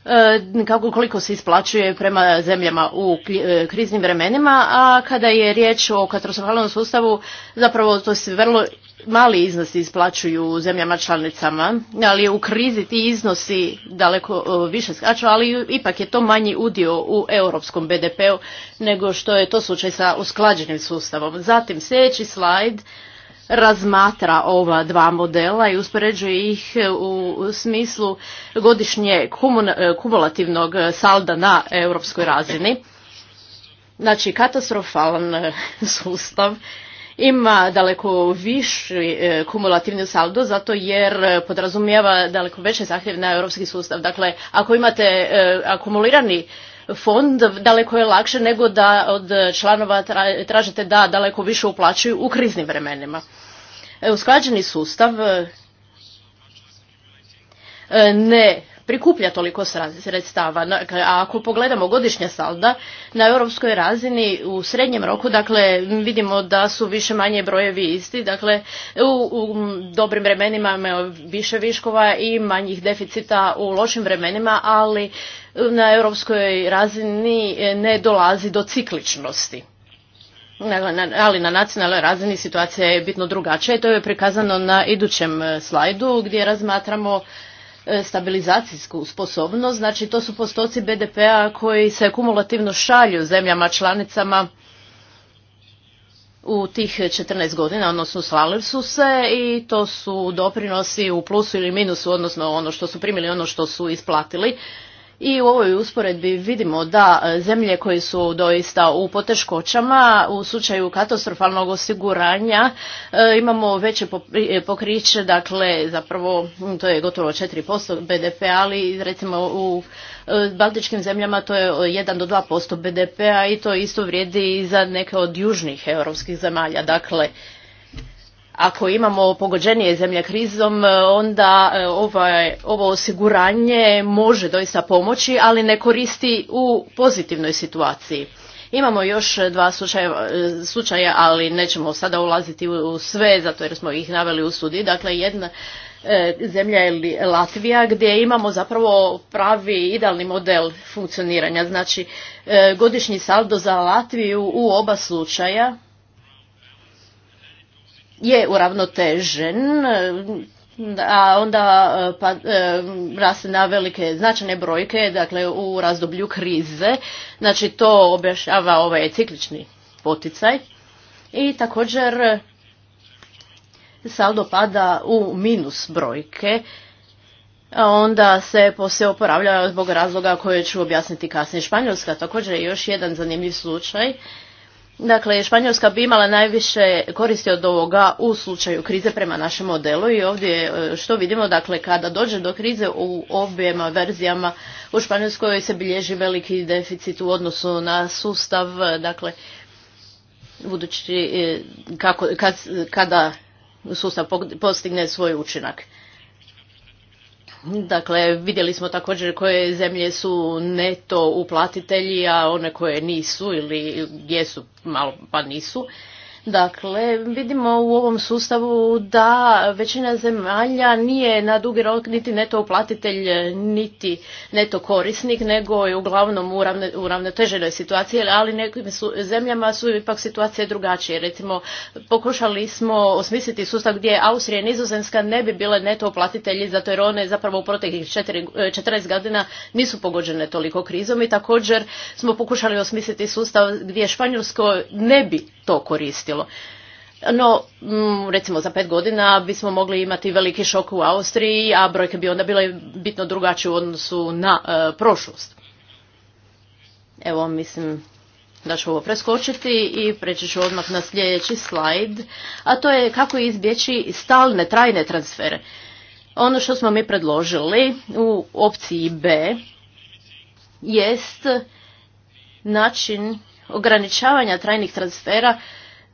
e, kako koliko se isplaćuje prema zemljama u e, kriznim vremenima, a kada je riječ o katastrofalnom sustavu, zapravo to se vrlo mali iznosi isplaćuju zemljama članicama, ali u krizi ti iznosi daleko više skaču, ali ipak je to manji udio u europskom BDP-u nego što je to slučaj sa usklađenim sustavom. Zatim sljedeći slajd razmatra ova dva modela i uspoređuje ih u smislu godišnje kumulativnog salda na europskoj razini. Znači, katastrofalan e, sustav ima daleko viši e, kumulativni saldo zato jer podrazumijeva daleko veće zahtjeve na europski sustav. Dakle, ako imate e, akumulirani fond daleko je lakše nego da od članova tražite da daleko više uplaćuju u kriznim vremenima. E, usklađeni sustav e, ne prikuplja toliko sredstava. A ako pogledamo godišnja salda na europskoj razini u srednjem roku, dakle vidimo da su više manje brojevi isti, dakle u, dobrim vremenima imamo više viškova i manjih deficita u lošim vremenima, ali na europskoj razini ne dolazi do cikličnosti. Ali na nacionalnoj razini situacija je bitno drugačija i to je prikazano na idućem slajdu gdje razmatramo E, stabilizacijsku sposobnost, znači to su postoci BDP-a koji se kumulativno šalju zemljama članicama u tih 14 godina, odnosno slali su se i to su doprinosi u plusu ili minusu, odnosno ono što su primili, ono što su isplatili. I u ovoj usporedbi vidimo da e, zemlje koje su doista u poteškoćama u slučaju katastrofalnog osiguranja e, imamo veće e, pokriće, dakle zapravo mm, to je gotovo 4% BDP, p-a, ali recimo u baltičkim zemljama to je 1 do 2% BDP-a i to isto vrijedi i za neke od južnih europskih zemalja. Dakle, ako imamo pogođenije zemlje krizom, e, onda e, ovo osiguranje može doista pomoći, ali ne koristi u pozitivnoj situaciji. Imamo još dva e, slučaja, ali nećemo sada ulaziti u sve, zato jer smo ih naveli u sudi. Dakle, jedna zemlja je Latvija gdje imamo zapravo pravi idealni model funkcioniranja. Znači, godišnji saldo za Latviju u oba slučaja je uravnotežen, a onda e, pa, e, raste na velike značajne brojke, dakle u razdoblju krize, znači to objašnjava ovaj ciklični poticaj i također saldo pada u minus brojke, a onda se poslije oporavlja zbog razloga koje ću objasniti kasnije. Španjolska također je još jedan zanimljiv slučaj Dakle, Španjolska bi imala najviše koristi od ovoga u slučaju krize prema našem modelu i ovdje e, što vidimo, dakle, kada dođe do krize u objema verzijama u Španjolskoj se bilježi veliki deficit u odnosu na sustav, e, dakle, budući e, kada sustav postigne svoj učinak. Dakle, vidjeli smo također koje zemlje su neto uplatitelji, a one koje nisu ili jesu malo pa nisu. Dakle, vidimo u ovom sustavu da većina zemalja nije na dugi rok niti neto uplatitelj, niti neto korisnik, nego je uglavnom u ravnoteženoj situaciji, ali nekim su, zemljama su ipak situacije drugačije. Recimo, pokušali smo osmisliti sustav gdje Austrija i Nizozemska ne bi bile neto uplatitelji, zato jer one zapravo u proteklih 14 godina nisu pogođene toliko krizom i također smo pokušali osmisliti sustav gdje Španjolsko ne bi to koristilo. No, mm, recimo za pet godina bismo mogli imati veliki šok u Austriji, a brojke bi onda bile bitno drugačije u odnosu na e, prošlost. Evo, mislim da ću ovo preskočiti i preći ću odmah na sljedeći slajd, a to je kako izbjeći stalne, trajne transfere. Ono što smo mi predložili u opciji B jest način ograničavanja trajnih transfera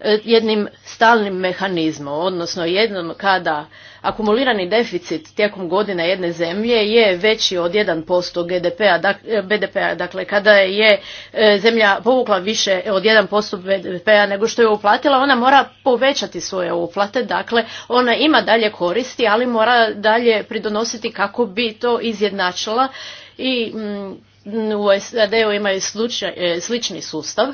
e, jednim stalnim mehanizmom, odnosno jednom kada akumulirani deficit tijekom godine jedne zemlje je veći od 1% GDP-a, bdp dakle kada je e, zemlja povukla više od 1% BDP-a nego što je uplatila, ona mora povećati svoje uplate, dakle ona ima dalje koristi, ali mora dalje pridonositi kako bi to izjednačila i mm, u SAD-u imaju e, slični sustav.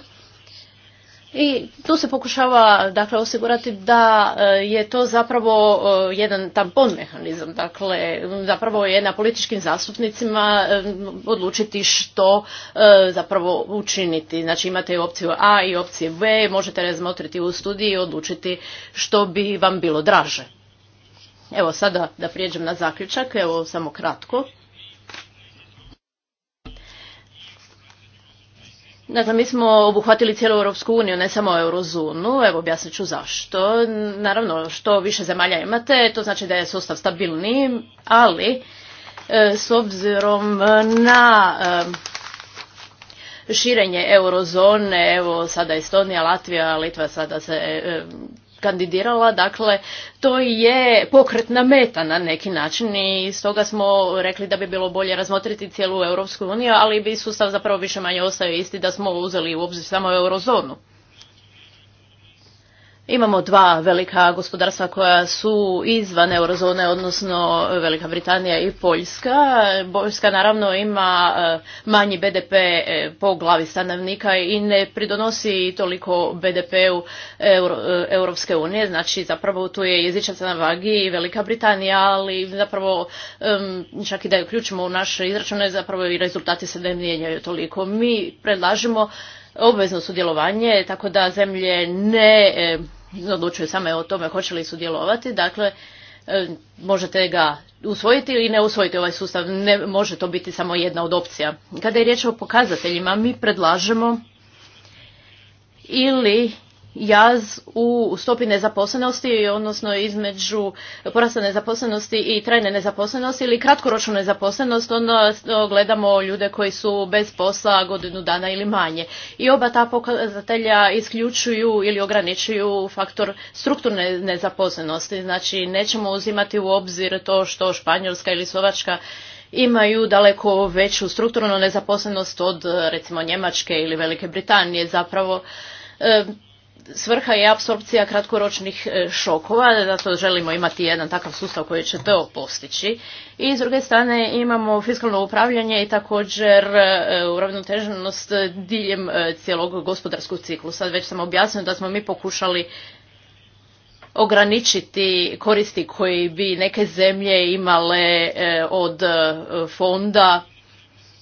I tu se pokušava dakle, osigurati da e, je to zapravo e, jedan tampon mehanizam. Dakle, zapravo je na političkim zastupnicima odlučiti što zapravo učiniti. Znači imate opciju A i opciju B, možete razmotriti u studiji i odlučiti što bi vam bilo draže. Evo sada da prijeđem na zaključak, evo samo kratko. Dakle, mi smo obuhvatili cijelu Europsku uniju, ne samo Eurozonu. Evo, objasnit ću zašto. Naravno, što više zemalja imate, to znači da je sustav stabilniji, ali e, s obzirom na e, širenje eurozone, evo sada Estonija, Latvija, Litva sada se e, kandidirala, dakle to je pokretna meta na neki način i stoga smo rekli da bi bilo bolje razmotriti cijelu Europsku ali bi sustav zapravo više manje ostao isti da smo uzeli u obzir samo eurozonu. Imamo dva velika gospodarstva koja su izvan eurozone, odnosno Velika Britanija i Poljska. Poljska naravno ima eh, manji BDP eh, po glavi stanovnika i ne pridonosi toliko BDP-u eh, Europske unije. Znači zapravo tu je jezičac na vagi i Velika Britanija, ali zapravo čak i da je uključimo u naše izračune, zapravo i rezultati se ne mijenjaju toliko. Mi predlažemo obvezno sudjelovanje, tako da zemlje ne odlučuju same o tome hoće li sudjelovati. Dakle, e, možete ga usvojiti ili ne usvojiti ovaj sustav. Ne može to biti samo jedna od opcija. Kada je riječ o pokazateljima, mi predlažemo ili jaz u stopi nezaposlenosti, odnosno između porasta nezaposlenosti i trajne nezaposlenosti ili kratkoročnu nezaposlenost, onda gledamo ljude koji su bez posla godinu dana ili manje. I oba ta pokazatelja isključuju ili ograničuju faktor strukturne nezaposlenosti. Znači nećemo uzimati u obzir to što Španjolska ili Slovačka imaju daleko veću strukturnu nezaposlenost od recimo Njemačke ili Velike Britanije zapravo e, svrha je apsorpcija kratkoročnih e, šokova, zato želimo imati jedan takav sustav koji će to postići. I s druge strane imamo fiskalno upravljanje i također e, uravnoteženost diljem e, cijelog gospodarskog ciklusa. Već sam objasnila da smo mi pokušali ograničiti koristi koji bi neke zemlje imale od fonda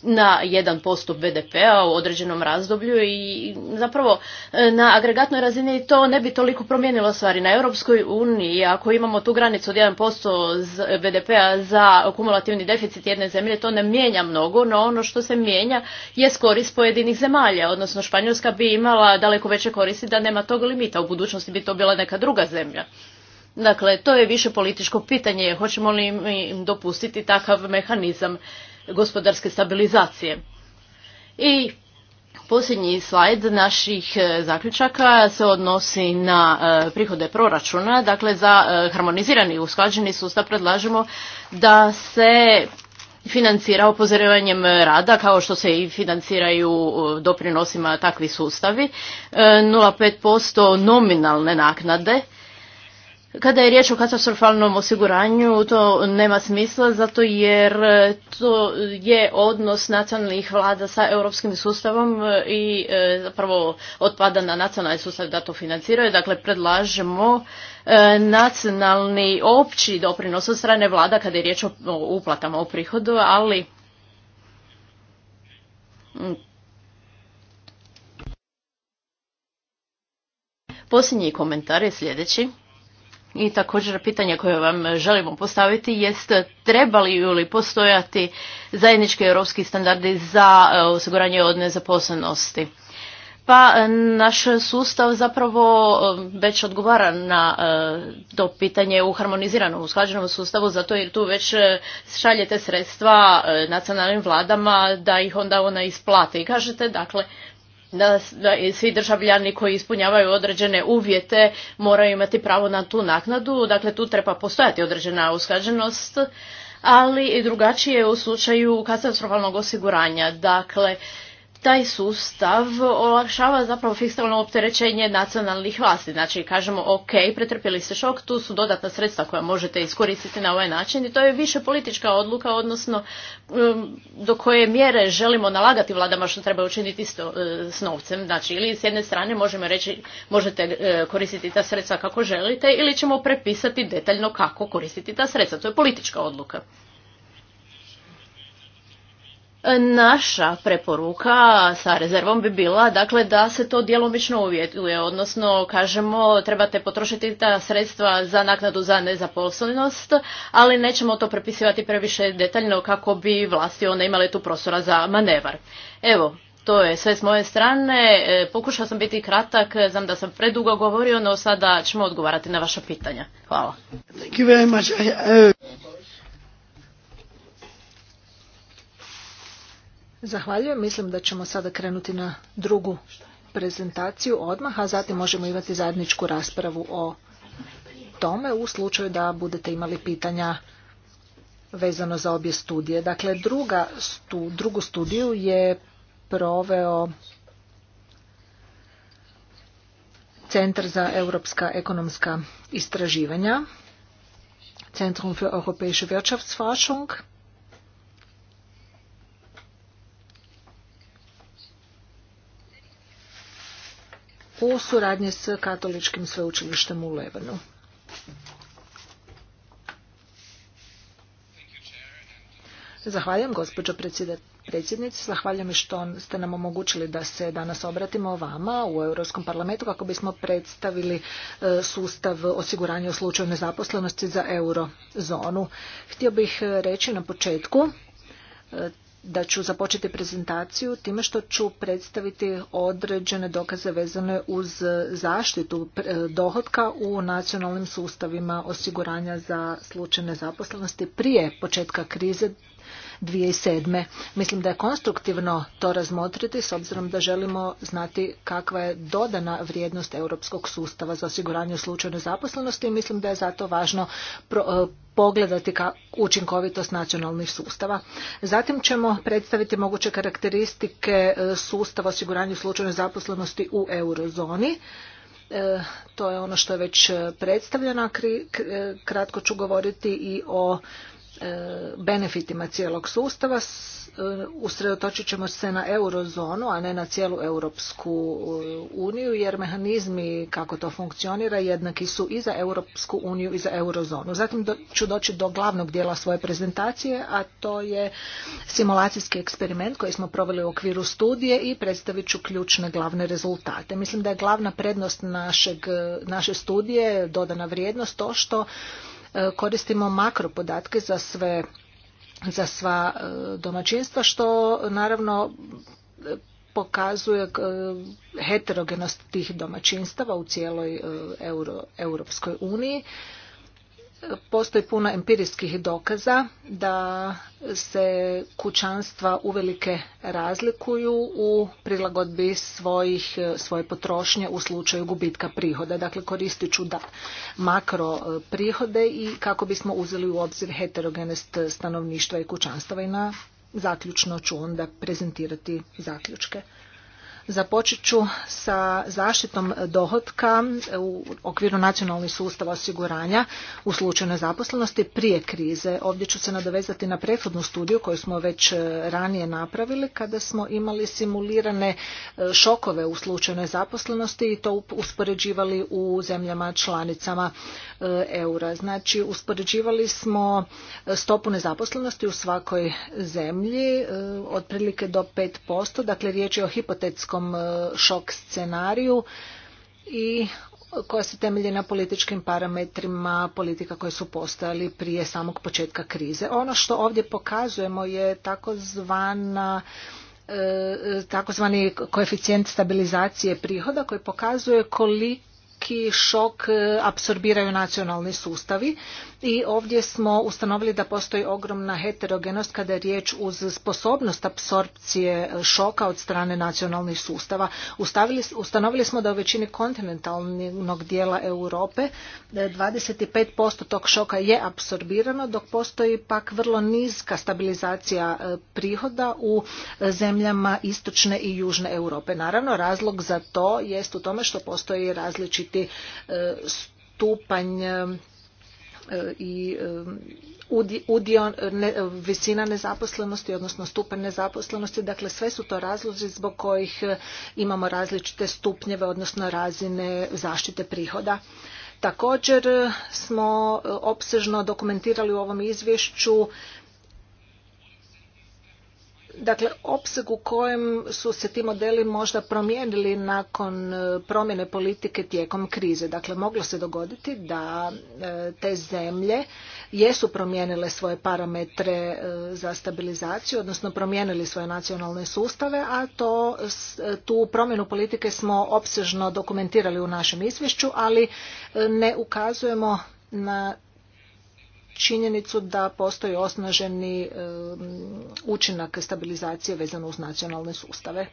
na 1% BDP-a u određenom razdoblju i zapravo e, na agregatnoj razini to ne bi toliko promijenilo stvari. Na Europskoj uniji ako imamo tu granicu od 1% BDP-a za kumulativni deficit jedne zemlje to ne mijenja mnogo, no ono što se mijenja je korist pojedinih zemalja, odnosno Španjolska bi imala daleko veće koristi da nema tog limita, u budućnosti bi to bila neka druga zemlja. Dakle, to je više političko pitanje, hoćemo li im dopustiti takav mehanizam gospodarske stabilizacije. I Posljednji slajd naših e, zaključaka se odnosi na e, prihode proračuna. Dakle, za e, harmonizirani i usklađeni sustav predlažemo da se financira opozorjevanjem rada kao što se i financiraju doprinosima takvi sustavi. 0,5% nominalne naknade kada je riječ o katastrofalnom osiguranju, to nema smisla zato jer e, to je odnos nacionalnih vlada sa europskim sustavom e, i e, zapravo otpada na nacionalni sustav da to financiraju. Dakle, predlažemo nacionalni opći doprinos od strane vlada kada je riječ o uplatama u prihodu, ali Posljednji komentar je sljedeći. I također pitanje koje vam želimo postaviti jest trebali li postojati zajednički europski standardi za e, osiguranje od nezaposlenosti. Pa e, naš sustav zapravo e, već odgovara na to pitanje u harmoniziranom, usklađenom sustavu, zato jer tu već šaljete sredstva nacionalnim vladama da ih onda ona isplate. I kažete, dakle, da, i svi državljani koji ispunjavaju određene uvjete moraju imati pravo na tu naknadu, dakle tu treba postojati određena usklađenost, ali i drugačije u slučaju katastrofalnog osiguranja. Dakle, taj sustav olakšava zapravo fiskalno opterećenje nacionalnih vlasti. Znači kažemo ok, pretrpjeli ste šok, tu su dodatna sredstva koja možete iskoristiti na ovaj način i to je više politička odluka, odnosno um, do koje mjere želimo nalagati vladama što treba učiniti e, s novcem. Znači ili s jedne strane možemo reći možete e, koristiti ta sredstva kako želite ili ćemo prepisati detaljno kako koristiti ta sredstva. To je politička odluka. Naša preporuka sa rezervom bi bila dakle, da se to djelomično uvjetuje, odnosno kažemo trebate potrošiti ta sredstva za naknadu za nezaposlenost, ali nećemo to prepisivati previše detaljno kako bi vlasti one imale tu prostora za manevar. Evo, to je sve s moje strane. E, pokušao sam biti kratak, znam da sam predugo govorio, no sada ćemo odgovarati na vaša pitanja. Hvala. Zahvaljujem. Mislim da ćemo sada krenuti na drugu prezentaciju odmah, a zatim možemo imati zajedničku raspravu o tome u slučaju da budete imali pitanja vezano za obje studije. Dakle, druga drugu studiju je proveo Centar za europska ekonomska istraživanja, Centrum für europäische Wirtschaftsforschung u suradnji s katoličkim sveučilištem u Levenu. Zahvaljujem gospođo predsjednice, zahvaljujem što ste nam omogućili da se danas obratimo vama u Europskom parlamentu kako bismo predstavili e, sustav osiguranja u slučaju nezaposlenosti za eurozonu. Htio bih e, reći na početku e, da ću započeti prezentaciju time što ću predstaviti određene dokaze vezane uz zaštitu e, dohotka u nacionalnim sustavima osiguranja za slučaj nezaposlenosti prije početka krize 2007. Mislim da je konstruktivno to razmotriti s obzirom da želimo znati kakva je dodana vrijednost europskog sustava za osiguranje u zaposlenosti i mislim da je zato važno e, pogledati ka učinkovitost nacionalnih sustava. Zatim ćemo predstaviti moguće karakteristike e, sustava osiguranja u zaposlenosti u eurozoni. E, to je ono što je već predstavljeno. Kratko ću govoriti i o E, benefitima cijelog sustava. E, usredotočit ćemo se na eurozonu, a ne na cijelu Europsku e, uniju, jer mehanizmi kako to funkcionira jednaki su i za Europsku uniju i za eurozonu. Zatim ću doći do glavnog dijela svoje prezentacije, a to je simulacijski eksperiment koji smo proveli u okviru studije i predstavit ću ključne glavne rezultate. Mislim da je glavna prednost našeg, naše studije, dodana vrijednost, to što E, koristimo makropodatke za sve za sva e, domaćinstva što naravno e, pokazuje heterogenost tih domaćinstava u cijeloj Europskoj uniji postoji puno empirijskih dokaza da se kućanstva uvelike razlikuju u prilagodbi svojih, svoje potrošnje u slučaju gubitka prihoda. Dakle, koristit ću da makro e, prihode i kako bismo uzeli u obzir heterogenest stanovništva i kućanstava i na zaključno ću onda prezentirati zaključke. Započet ću sa zaštitom dohotka u okviru nacionalnih sustava osiguranja u slučaju nezaposlenosti prije krize. Ovdje ću se nadovezati na prethodnu studiju koju smo već e, ranije napravili kada smo imali simulirane e, šokove u slučaju nezaposlenosti i to uspoređivali u zemljama članicama e, eura. Znači uspoređivali smo stopu nezaposlenosti u svakoj zemlji otprilike do 5%, dakle riječ je o hipotetskom ekonomskom e, šok scenariju i koja se temelji na političkim parametrima politika koje su postojali prije samog početka krize. Ono što ovdje pokazujemo je takozvana e, takozvani koeficijent stabilizacije prihoda koji pokazuje koliko veliki šok e, apsorbiraju nacionalni sustavi i ovdje smo ustanovili da postoji ogromna heterogenost kada je riječ uz sposobnost apsorpcije e, šoka od strane nacionalnih sustava. ustanovili smo da u većini kontinentalnog dijela Europe 25% tog šoka je apsorbirano, dok postoji pak vrlo niska stabilizacija e, prihoda u zemljama istočne i južne Europe. Naravno, razlog za to jest u tome što postoji različit biti e, stupanj e, e, i udio visina nezaposlenosti odnosno stupanj nezaposlenosti dakle sve su to razlozi zbog kojih imamo različite stupnjeve odnosno razine zaštite prihoda također smo opsežno dokumentirali u ovom izvješću dakle opseg u kojem su se ti modeli možda promijenili nakon e, promjene politike tijekom krize. Dakle, moglo se dogoditi da e, te zemlje jesu promijenile svoje parametre e, za stabilizaciju, odnosno promijenili svoje nacionalne sustave, a to, tu promjenu politike smo opsežno dokumentirali u našem izvješću, ali ne ukazujemo na činjenicu da postoji osnaženi učinak stabilizacije vezano uz nacionalne sustave.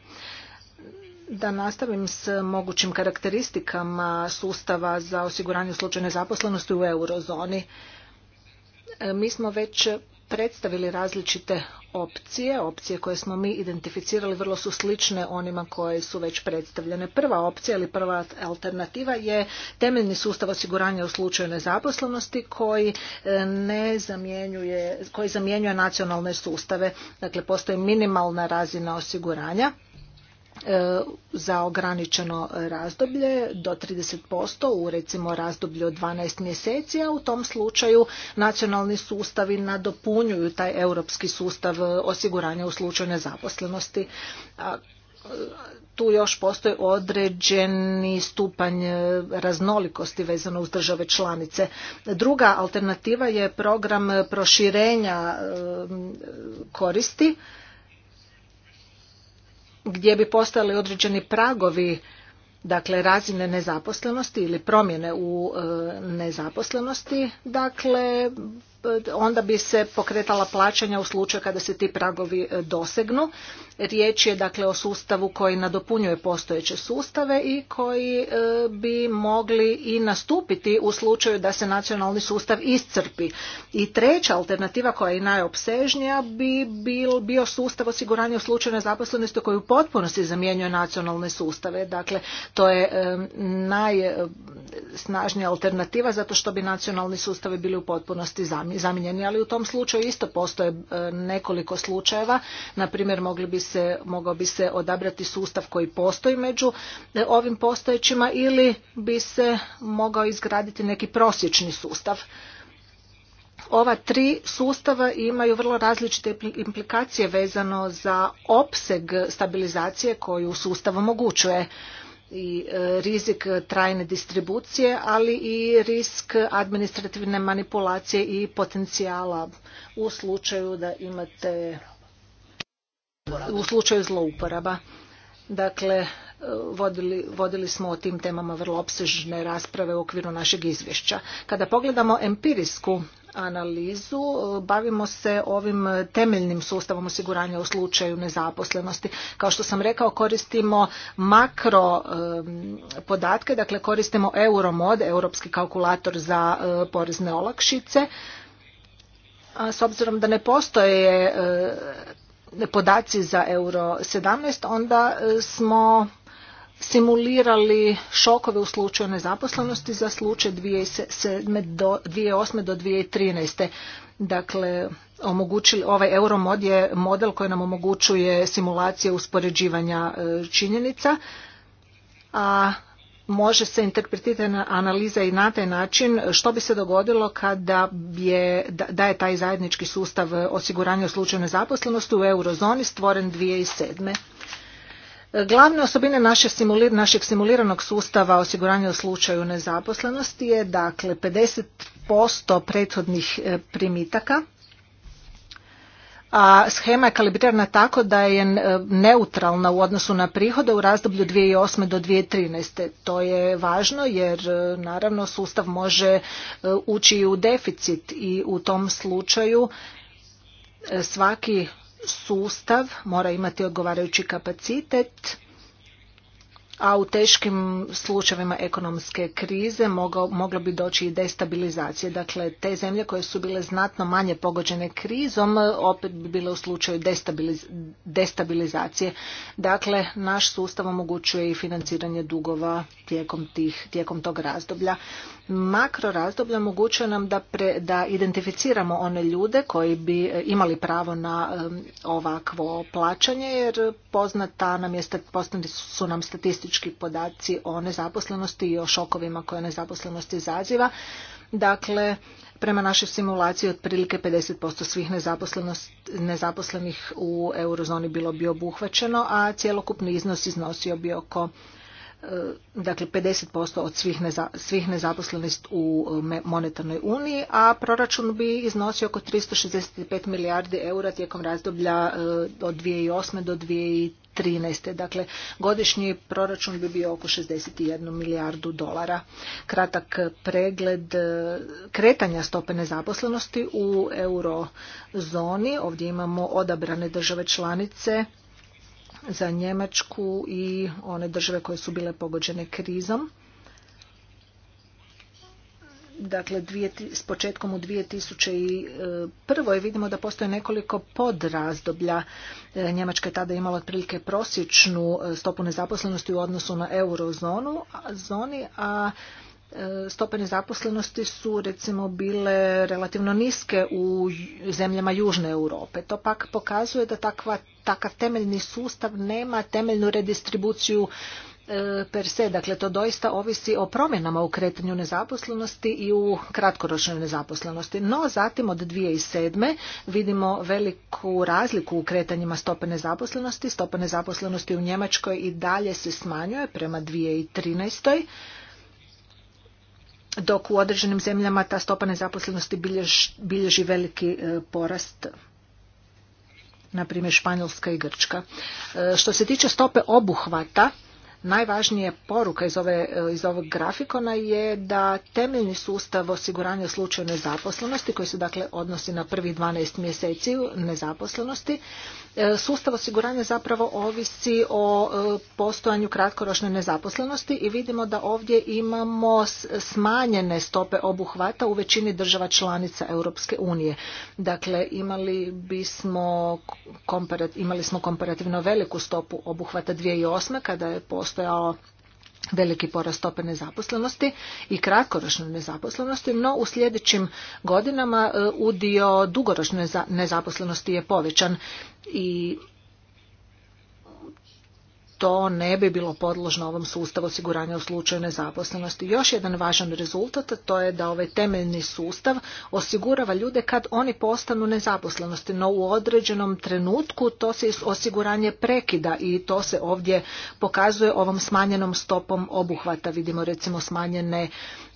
Da nastavim s mogućim karakteristikama sustava za osiguranje slučajne zaposlenosti u eurozoni. E, mi smo već predstavili različite opcije. Opcije koje smo mi identificirali vrlo su slične onima koje su već predstavljene. Prva opcija ili prva alternativa je temeljni sustav osiguranja u slučaju nezaposlenosti koji e, ne zamjenjuje, koji zamjenjuje nacionalne sustave. Dakle, postoji minimalna razina osiguranja E, za ograničeno razdoblje do 30% u recimo razdoblju od 12 mjeseci, a u tom slučaju nacionalni sustavi nadopunjuju taj europski sustav osiguranja u slučaju nezaposlenosti. Tu još postoji određeni stupanj raznolikosti vezano uz države članice. Druga alternativa je program proširenja e, koristi gdje bi postali određeni pragovi dakle razine nezaposlenosti ili promjene u e, nezaposlenosti dakle onda bi se pokretala plaćanja u slučaju kada se ti pragovi e, dosegnu. Riječ je dakle o sustavu koji nadopunjuje postojeće sustave i koji e, bi mogli i nastupiti u slučaju da se nacionalni sustav iscrpi. I treća alternativa koja je najopsežnija bi bio sustav osiguranja u slučaju nezaposlenosti koji u potpunosti zamjenjuje nacionalne sustave. Dakle, to je e, najsnažnija alternativa zato što bi nacionalni sustavi bili u potpunosti zamjenjeni zamijenjeni, ali u tom slučaju isto postoje e, nekoliko slučajeva. Na primjer, mogli bi se, mogao bi se odabrati sustav koji postoji među e, ovim postojećima ili bi se mogao izgraditi neki prosječni sustav. Ova tri sustava imaju vrlo različite implikacije vezano za opseg stabilizacije koju sustav omogućuje i e, rizik trajne distribucije, ali i risk administrativne manipulacije i potencijala u slučaju da imate u slučaju zlouporaba. Dakle, e, vodili, vodili smo o tim temama vrlo opsežne rasprave u okviru našeg izvješća. Kada pogledamo empirisku analizu. E, bavimo se ovim temeljnim sustavom osiguranja u slučaju nezaposlenosti. Kao što sam rekao, koristimo makro podatke, dakle koristimo Euromod, europski kalkulator za e, porezne olakšice. A s obzirom da ne postoje e, podaci za Euro 17, onda smo simulirali šokove u slučaju nezaposlenosti za slučaj 2007. Do, 2008. do 2013. Dakle, omogućili, ovaj Euromod je model koji nam omogućuje simulacije uspoređivanja e, činjenica, a može se interpretirana analiza i na taj način što bi se dogodilo kada je, da je taj zajednički sustav osiguranja u slučaju nezaposlenosti u eurozoni stvoren 2007. Glavne osobine našeg simuliranog sustava osiguranja u slučaju nezaposlenosti je dakle 50% prethodnih e, primitaka, a schema je kalibrirana tako da je e, neutralna u odnosu na prihode u razdoblju 2008. do 2013. To je važno jer e, naravno sustav može ući i u deficit i u tom slučaju svaki sustav mora imati odgovarajući kapacitet a u teškim slučajevima ekonomske krize moglo bi doći i destabilizacije. Dakle, te zemlje koje su bile znatno manje pogođene krizom, opet bi bile u slučaju destabilizacije. Dakle, naš sustav omogućuje i financiranje dugova tijekom tog razdoblja. Makro razdoblje omogućuje nam da, pre, da identificiramo one ljude koji bi e, imali pravo na ovakvo plaćanje jer poznata nam je, poznati su nam statistički podaci o nezaposlenosti i o šokovima koje nezaposlenost izaziva. Dakle, prema našoj simulaciji otprilike 50% svih nezaposlenih u eurozoni bilo bi obuhvaćeno, a cjelokupni iznos iznosio bi oko E, dakle 50% od svih, neza, svih nezaposlenost u e, monetarnoj uniji, a proračun bi iznosio oko 365 milijardi eura tijekom razdoblja e, od 2008. do 2013. Dakle, godišnji proračun bi bio oko 61 milijardu dolara. Kratak pregled kretanja stope nezaposlenosti u eurozoni. Ovdje imamo odabrane države članice za Njemačku i one države koje su bile pogođene krizom. Dakle, s početkom u 2001. vidimo da postoje nekoliko podrazdoblja. E, Njemačka je tada imala otprilike prosječnu e, stopu nezaposlenosti u odnosu na eurozonu, a zoni, a stope nezaposlenosti su recimo bile relativno niske u zemljama Južne Europe. To pak pokazuje da takva, takav temeljni sustav nema temeljnu redistribuciju e, per se, dakle to doista ovisi o promjenama u kretanju nezaposlenosti i u kratkoročnoj nezaposlenosti. No zatim od 2007. vidimo veliku razliku u kretanjima stope nezaposlenosti. Stopa nezaposlenosti u Njemačkoj i dalje se smanjuje prema 2013 dok u određenim zemljama ta stopa nezaposlenosti bilježi veliki e, porast na primjer Španjolska i Grčka. E, što se tiče stope obuhvata, Najvažnija poruka iz, ove, iz ovog grafikona je da temeljni sustav osiguranja u slučaju nezaposlenosti, koji se dakle odnosi na prvi 12 mjeseci nezaposlenosti, e, sustav osiguranja zapravo ovisi o e, postojanju kratkoročne nezaposlenosti i vidimo da ovdje imamo smanjene stope obuhvata u većini država članica Europske unije. Dakle, imali bismo imali smo komparativno veliku stopu obuhvata 2008. kada je postojanje postojao veliki porast stope nezaposlenosti i kratkoročne nezaposlenosti, no u sljedećim godinama e, udio dugoročne nezaposlenosti je povećan i to ne bi bilo podložno ovom sustavu osiguranja u slučaju nezaposlenosti. Još jedan važan rezultat to je da ovaj temeljni sustav osigurava ljude kad oni postanu nezaposlenosti, no u određenom trenutku to se osiguranje prekida i to se ovdje pokazuje ovom smanjenom stopom obuhvata. Vidimo recimo smanjene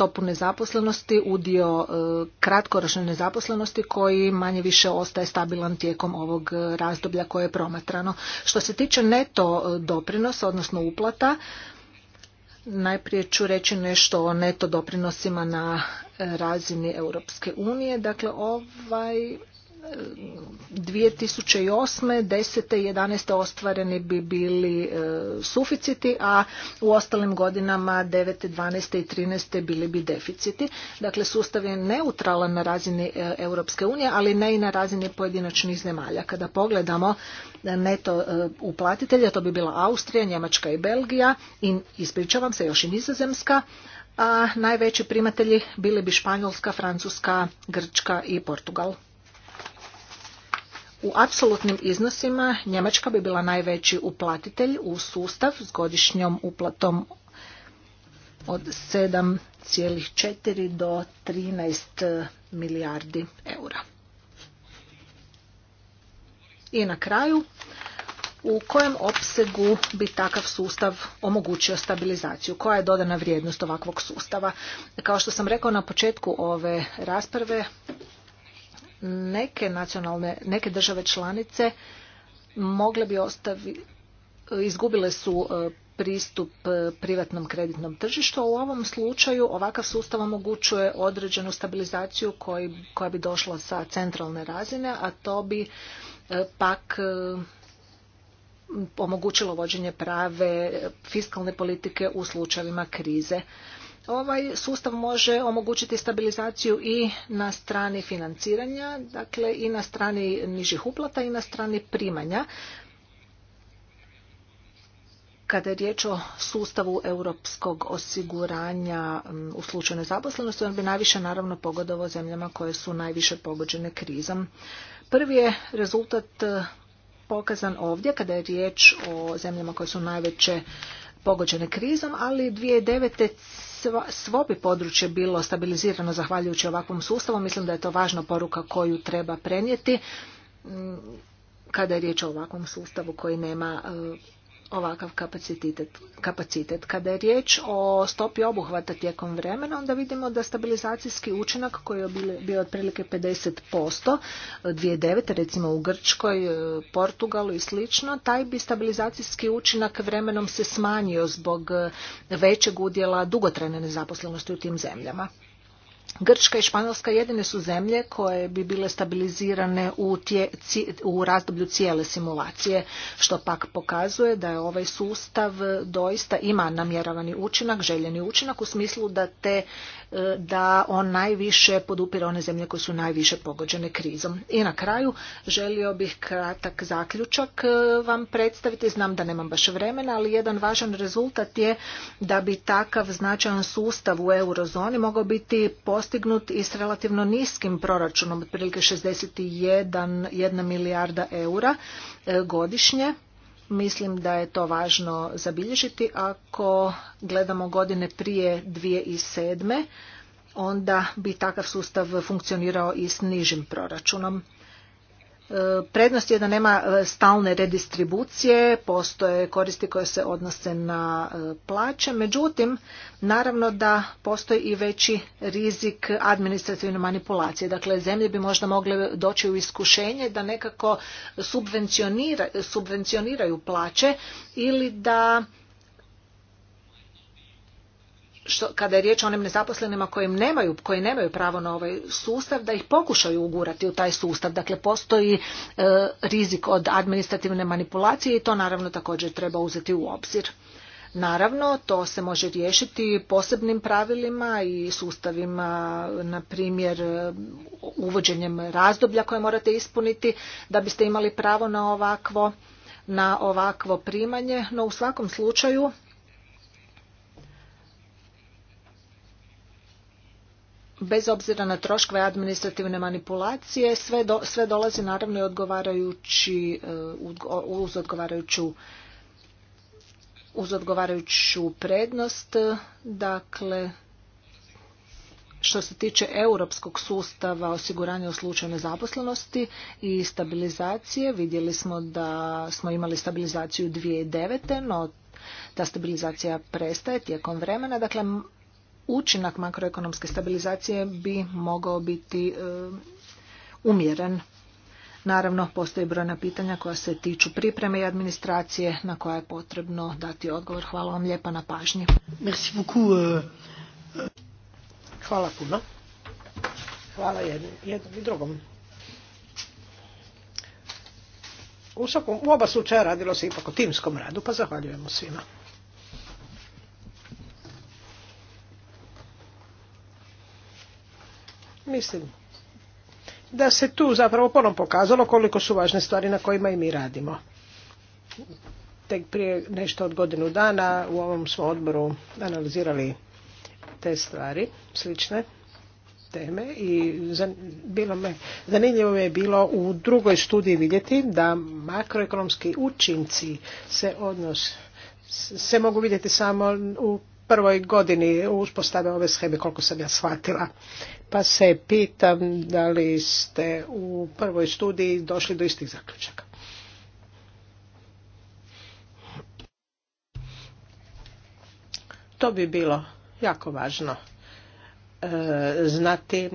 stopu nezaposlenosti, udio e, kratkoročne nezaposlenosti koji manje više ostaje stabilan tijekom ovog e, razdoblja koje je promatrano. Što se tiče neto e, doprinosa, odnosno uplata, Najprije ću reći nešto o neto doprinosima na razini Europske unije. Dakle, ovaj 2008. 10. i 11. ostvareni bi bili e, suficiti, a u ostalim godinama 9. 12. i 13. bili bi deficiti. Dakle, sustav je neutralan na razini e, Europske unije, ali ne i na razini pojedinačnih zemalja. Kada pogledamo neto e, uplatitelja, to bi bila Austrija, Njemačka i Belgija, i ispričavam se, još i Nizozemska, a najveći primatelji bili bi Španjolska, Francuska, Grčka i Portugal. U apsolutnim iznosima Njemačka bi bila najveći uplatitelj u sustav s godišnjom uplatom od 7,4 do 13 milijardi eura. I na kraju, u kojem opsegu bi takav sustav omogućio stabilizaciju? Koja je dodana vrijednost ovakvog sustava? Kao što sam rekao na početku ove rasprave, neke nacionalne, neke države članice mogle bi ostavi, izgubile su e, pristup e, privatnom kreditnom tržištu. U ovom slučaju ovakav sustav omogućuje određenu stabilizaciju koja bi došla sa centralne razine, a to bi e, pak omogućilo vođenje prave fiskalne politike u slučajevima krize. Ovaj sustav može omogućiti stabilizaciju i na strani financiranja, dakle i na strani nižih uplata i na strani primanja. Kada je riječ o sustavu europskog osiguranja u slučaju nezaposlenosti, on bi najviše naravno pogodovao zemljama koje su najviše pogođene krizom. Prvi je rezultat e, pokazan ovdje kada je riječ o zemljama koje su najveće pogođene krizom, ali 2009. svo bi područje bilo stabilizirano zahvaljujući ovakvom sustavu. Mislim da je to važna poruka koju treba prenijeti kada je riječ o ovakvom sustavu koji nema e, ovakav kapacitet. kapacitet. Kada je riječ o stopi obuhvata tijekom vremena, onda vidimo da stabilizacijski učinak koji je bio otprilike 50%, 2009. recimo u Grčkoj, e, Portugalu i slično, taj bi stabilizacijski učinak vremenom se smanjio zbog e, većeg udjela dugotrajne nezaposlenosti u tim zemljama. Grčka i Španjolska jedine su zemlje koje bi bile stabilizirane u, u razdoblju cijele simulacije, što pak pokazuje da je ovaj sustav doista ima namjeravani učinak, željeni učinak u smislu da te da on najviše podupira one zemlje koje su najviše pogođene krizom. I na kraju želio bih kratak zaključak e, vam predstaviti. Znam da nemam baš vremena, ali jedan važan rezultat je da bi takav značajan sustav u eurozoni mogao biti postignut i s relativno niskim proračunom, otprilike 61 milijarda eura e, godišnje Mislim da je to važno zabilježiti. Ako gledamo godine prije 2007. onda bi takav sustav funkcionirao i s nižim proračunom. Prednost je da nema e, stalne redistribucije, postoje koristi koje se odnose na e, plaće, međutim, naravno da postoji i veći rizik administrativne manipulacije. Dakle, zemlje bi možda mogle doći u iskušenje da nekako subvencioniraju plaće ili da što, kada je riječ o onim nezaposlenima koji nemaju, koji nemaju pravo na ovaj sustav, da ih pokušaju ugurati u taj sustav. Dakle, postoji e, rizik od administrativne manipulacije i to naravno također treba uzeti u obzir. Naravno, to se može riješiti posebnim pravilima i sustavima, na primjer, uvođenjem razdoblja koje morate ispuniti da biste imali pravo na ovakvo, na ovakvo primanje, no u svakom slučaju bez obzira na troškove administrativne manipulacije, sve, sve dolazi naravno i odgovarajući, e, uz odgovarajuću uz odgovarajuću prednost, dakle, što se tiče europskog sustava osiguranja u slučaju nezaposlenosti i stabilizacije, vidjeli smo da smo imali stabilizaciju 2009. no ta stabilizacija prestaje tijekom vremena. Dakle, učinak makroekonomske stabilizacije bi mogao biti e, umjeren. Naravno, postoji brojna pitanja koja se tiču pripreme i administracije na koja je potrebno dati odgovor. Hvala vam lijepa na pažnji. Merci beaucoup. E, e. Hvala puno. Hvala jednom, i drugom. u oba slučaja radilo se ipak o timskom radu, pa zahvaljujemo svima. Mislim da se tu zapravo ponovno pokazalo koliko su važne stvari na kojima i mi radimo. Tek prije nešto od godinu dana u ovom smo odboru analizirali te stvari, slične teme i bilo me, zanimljivo je bilo u drugoj studiji vidjeti da makroekonomski učinci se odnos se mogu vidjeti samo u prvoj godini uspostave ove scheme, koliko sam ja shvatila. Pa se pitam da li ste u prvoj studiji došli do istih zaključaka. To bi bilo jako važno e, znati e,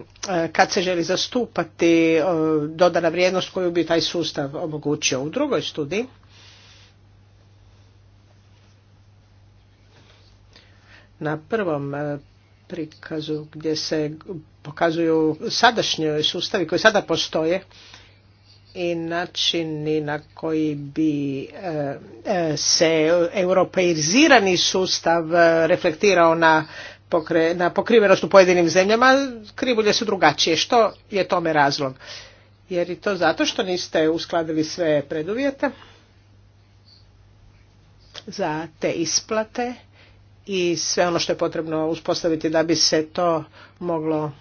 kad se želi zastupati e, dodana vrijednost koju bi taj sustav omogućio. U drugoj studiji na prvom e, prikazu gdje se pokazuju sadašnji sustavi koji sada postoje i načini na koji bi e, e, se europeizirani sustav reflektirao na, na pokrivenost u pojedinim zemljama, krivulje su drugačije. Što je tome razlog? Jer i to zato što niste uskladili sve preduvjete za te isplate i sve ono što je potrebno uspostaviti da bi se to moglo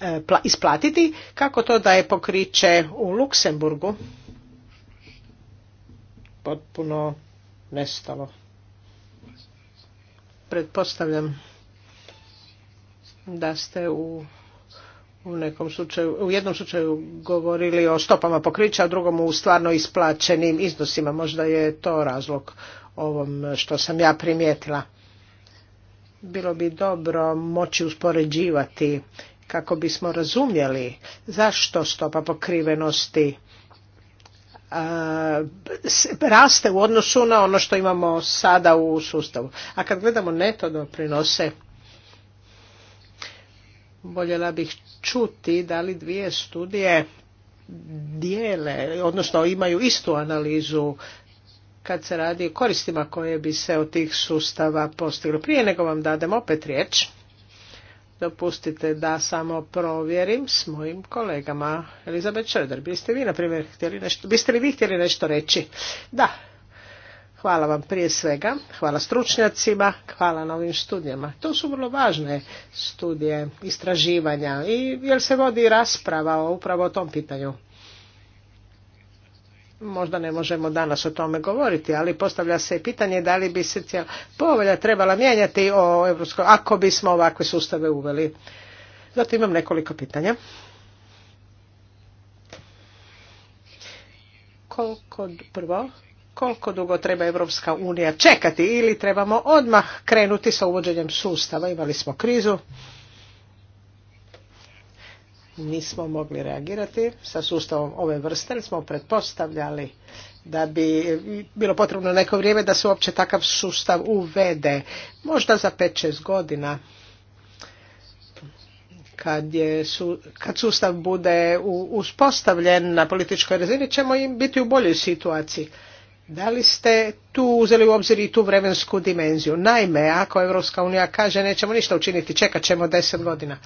e, isplatiti. Kako to da je pokriće u Luksemburgu potpuno nestalo? Pretpostavljam da ste u u nekom slučaju, u jednom slučaju govorili o stopama pokrića, a drugom u stvarno isplaćenim iznosima. Možda je to razlog ovom što sam ja primijetila bilo bi dobro moći uspoređivati kako bismo razumjeli zašto stopa pokrivenosti raste u odnosu na ono što imamo sada u sustavu. A kad gledamo neto doprinose, voljela bih čuti da li dvije studije dijele, odnosno imaju istu analizu kad se radi o koristima koje bi se od tih sustava postiglo. Prije nego vam dadem opet riječ, dopustite da samo provjerim s mojim kolegama. Elizabeth Schroeder, biste vi, na primjer, htjeli nešto, biste li vi htjeli nešto reći? Da. Hvala vam prije svega, hvala stručnjacima, hvala na ovim studijama. To su vrlo važne studije, istraživanja i jer se vodi rasprava upravo o tom pitanju možda ne možemo danas o tome govoriti, ali postavlja se pitanje da li bi se cijela povelja trebala mijenjati o Evropskoj, ako bismo ovakve sustave uveli. Zato imam nekoliko pitanja. Koliko, prvo, koliko dugo treba Evropska unija čekati ili trebamo odmah krenuti sa uvođenjem sustava? Imali smo krizu nismo mogli reagirati sa sustavom ove vrste, smo pretpostavljali da bi bilo potrebno neko vrijeme da se uopće takav sustav uvede. Možda za 5-6 godina kad, je, kad sustav bude uspostavljen na političkoj razini ćemo im biti u boljoj situaciji. Da li ste tu uzeli u obzir i tu vremensku dimenziju? Naime, ako Europska unija kaže nećemo ništa učiniti, čekat ćemo deset godina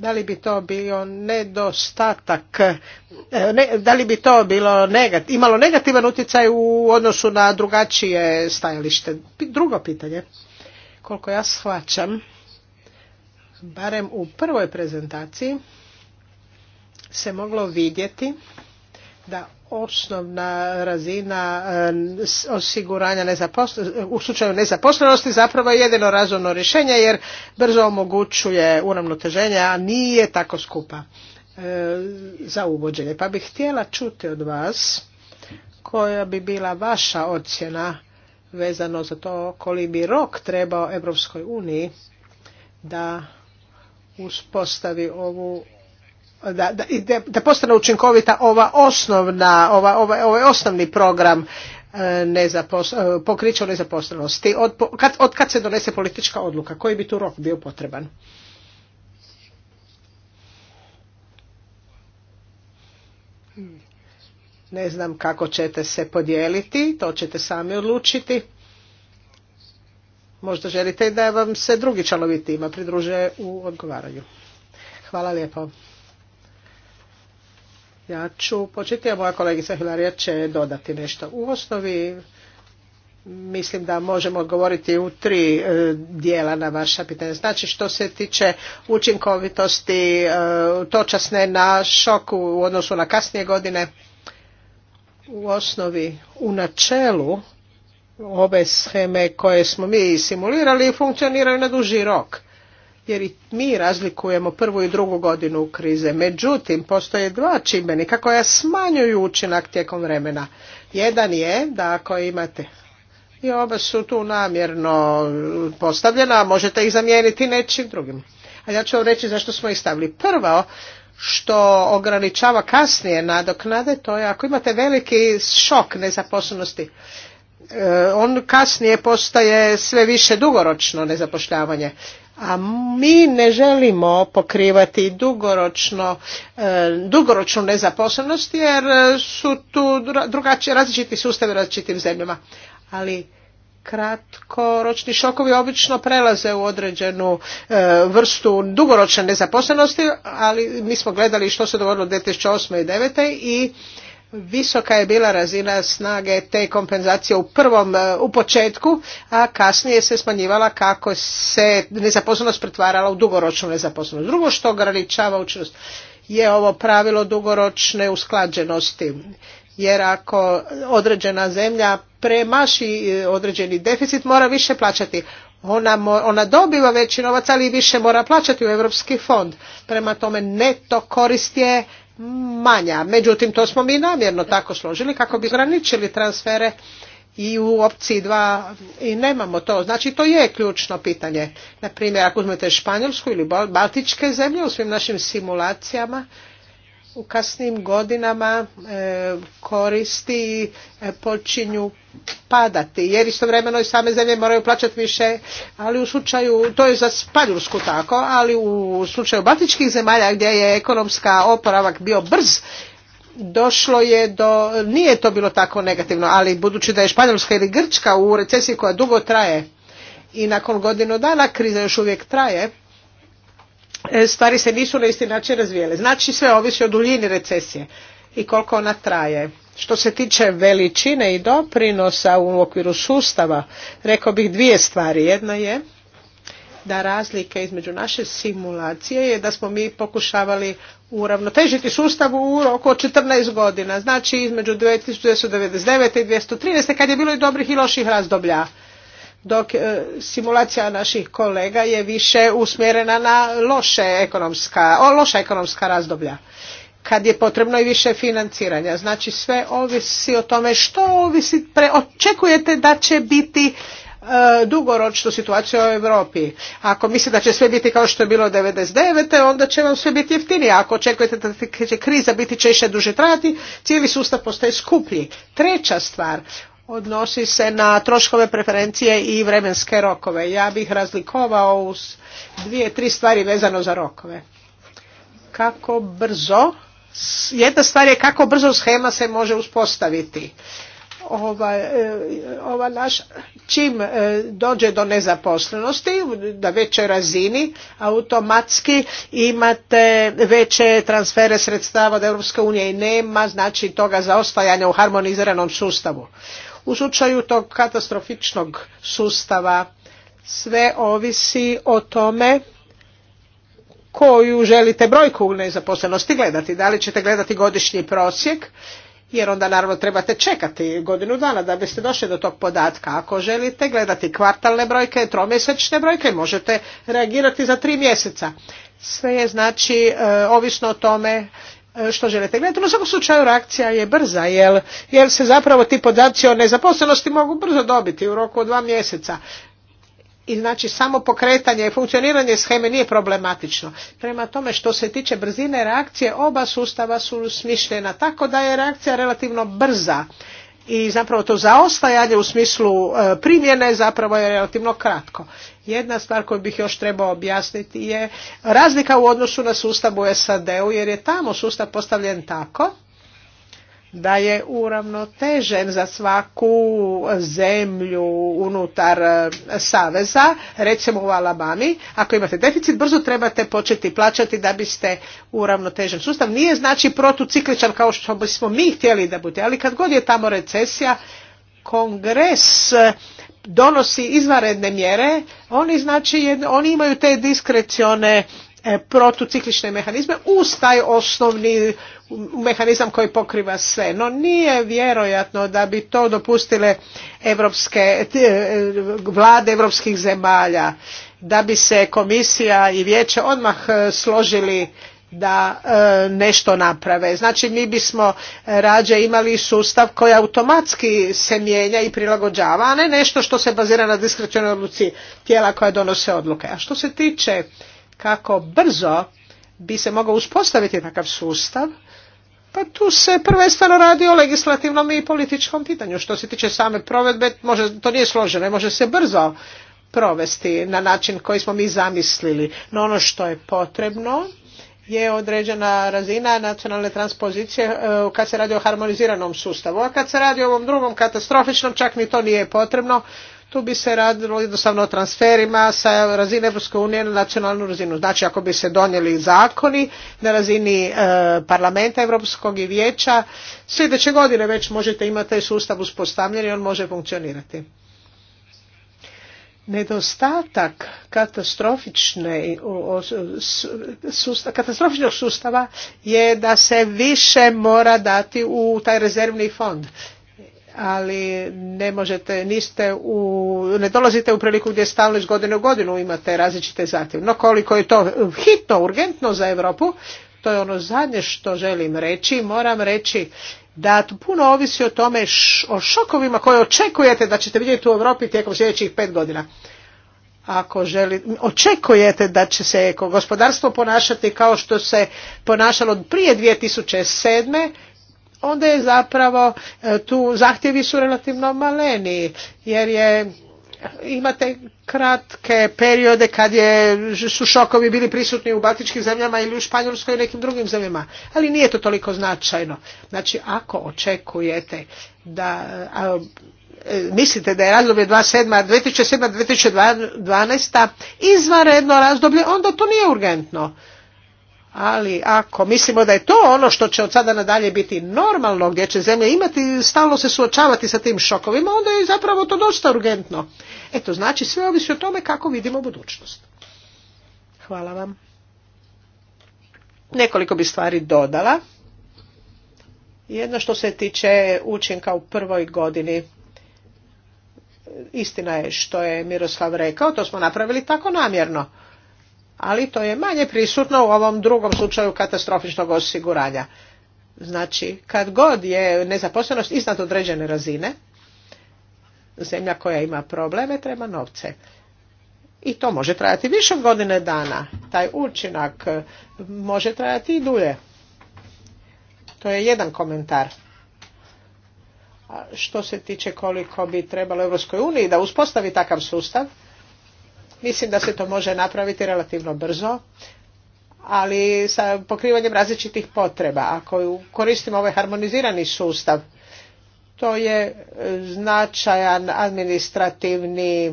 da li bi to bio nedostatak, e, da li bi to bilo negat, imalo negativan utjecaj u odnosu na drugačije stajalište? Drugo pitanje, koliko ja shvaćam, barem u prvoj prezentaciji se moglo vidjeti da osnovna razina e, osiguranja u slučaju nezaposlenosti zapravo je jedino razumno rješenje jer brzo omogućuje uravnoteženje, a nije tako skupa e, za uvođenje. Pa bih htjela čuti od vas koja bi bila vaša ocjena vezano za to koliko bi rok trebao Europskoj uniji da uspostavi ovu da, da, da postane učinkovita ova osnovna, ova, ovaj, ovaj osnovni program e, nezapos, e, pokrića nezaposlenosti, od kad, od kad se donese politička odluka, koji bi tu rok bio potreban? Ne znam kako ćete se podijeliti, to ćete sami odlučiti. Možda želite da vam se drugi članovi tima pridruže u odgovaranju. Hvala lijepo. Ja ću početi, a moja kolegica Hilarija će dodati nešto. U osnovi mislim da možemo odgovoriti u tri e, dijela na vaša pitanja. Znači što se tiče učinkovitosti e, točasne na šoku u odnosu na kasnije godine, u osnovi u načelu ove scheme koje smo mi simulirali funkcioniraju na duži rok jer i mi razlikujemo prvu i drugu godinu krize. Međutim, postoje dva čimbenika koja smanjuju učinak tijekom vremena. Jedan je da ako imate i oba su tu namjerno postavljena, a možete ih zamijeniti nečim drugim. A ja ću vam reći zašto smo ih stavili. Prvo, što ograničava kasnije nadoknade, to je ako imate veliki šok nezaposlenosti, e, on kasnije postaje sve više dugoročno nezapošljavanje a mi ne želimo pokrivati dugoročno, e, dugoročnu nezaposlenost jer su tu drugačiji, različiti sustavi u različitim zemljama. Ali kratkoročni šokovi obično prelaze u određenu e, vrstu dugoročne nezaposlenosti, ali mi smo gledali što se dogodilo 2008. i 2009. i Visoka je bila razina snage te kompenzacije u prvom, e, u početku, a kasnije se smanjivala kako se nezaposlenost pretvarala u dugoročnu nezaposlenost. Drugo što ograničava učinost je ovo pravilo dugoročne usklađenosti jer ako određena zemlja premaši e, određeni deficit mora više plaćati. Ona, ona dobiva veći novac, ali i više mora plaćati u Europski fond. Prema tome neto korist je manja. Međutim, to smo mi namjerno tako složili kako bi ograničili transfere i u opciji dva i nemamo to. Znači to je ključno pitanje. Naprimjer, ako uzmete Španjolsku ili Baltičke zemlje u svim našim simulacijama, u kasnim godinama e, koristi e, počinju padati jer istovremeno i same zemlje moraju plaćati više ali u slučaju to je za Španjolsku tako ali u slučaju baltičkih zemalja gdje je ekonomska oporavak bio brz došlo je do nije to bilo tako negativno ali budući da je Španjolska ili Grčka u recesiji koja dugo traje i nakon godinu dana kriza još uvijek traje E, stvari se nisu na isti način razvijele. Znači sve ovisi o duljini recesije i koliko ona traje. Što se tiče veličine i doprinosa u okviru sustava, rekao bih dvije stvari. Jedna je da razlika između naše simulacije je da smo mi pokušavali uravnotežiti sustav u oko 14 godina, znači između 1999. i trinaest kad je bilo i dobrih i loših razdoblja dok e, simulacija naših kolega je više usmjerena na loše ekonomska, o, loša ekonomska razdoblja kad je potrebno i više financiranja. Znači sve ovisi o tome što ovisi, pre, očekujete da će biti e, situacija situaciju u Europi. Ako mislite da će sve biti kao što je bilo 99. onda će vam sve biti jeftinije. Ako očekujete da će kriza biti češće duže trajati, cijeli sustav postaje skuplji. Treća stvar, odnosi se na troškove preferencije i vremenske rokove. Ja bih razlikovao uz dvije, tri stvari vezano za rokove. Kako brzo, jedna stvar je kako brzo schema se može uspostaviti. Ova, e, ova naš, čim e, dođe do nezaposlenosti na većoj razini automatski imate veće transfere sredstava od Europske unije i nema znači toga zaostajanja u harmoniziranom sustavu. U slučaju tog katastrofičnog sustava sve ovisi o tome koju želite brojku u nezaposlenosti gledati. Da li ćete gledati godišnji prosjek, jer onda naravno trebate čekati godinu dana da biste došli do tog podatka. Ako želite gledati kvartalne brojke, tromjesečne brojke, možete reagirati za tri mjeseca. Sve je znači e, ovisno o tome E, što želite gledati. U svakom slučaju reakcija je brza jer, jer se zapravo ti podaci o nezaposlenosti mogu brzo dobiti u roku od dva mjeseca. I znači samo pokretanje i funkcioniranje sheme nije problematično. Prema tome što se tiče brzine reakcije oba sustava su smišljena tako da je reakcija relativno brza i zapravo to zaostajanje u smislu e, primjene zapravo je relativno kratko. Jedna stvar koju bih još trebao objasniti je razlika u odnosu na sustav u SAD-u jer je tamo sustav postavljen tako da je uravnotežen za svaku zemlju unutar e, saveza, recimo u Alabami, ako imate deficit, brzo trebate početi plaćati da biste uravnotežen sustav. Nije znači protucikličan kao što bismo mi htjeli da bude, ali kad god je tamo recesija, kongres e, donosi izvanredne mjere, oni, znači, oni imaju te diskrecione e, protuciklične mehanizme uz taj osnovni mehanizam koji pokriva sve. No nije vjerojatno da bi to dopustile evropske, e, vlade evropskih zemalja, da bi se komisija i vijeće odmah e, složili da e, nešto naprave. Znači mi bismo rađe imali sustav koji automatski se mijenja i prilagođava, a ne nešto što se bazira na diskrecionoj odluci tijela koja donose odluke. A što se tiče kako brzo bi se mogao uspostaviti takav sustav, pa tu se prvenstveno radi o legislativnom i političkom pitanju. Što se tiče same provedbe, može, to nije složeno može se brzo provesti na način koji smo mi zamislili. No ono što je potrebno je određena razina nacionalne transpozicije e, kad se radi o harmoniziranom sustavu. A kad se radi o ovom drugom katastrofičnom, čak ni to nije potrebno tu bi se radilo jednostavno o transferima sa razine Europske unije na nacionalnu razinu. Znači ako bi se donijeli zakoni na razini e, parlamenta Europskog i vijeća, sljedeće godine već možete imati taj sustav uspostavljen i on može funkcionirati. Nedostatak katastrofične, sustav, katastrofičnog sustava je da se više mora dati u taj rezervni fond ali ne možete, niste u, ne dolazite u priliku gdje stalno iz godine u godinu imate različite zahtjeve. No koliko je to hitno, urgentno za Europu, to je ono zadnje što želim reći. Moram reći da puno ovisi o tome, o šokovima koje očekujete da ćete vidjeti u Europi tijekom sljedećih pet godina. Ako želi, očekujete da će se gospodarstvo ponašati kao što se ponašalo prije 2007 onda je zapravo e, tu zahtjevi su relativno maleni jer je imate kratke periode kad je, su šokovi bili prisutni u baltičkim zemljama ili u Španjolskoj i nekim drugim zemljama, ali nije to toliko značajno. Znači, ako očekujete da a, e, mislite da je razdoblje 2007-2012 izvanredno razdoblje, onda to nije urgentno ali ako mislimo da je to ono što će od sada nadalje biti normalno, gdje će zemlje imati, stalno se suočavati sa tim šokovima, onda je zapravo to dosta urgentno. Eto, znači sve ovisi o tome kako vidimo budućnost. Hvala vam. Nekoliko bi stvari dodala. Jedno što se tiče učinka u prvoj godini. Istina je što je Miroslav rekao, to smo napravili tako namjerno ali to je manje prisutno u ovom drugom slučaju katastrofičnog osiguranja. Znači, kad god je nezaposlenost iznad određene razine, zemlja koja ima probleme treba novce. I to može trajati više godine dana. Taj učinak e, može trajati i dulje. To je jedan komentar. A što se tiče koliko bi trebalo Europskoj uniji da uspostavi takav sustav, Mislim da se to može napraviti relativno brzo, ali sa pokrivanjem različitih potreba. Ako koristimo ovaj harmonizirani sustav, to je e, značajan administrativni e,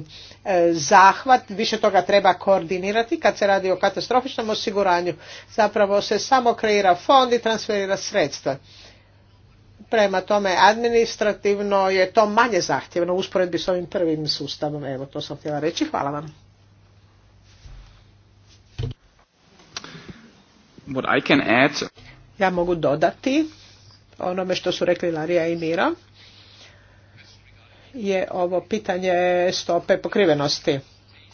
zahvat, više toga treba koordinirati kad se radi o katastrofičnom osiguranju. Zapravo se samo kreira fond i transferira sredstva. Prema tome, administrativno je to manje zahtjevno u usporedbi s ovim prvim sustavom. Evo, to sam htjela reći. Hvala vam. What Ja mogu dodati onome što su rekli Larija i Mira je ovo pitanje stope pokrivenosti.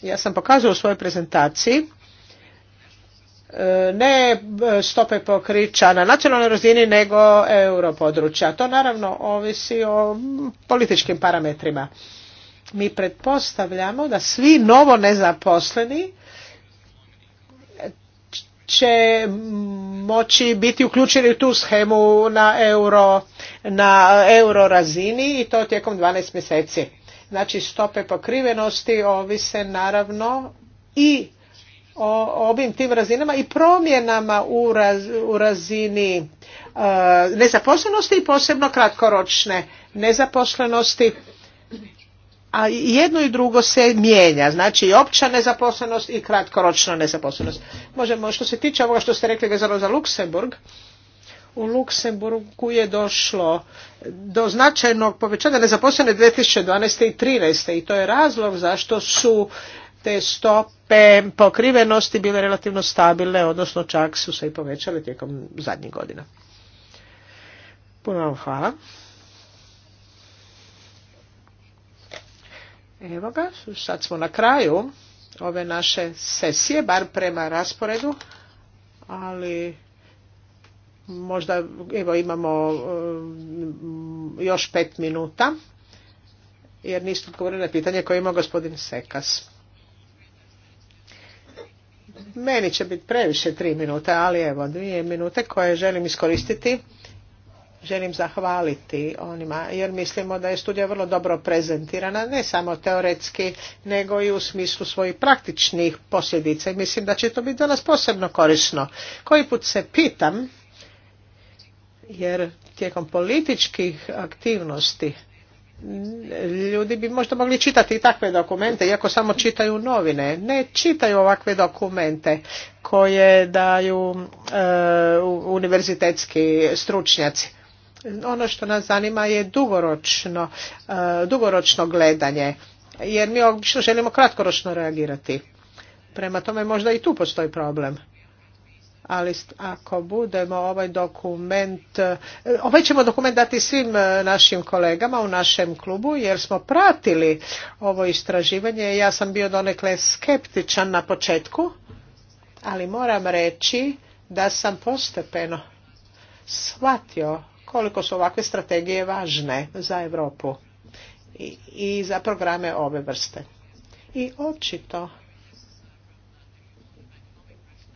Ja sam pokazao u svojoj prezentaciji e, ne stope pokrića na nacionalnoj razini nego europodručja. To naravno ovisi o političkim parametrima. Mi pretpostavljamo da svi novo nezaposleni će moći biti uključeni u tu schemu na euro, na euro razini i to tijekom 12 mjeseci. Znači stope pokrivenosti ovise naravno i o ovim tim razinama i promjenama u, razini e, nezaposlenosti i posebno kratkoročne nezaposlenosti a jedno i drugo se mijenja, znači i opća nezaposlenost i kratkoročna nezaposlenost. Možemo, što se tiče ovoga što ste rekli vezano za Luksemburg, u Luksemburgu je došlo do značajnog povećanja nezaposlene 2012. i 2013. i to je razlog zašto su te stope pokrivenosti bile relativno stabilne, odnosno čak su se i povećale tijekom zadnjih godina. Puno vam hvala. Evo ga, sad smo na kraju ove naše sesije, bar prema rasporedu, ali možda evo imamo um, još pet minuta jer niste odgovorili na pitanje koje ima gospodin Sekas. Meni će biti previše tri minute, ali evo dvije minute koje želim iskoristiti želim zahvaliti onima jer mislimo da je studija vrlo dobro prezentirana, ne samo teoretski nego i u smislu svojih praktičnih posljedica i mislim da će to biti danas posebno korisno. Koji put se pitam jer tijekom političkih aktivnosti ljudi bi možda mogli čitati i takve dokumente, iako samo čitaju novine. Ne čitaju ovakve dokumente koje daju e, univerzitetski stručnjaci ono što nas zanima je dugoročno, e, dugoročno gledanje, jer mi obično želimo kratkoročno reagirati. Prema tome možda i tu postoji problem. Ali ako budemo ovaj dokument, e, ovaj ćemo dokument dati svim e, našim kolegama u našem klubu jer smo pratili ovo istraživanje. Ja sam bio donekle skeptičan na početku, ali moram reći da sam postepeno shvatio koliko su ovakve strategije važne za Europu i, za programe ove vrste. I očito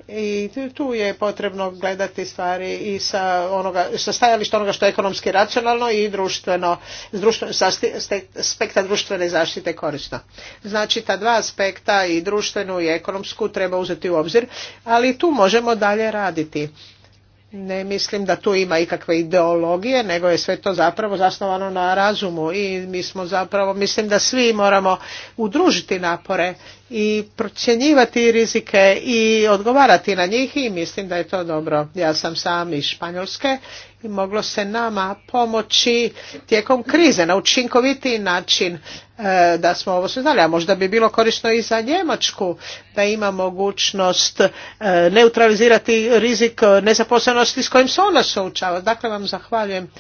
i tu je potrebno gledati stvari i sa, onoga, stajališta onoga što je ekonomski racionalno i društveno, društveno sa aspekta društvene zaštite korisno. Znači ta dva aspekta i društvenu i ekonomsku treba uzeti u obzir, ali tu možemo dalje raditi ne mislim da tu ima ikakve ideologije, nego je sve to zapravo zasnovano na razumu i mi smo zapravo, mislim da svi moramo udružiti napore i procjenjivati rizike i odgovarati na njih i mislim da je to dobro. Ja sam sam iz Španjolske i moglo se nama pomoći tijekom krize na učinkovitiji način e, da smo ovo sve znali, a možda bi bilo korisno i za Njemačku da ima mogućnost e, neutralizirati rizik nezaposlenosti s kojim se ona suočava. Dakle vam zahvaljujem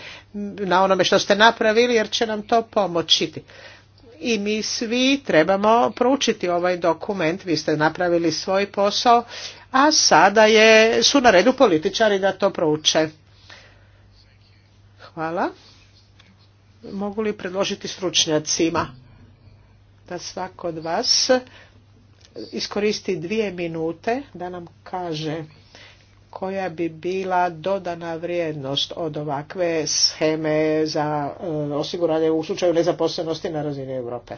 na onome što ste napravili jer će nam to pomoći i mi svi trebamo proučiti ovaj dokument. Vi ste napravili svoj posao, a sada je, su na redu političari da to prouče. Hvala. Mogu li predložiti stručnjacima da svako od vas iskoristi dvije minute da nam kaže koja bi bila dodana vrijednost od ovakve sheme za e, osiguranje u slučaju nezaposlenosti na razini Europe.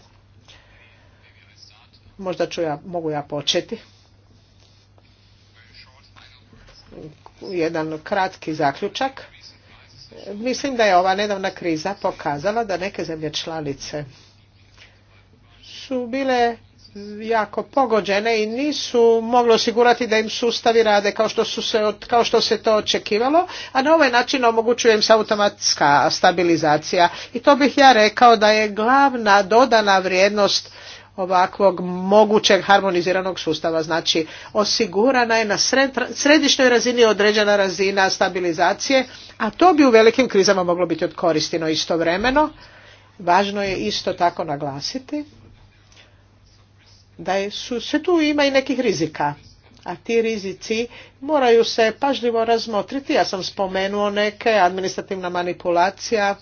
Možda ću ja, mogu ja početi. Jedan kratki zaključak. Mislim da je ova nedavna kriza pokazala da neke zemlje članice su bile jako pogođene i nisu mogli osigurati da im sustavi rade kao što, su se, kao što se to očekivalo, a na ovaj način omogućuje im se automatska stabilizacija. I to bih ja rekao da je glavna dodana vrijednost ovakvog mogućeg harmoniziranog sustava. Znači osigurana je na središnjoj razini određena razina stabilizacije, a to bi u velikim krizama moglo biti odkoristeno istovremeno. Važno je isto tako naglasiti da su, se tu ima i nekih rizika. A ti rizici moraju se pažljivo razmotriti. Ja sam spomenuo neke, administrativna manipulacija,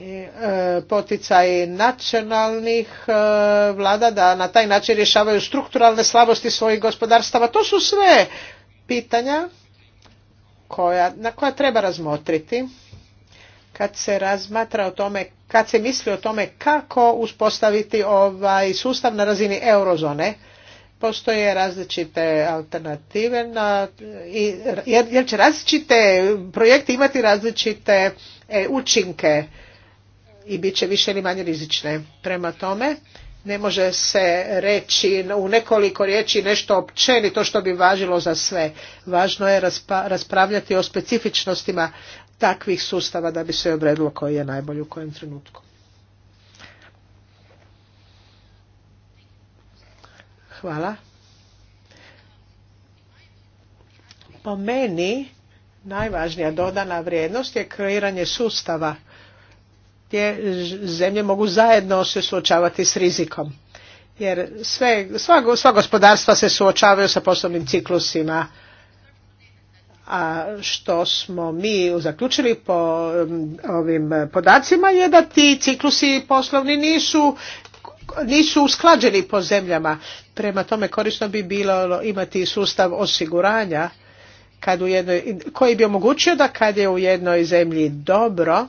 e, poticaj nacionalnih e, vlada da na taj način rješavaju strukturalne slabosti svojih gospodarstava. To su sve pitanja koja, na koja treba razmotriti kad se razmatra o tome, kad se misli o tome kako uspostaviti ovaj sustav na razini eurozone, postoje različite alternative na, jer, će različite projekte imati različite e, učinke i bit će više ili manje rizične. Prema tome, ne može se reći u nekoliko riječi nešto općenito što bi važilo za sve. Važno je raspravljati o specifičnostima takvih sustava da bi se odredilo koji je najbolji u kojem trenutku. Hvala. Po meni najvažnija dodana vrijednost je kreiranje sustava gdje zemlje mogu zajedno se suočavati s rizikom. Jer sva, sva gospodarstva se suočavaju sa poslovnim ciklusima a što smo mi zaključili po ovim podacima je da ti ciklusi poslovni nisu nisu usklađeni po zemljama. Prema tome korisno bi bilo imati sustav osiguranja kad u jednoj, koji bi omogućio da kad je u jednoj zemlji dobro,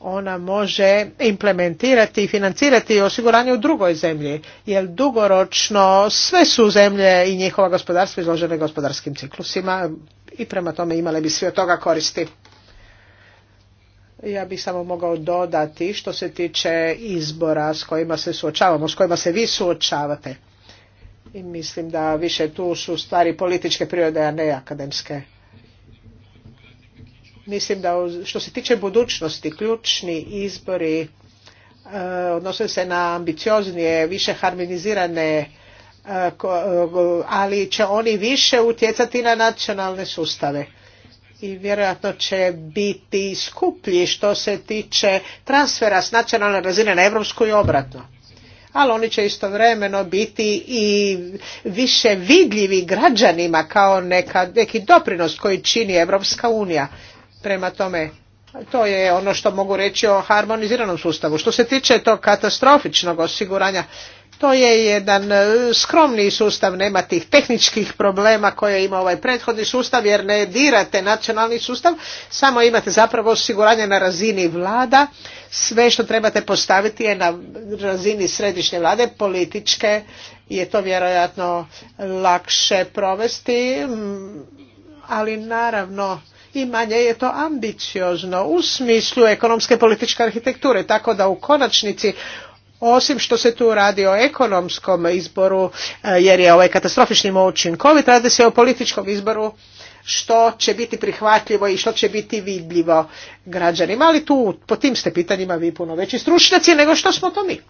ona može implementirati i financirati osiguranje u drugoj zemlji, jer dugoročno sve su zemlje i njihova gospodarstva izložene gospodarskim ciklusima i prema tome imale bi svi od toga koristi. Ja bih samo mogao dodati što se tiče izbora s kojima se suočavamo, s kojima se vi suočavate. I mislim da više tu su stvari političke prirode, a ne akademske Mislim da što se tiče budućnosti, ključni izbori e, odnose se na ambicioznije, više harmonizirane, e, e, ali će oni više utjecati na nacionalne sustave i vjerojatno će biti skuplji što se tiče transfera s nacionalne razine na europsku i obratno. Ali oni će istovremeno biti i više vidljivi građanima kao neka, neki doprinos koji čini Europska unija. Prema tome, to je ono što mogu reći o harmoniziranom sustavu. Što se tiče tog katastrofičnog osiguranja, to je jedan e, skromni sustav, nema tih tehničkih problema koje ima ovaj prethodni sustav jer ne dirate nacionalni sustav, samo imate zapravo osiguranje na razini vlada, sve što trebate postaviti je na razini središnje vlade, političke je to vjerojatno lakše provesti, ali naravno i manje je to ambiciozno u smislu ekonomske političke arhitekture, tako da u konačnici osim što se tu radi o ekonomskom izboru e, jer je ovaj katastrofični učinkovit, radi se o političkom izboru što će biti prihvatljivo i što će biti vidljivo građanima, ali tu po tim ste pitanjima vi puno veći stručnjaci nego što smo to mi.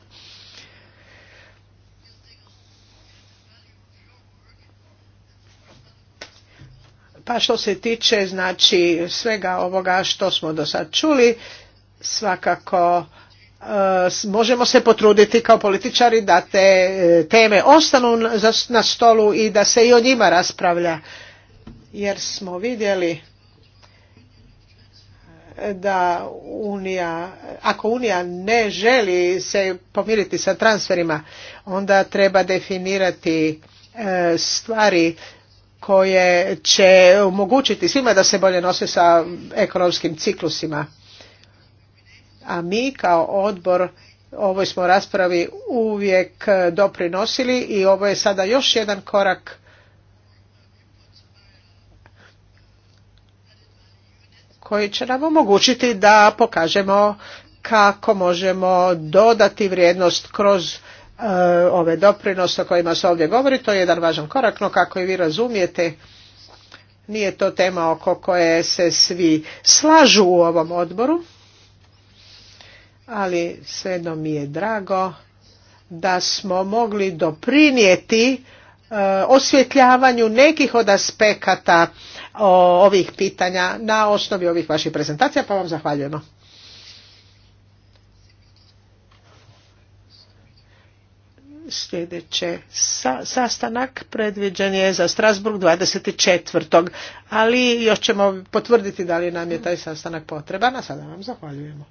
Pa što se tiče znači svega ovoga što smo do sad čuli, svakako e, možemo se potruditi kao političari da te e, teme ostanu na stolu i da se i o njima raspravlja. Jer smo vidjeli e, da Unija, ako Unija ne želi se pomiriti sa transferima, onda treba definirati stvari koje će omogućiti svima da se bolje nose sa ekonomskim ciklusima. A mi kao odbor ovoj smo raspravi uvijek doprinosili i ovo je sada još jedan korak koji će nam omogućiti da pokažemo kako možemo dodati vrijednost kroz Eh, ove doprinose o kojima se ovdje govori, to je jedan važan korak, no kako i vi razumijete, nije to tema oko koje se svi slažu u ovom odboru, ali svejedno mi je drago da smo mogli doprinijeti eh, osvjetljavanju nekih od aspekata ovih pitanja na osnovi ovih vaših prezentacija, pa vam zahvaljujemo. sljedeće sa, sastanak predviđen je za Strasburg 24. Ali još ćemo potvrditi da li nam je taj sastanak potreban, a sada vam zahvaljujemo.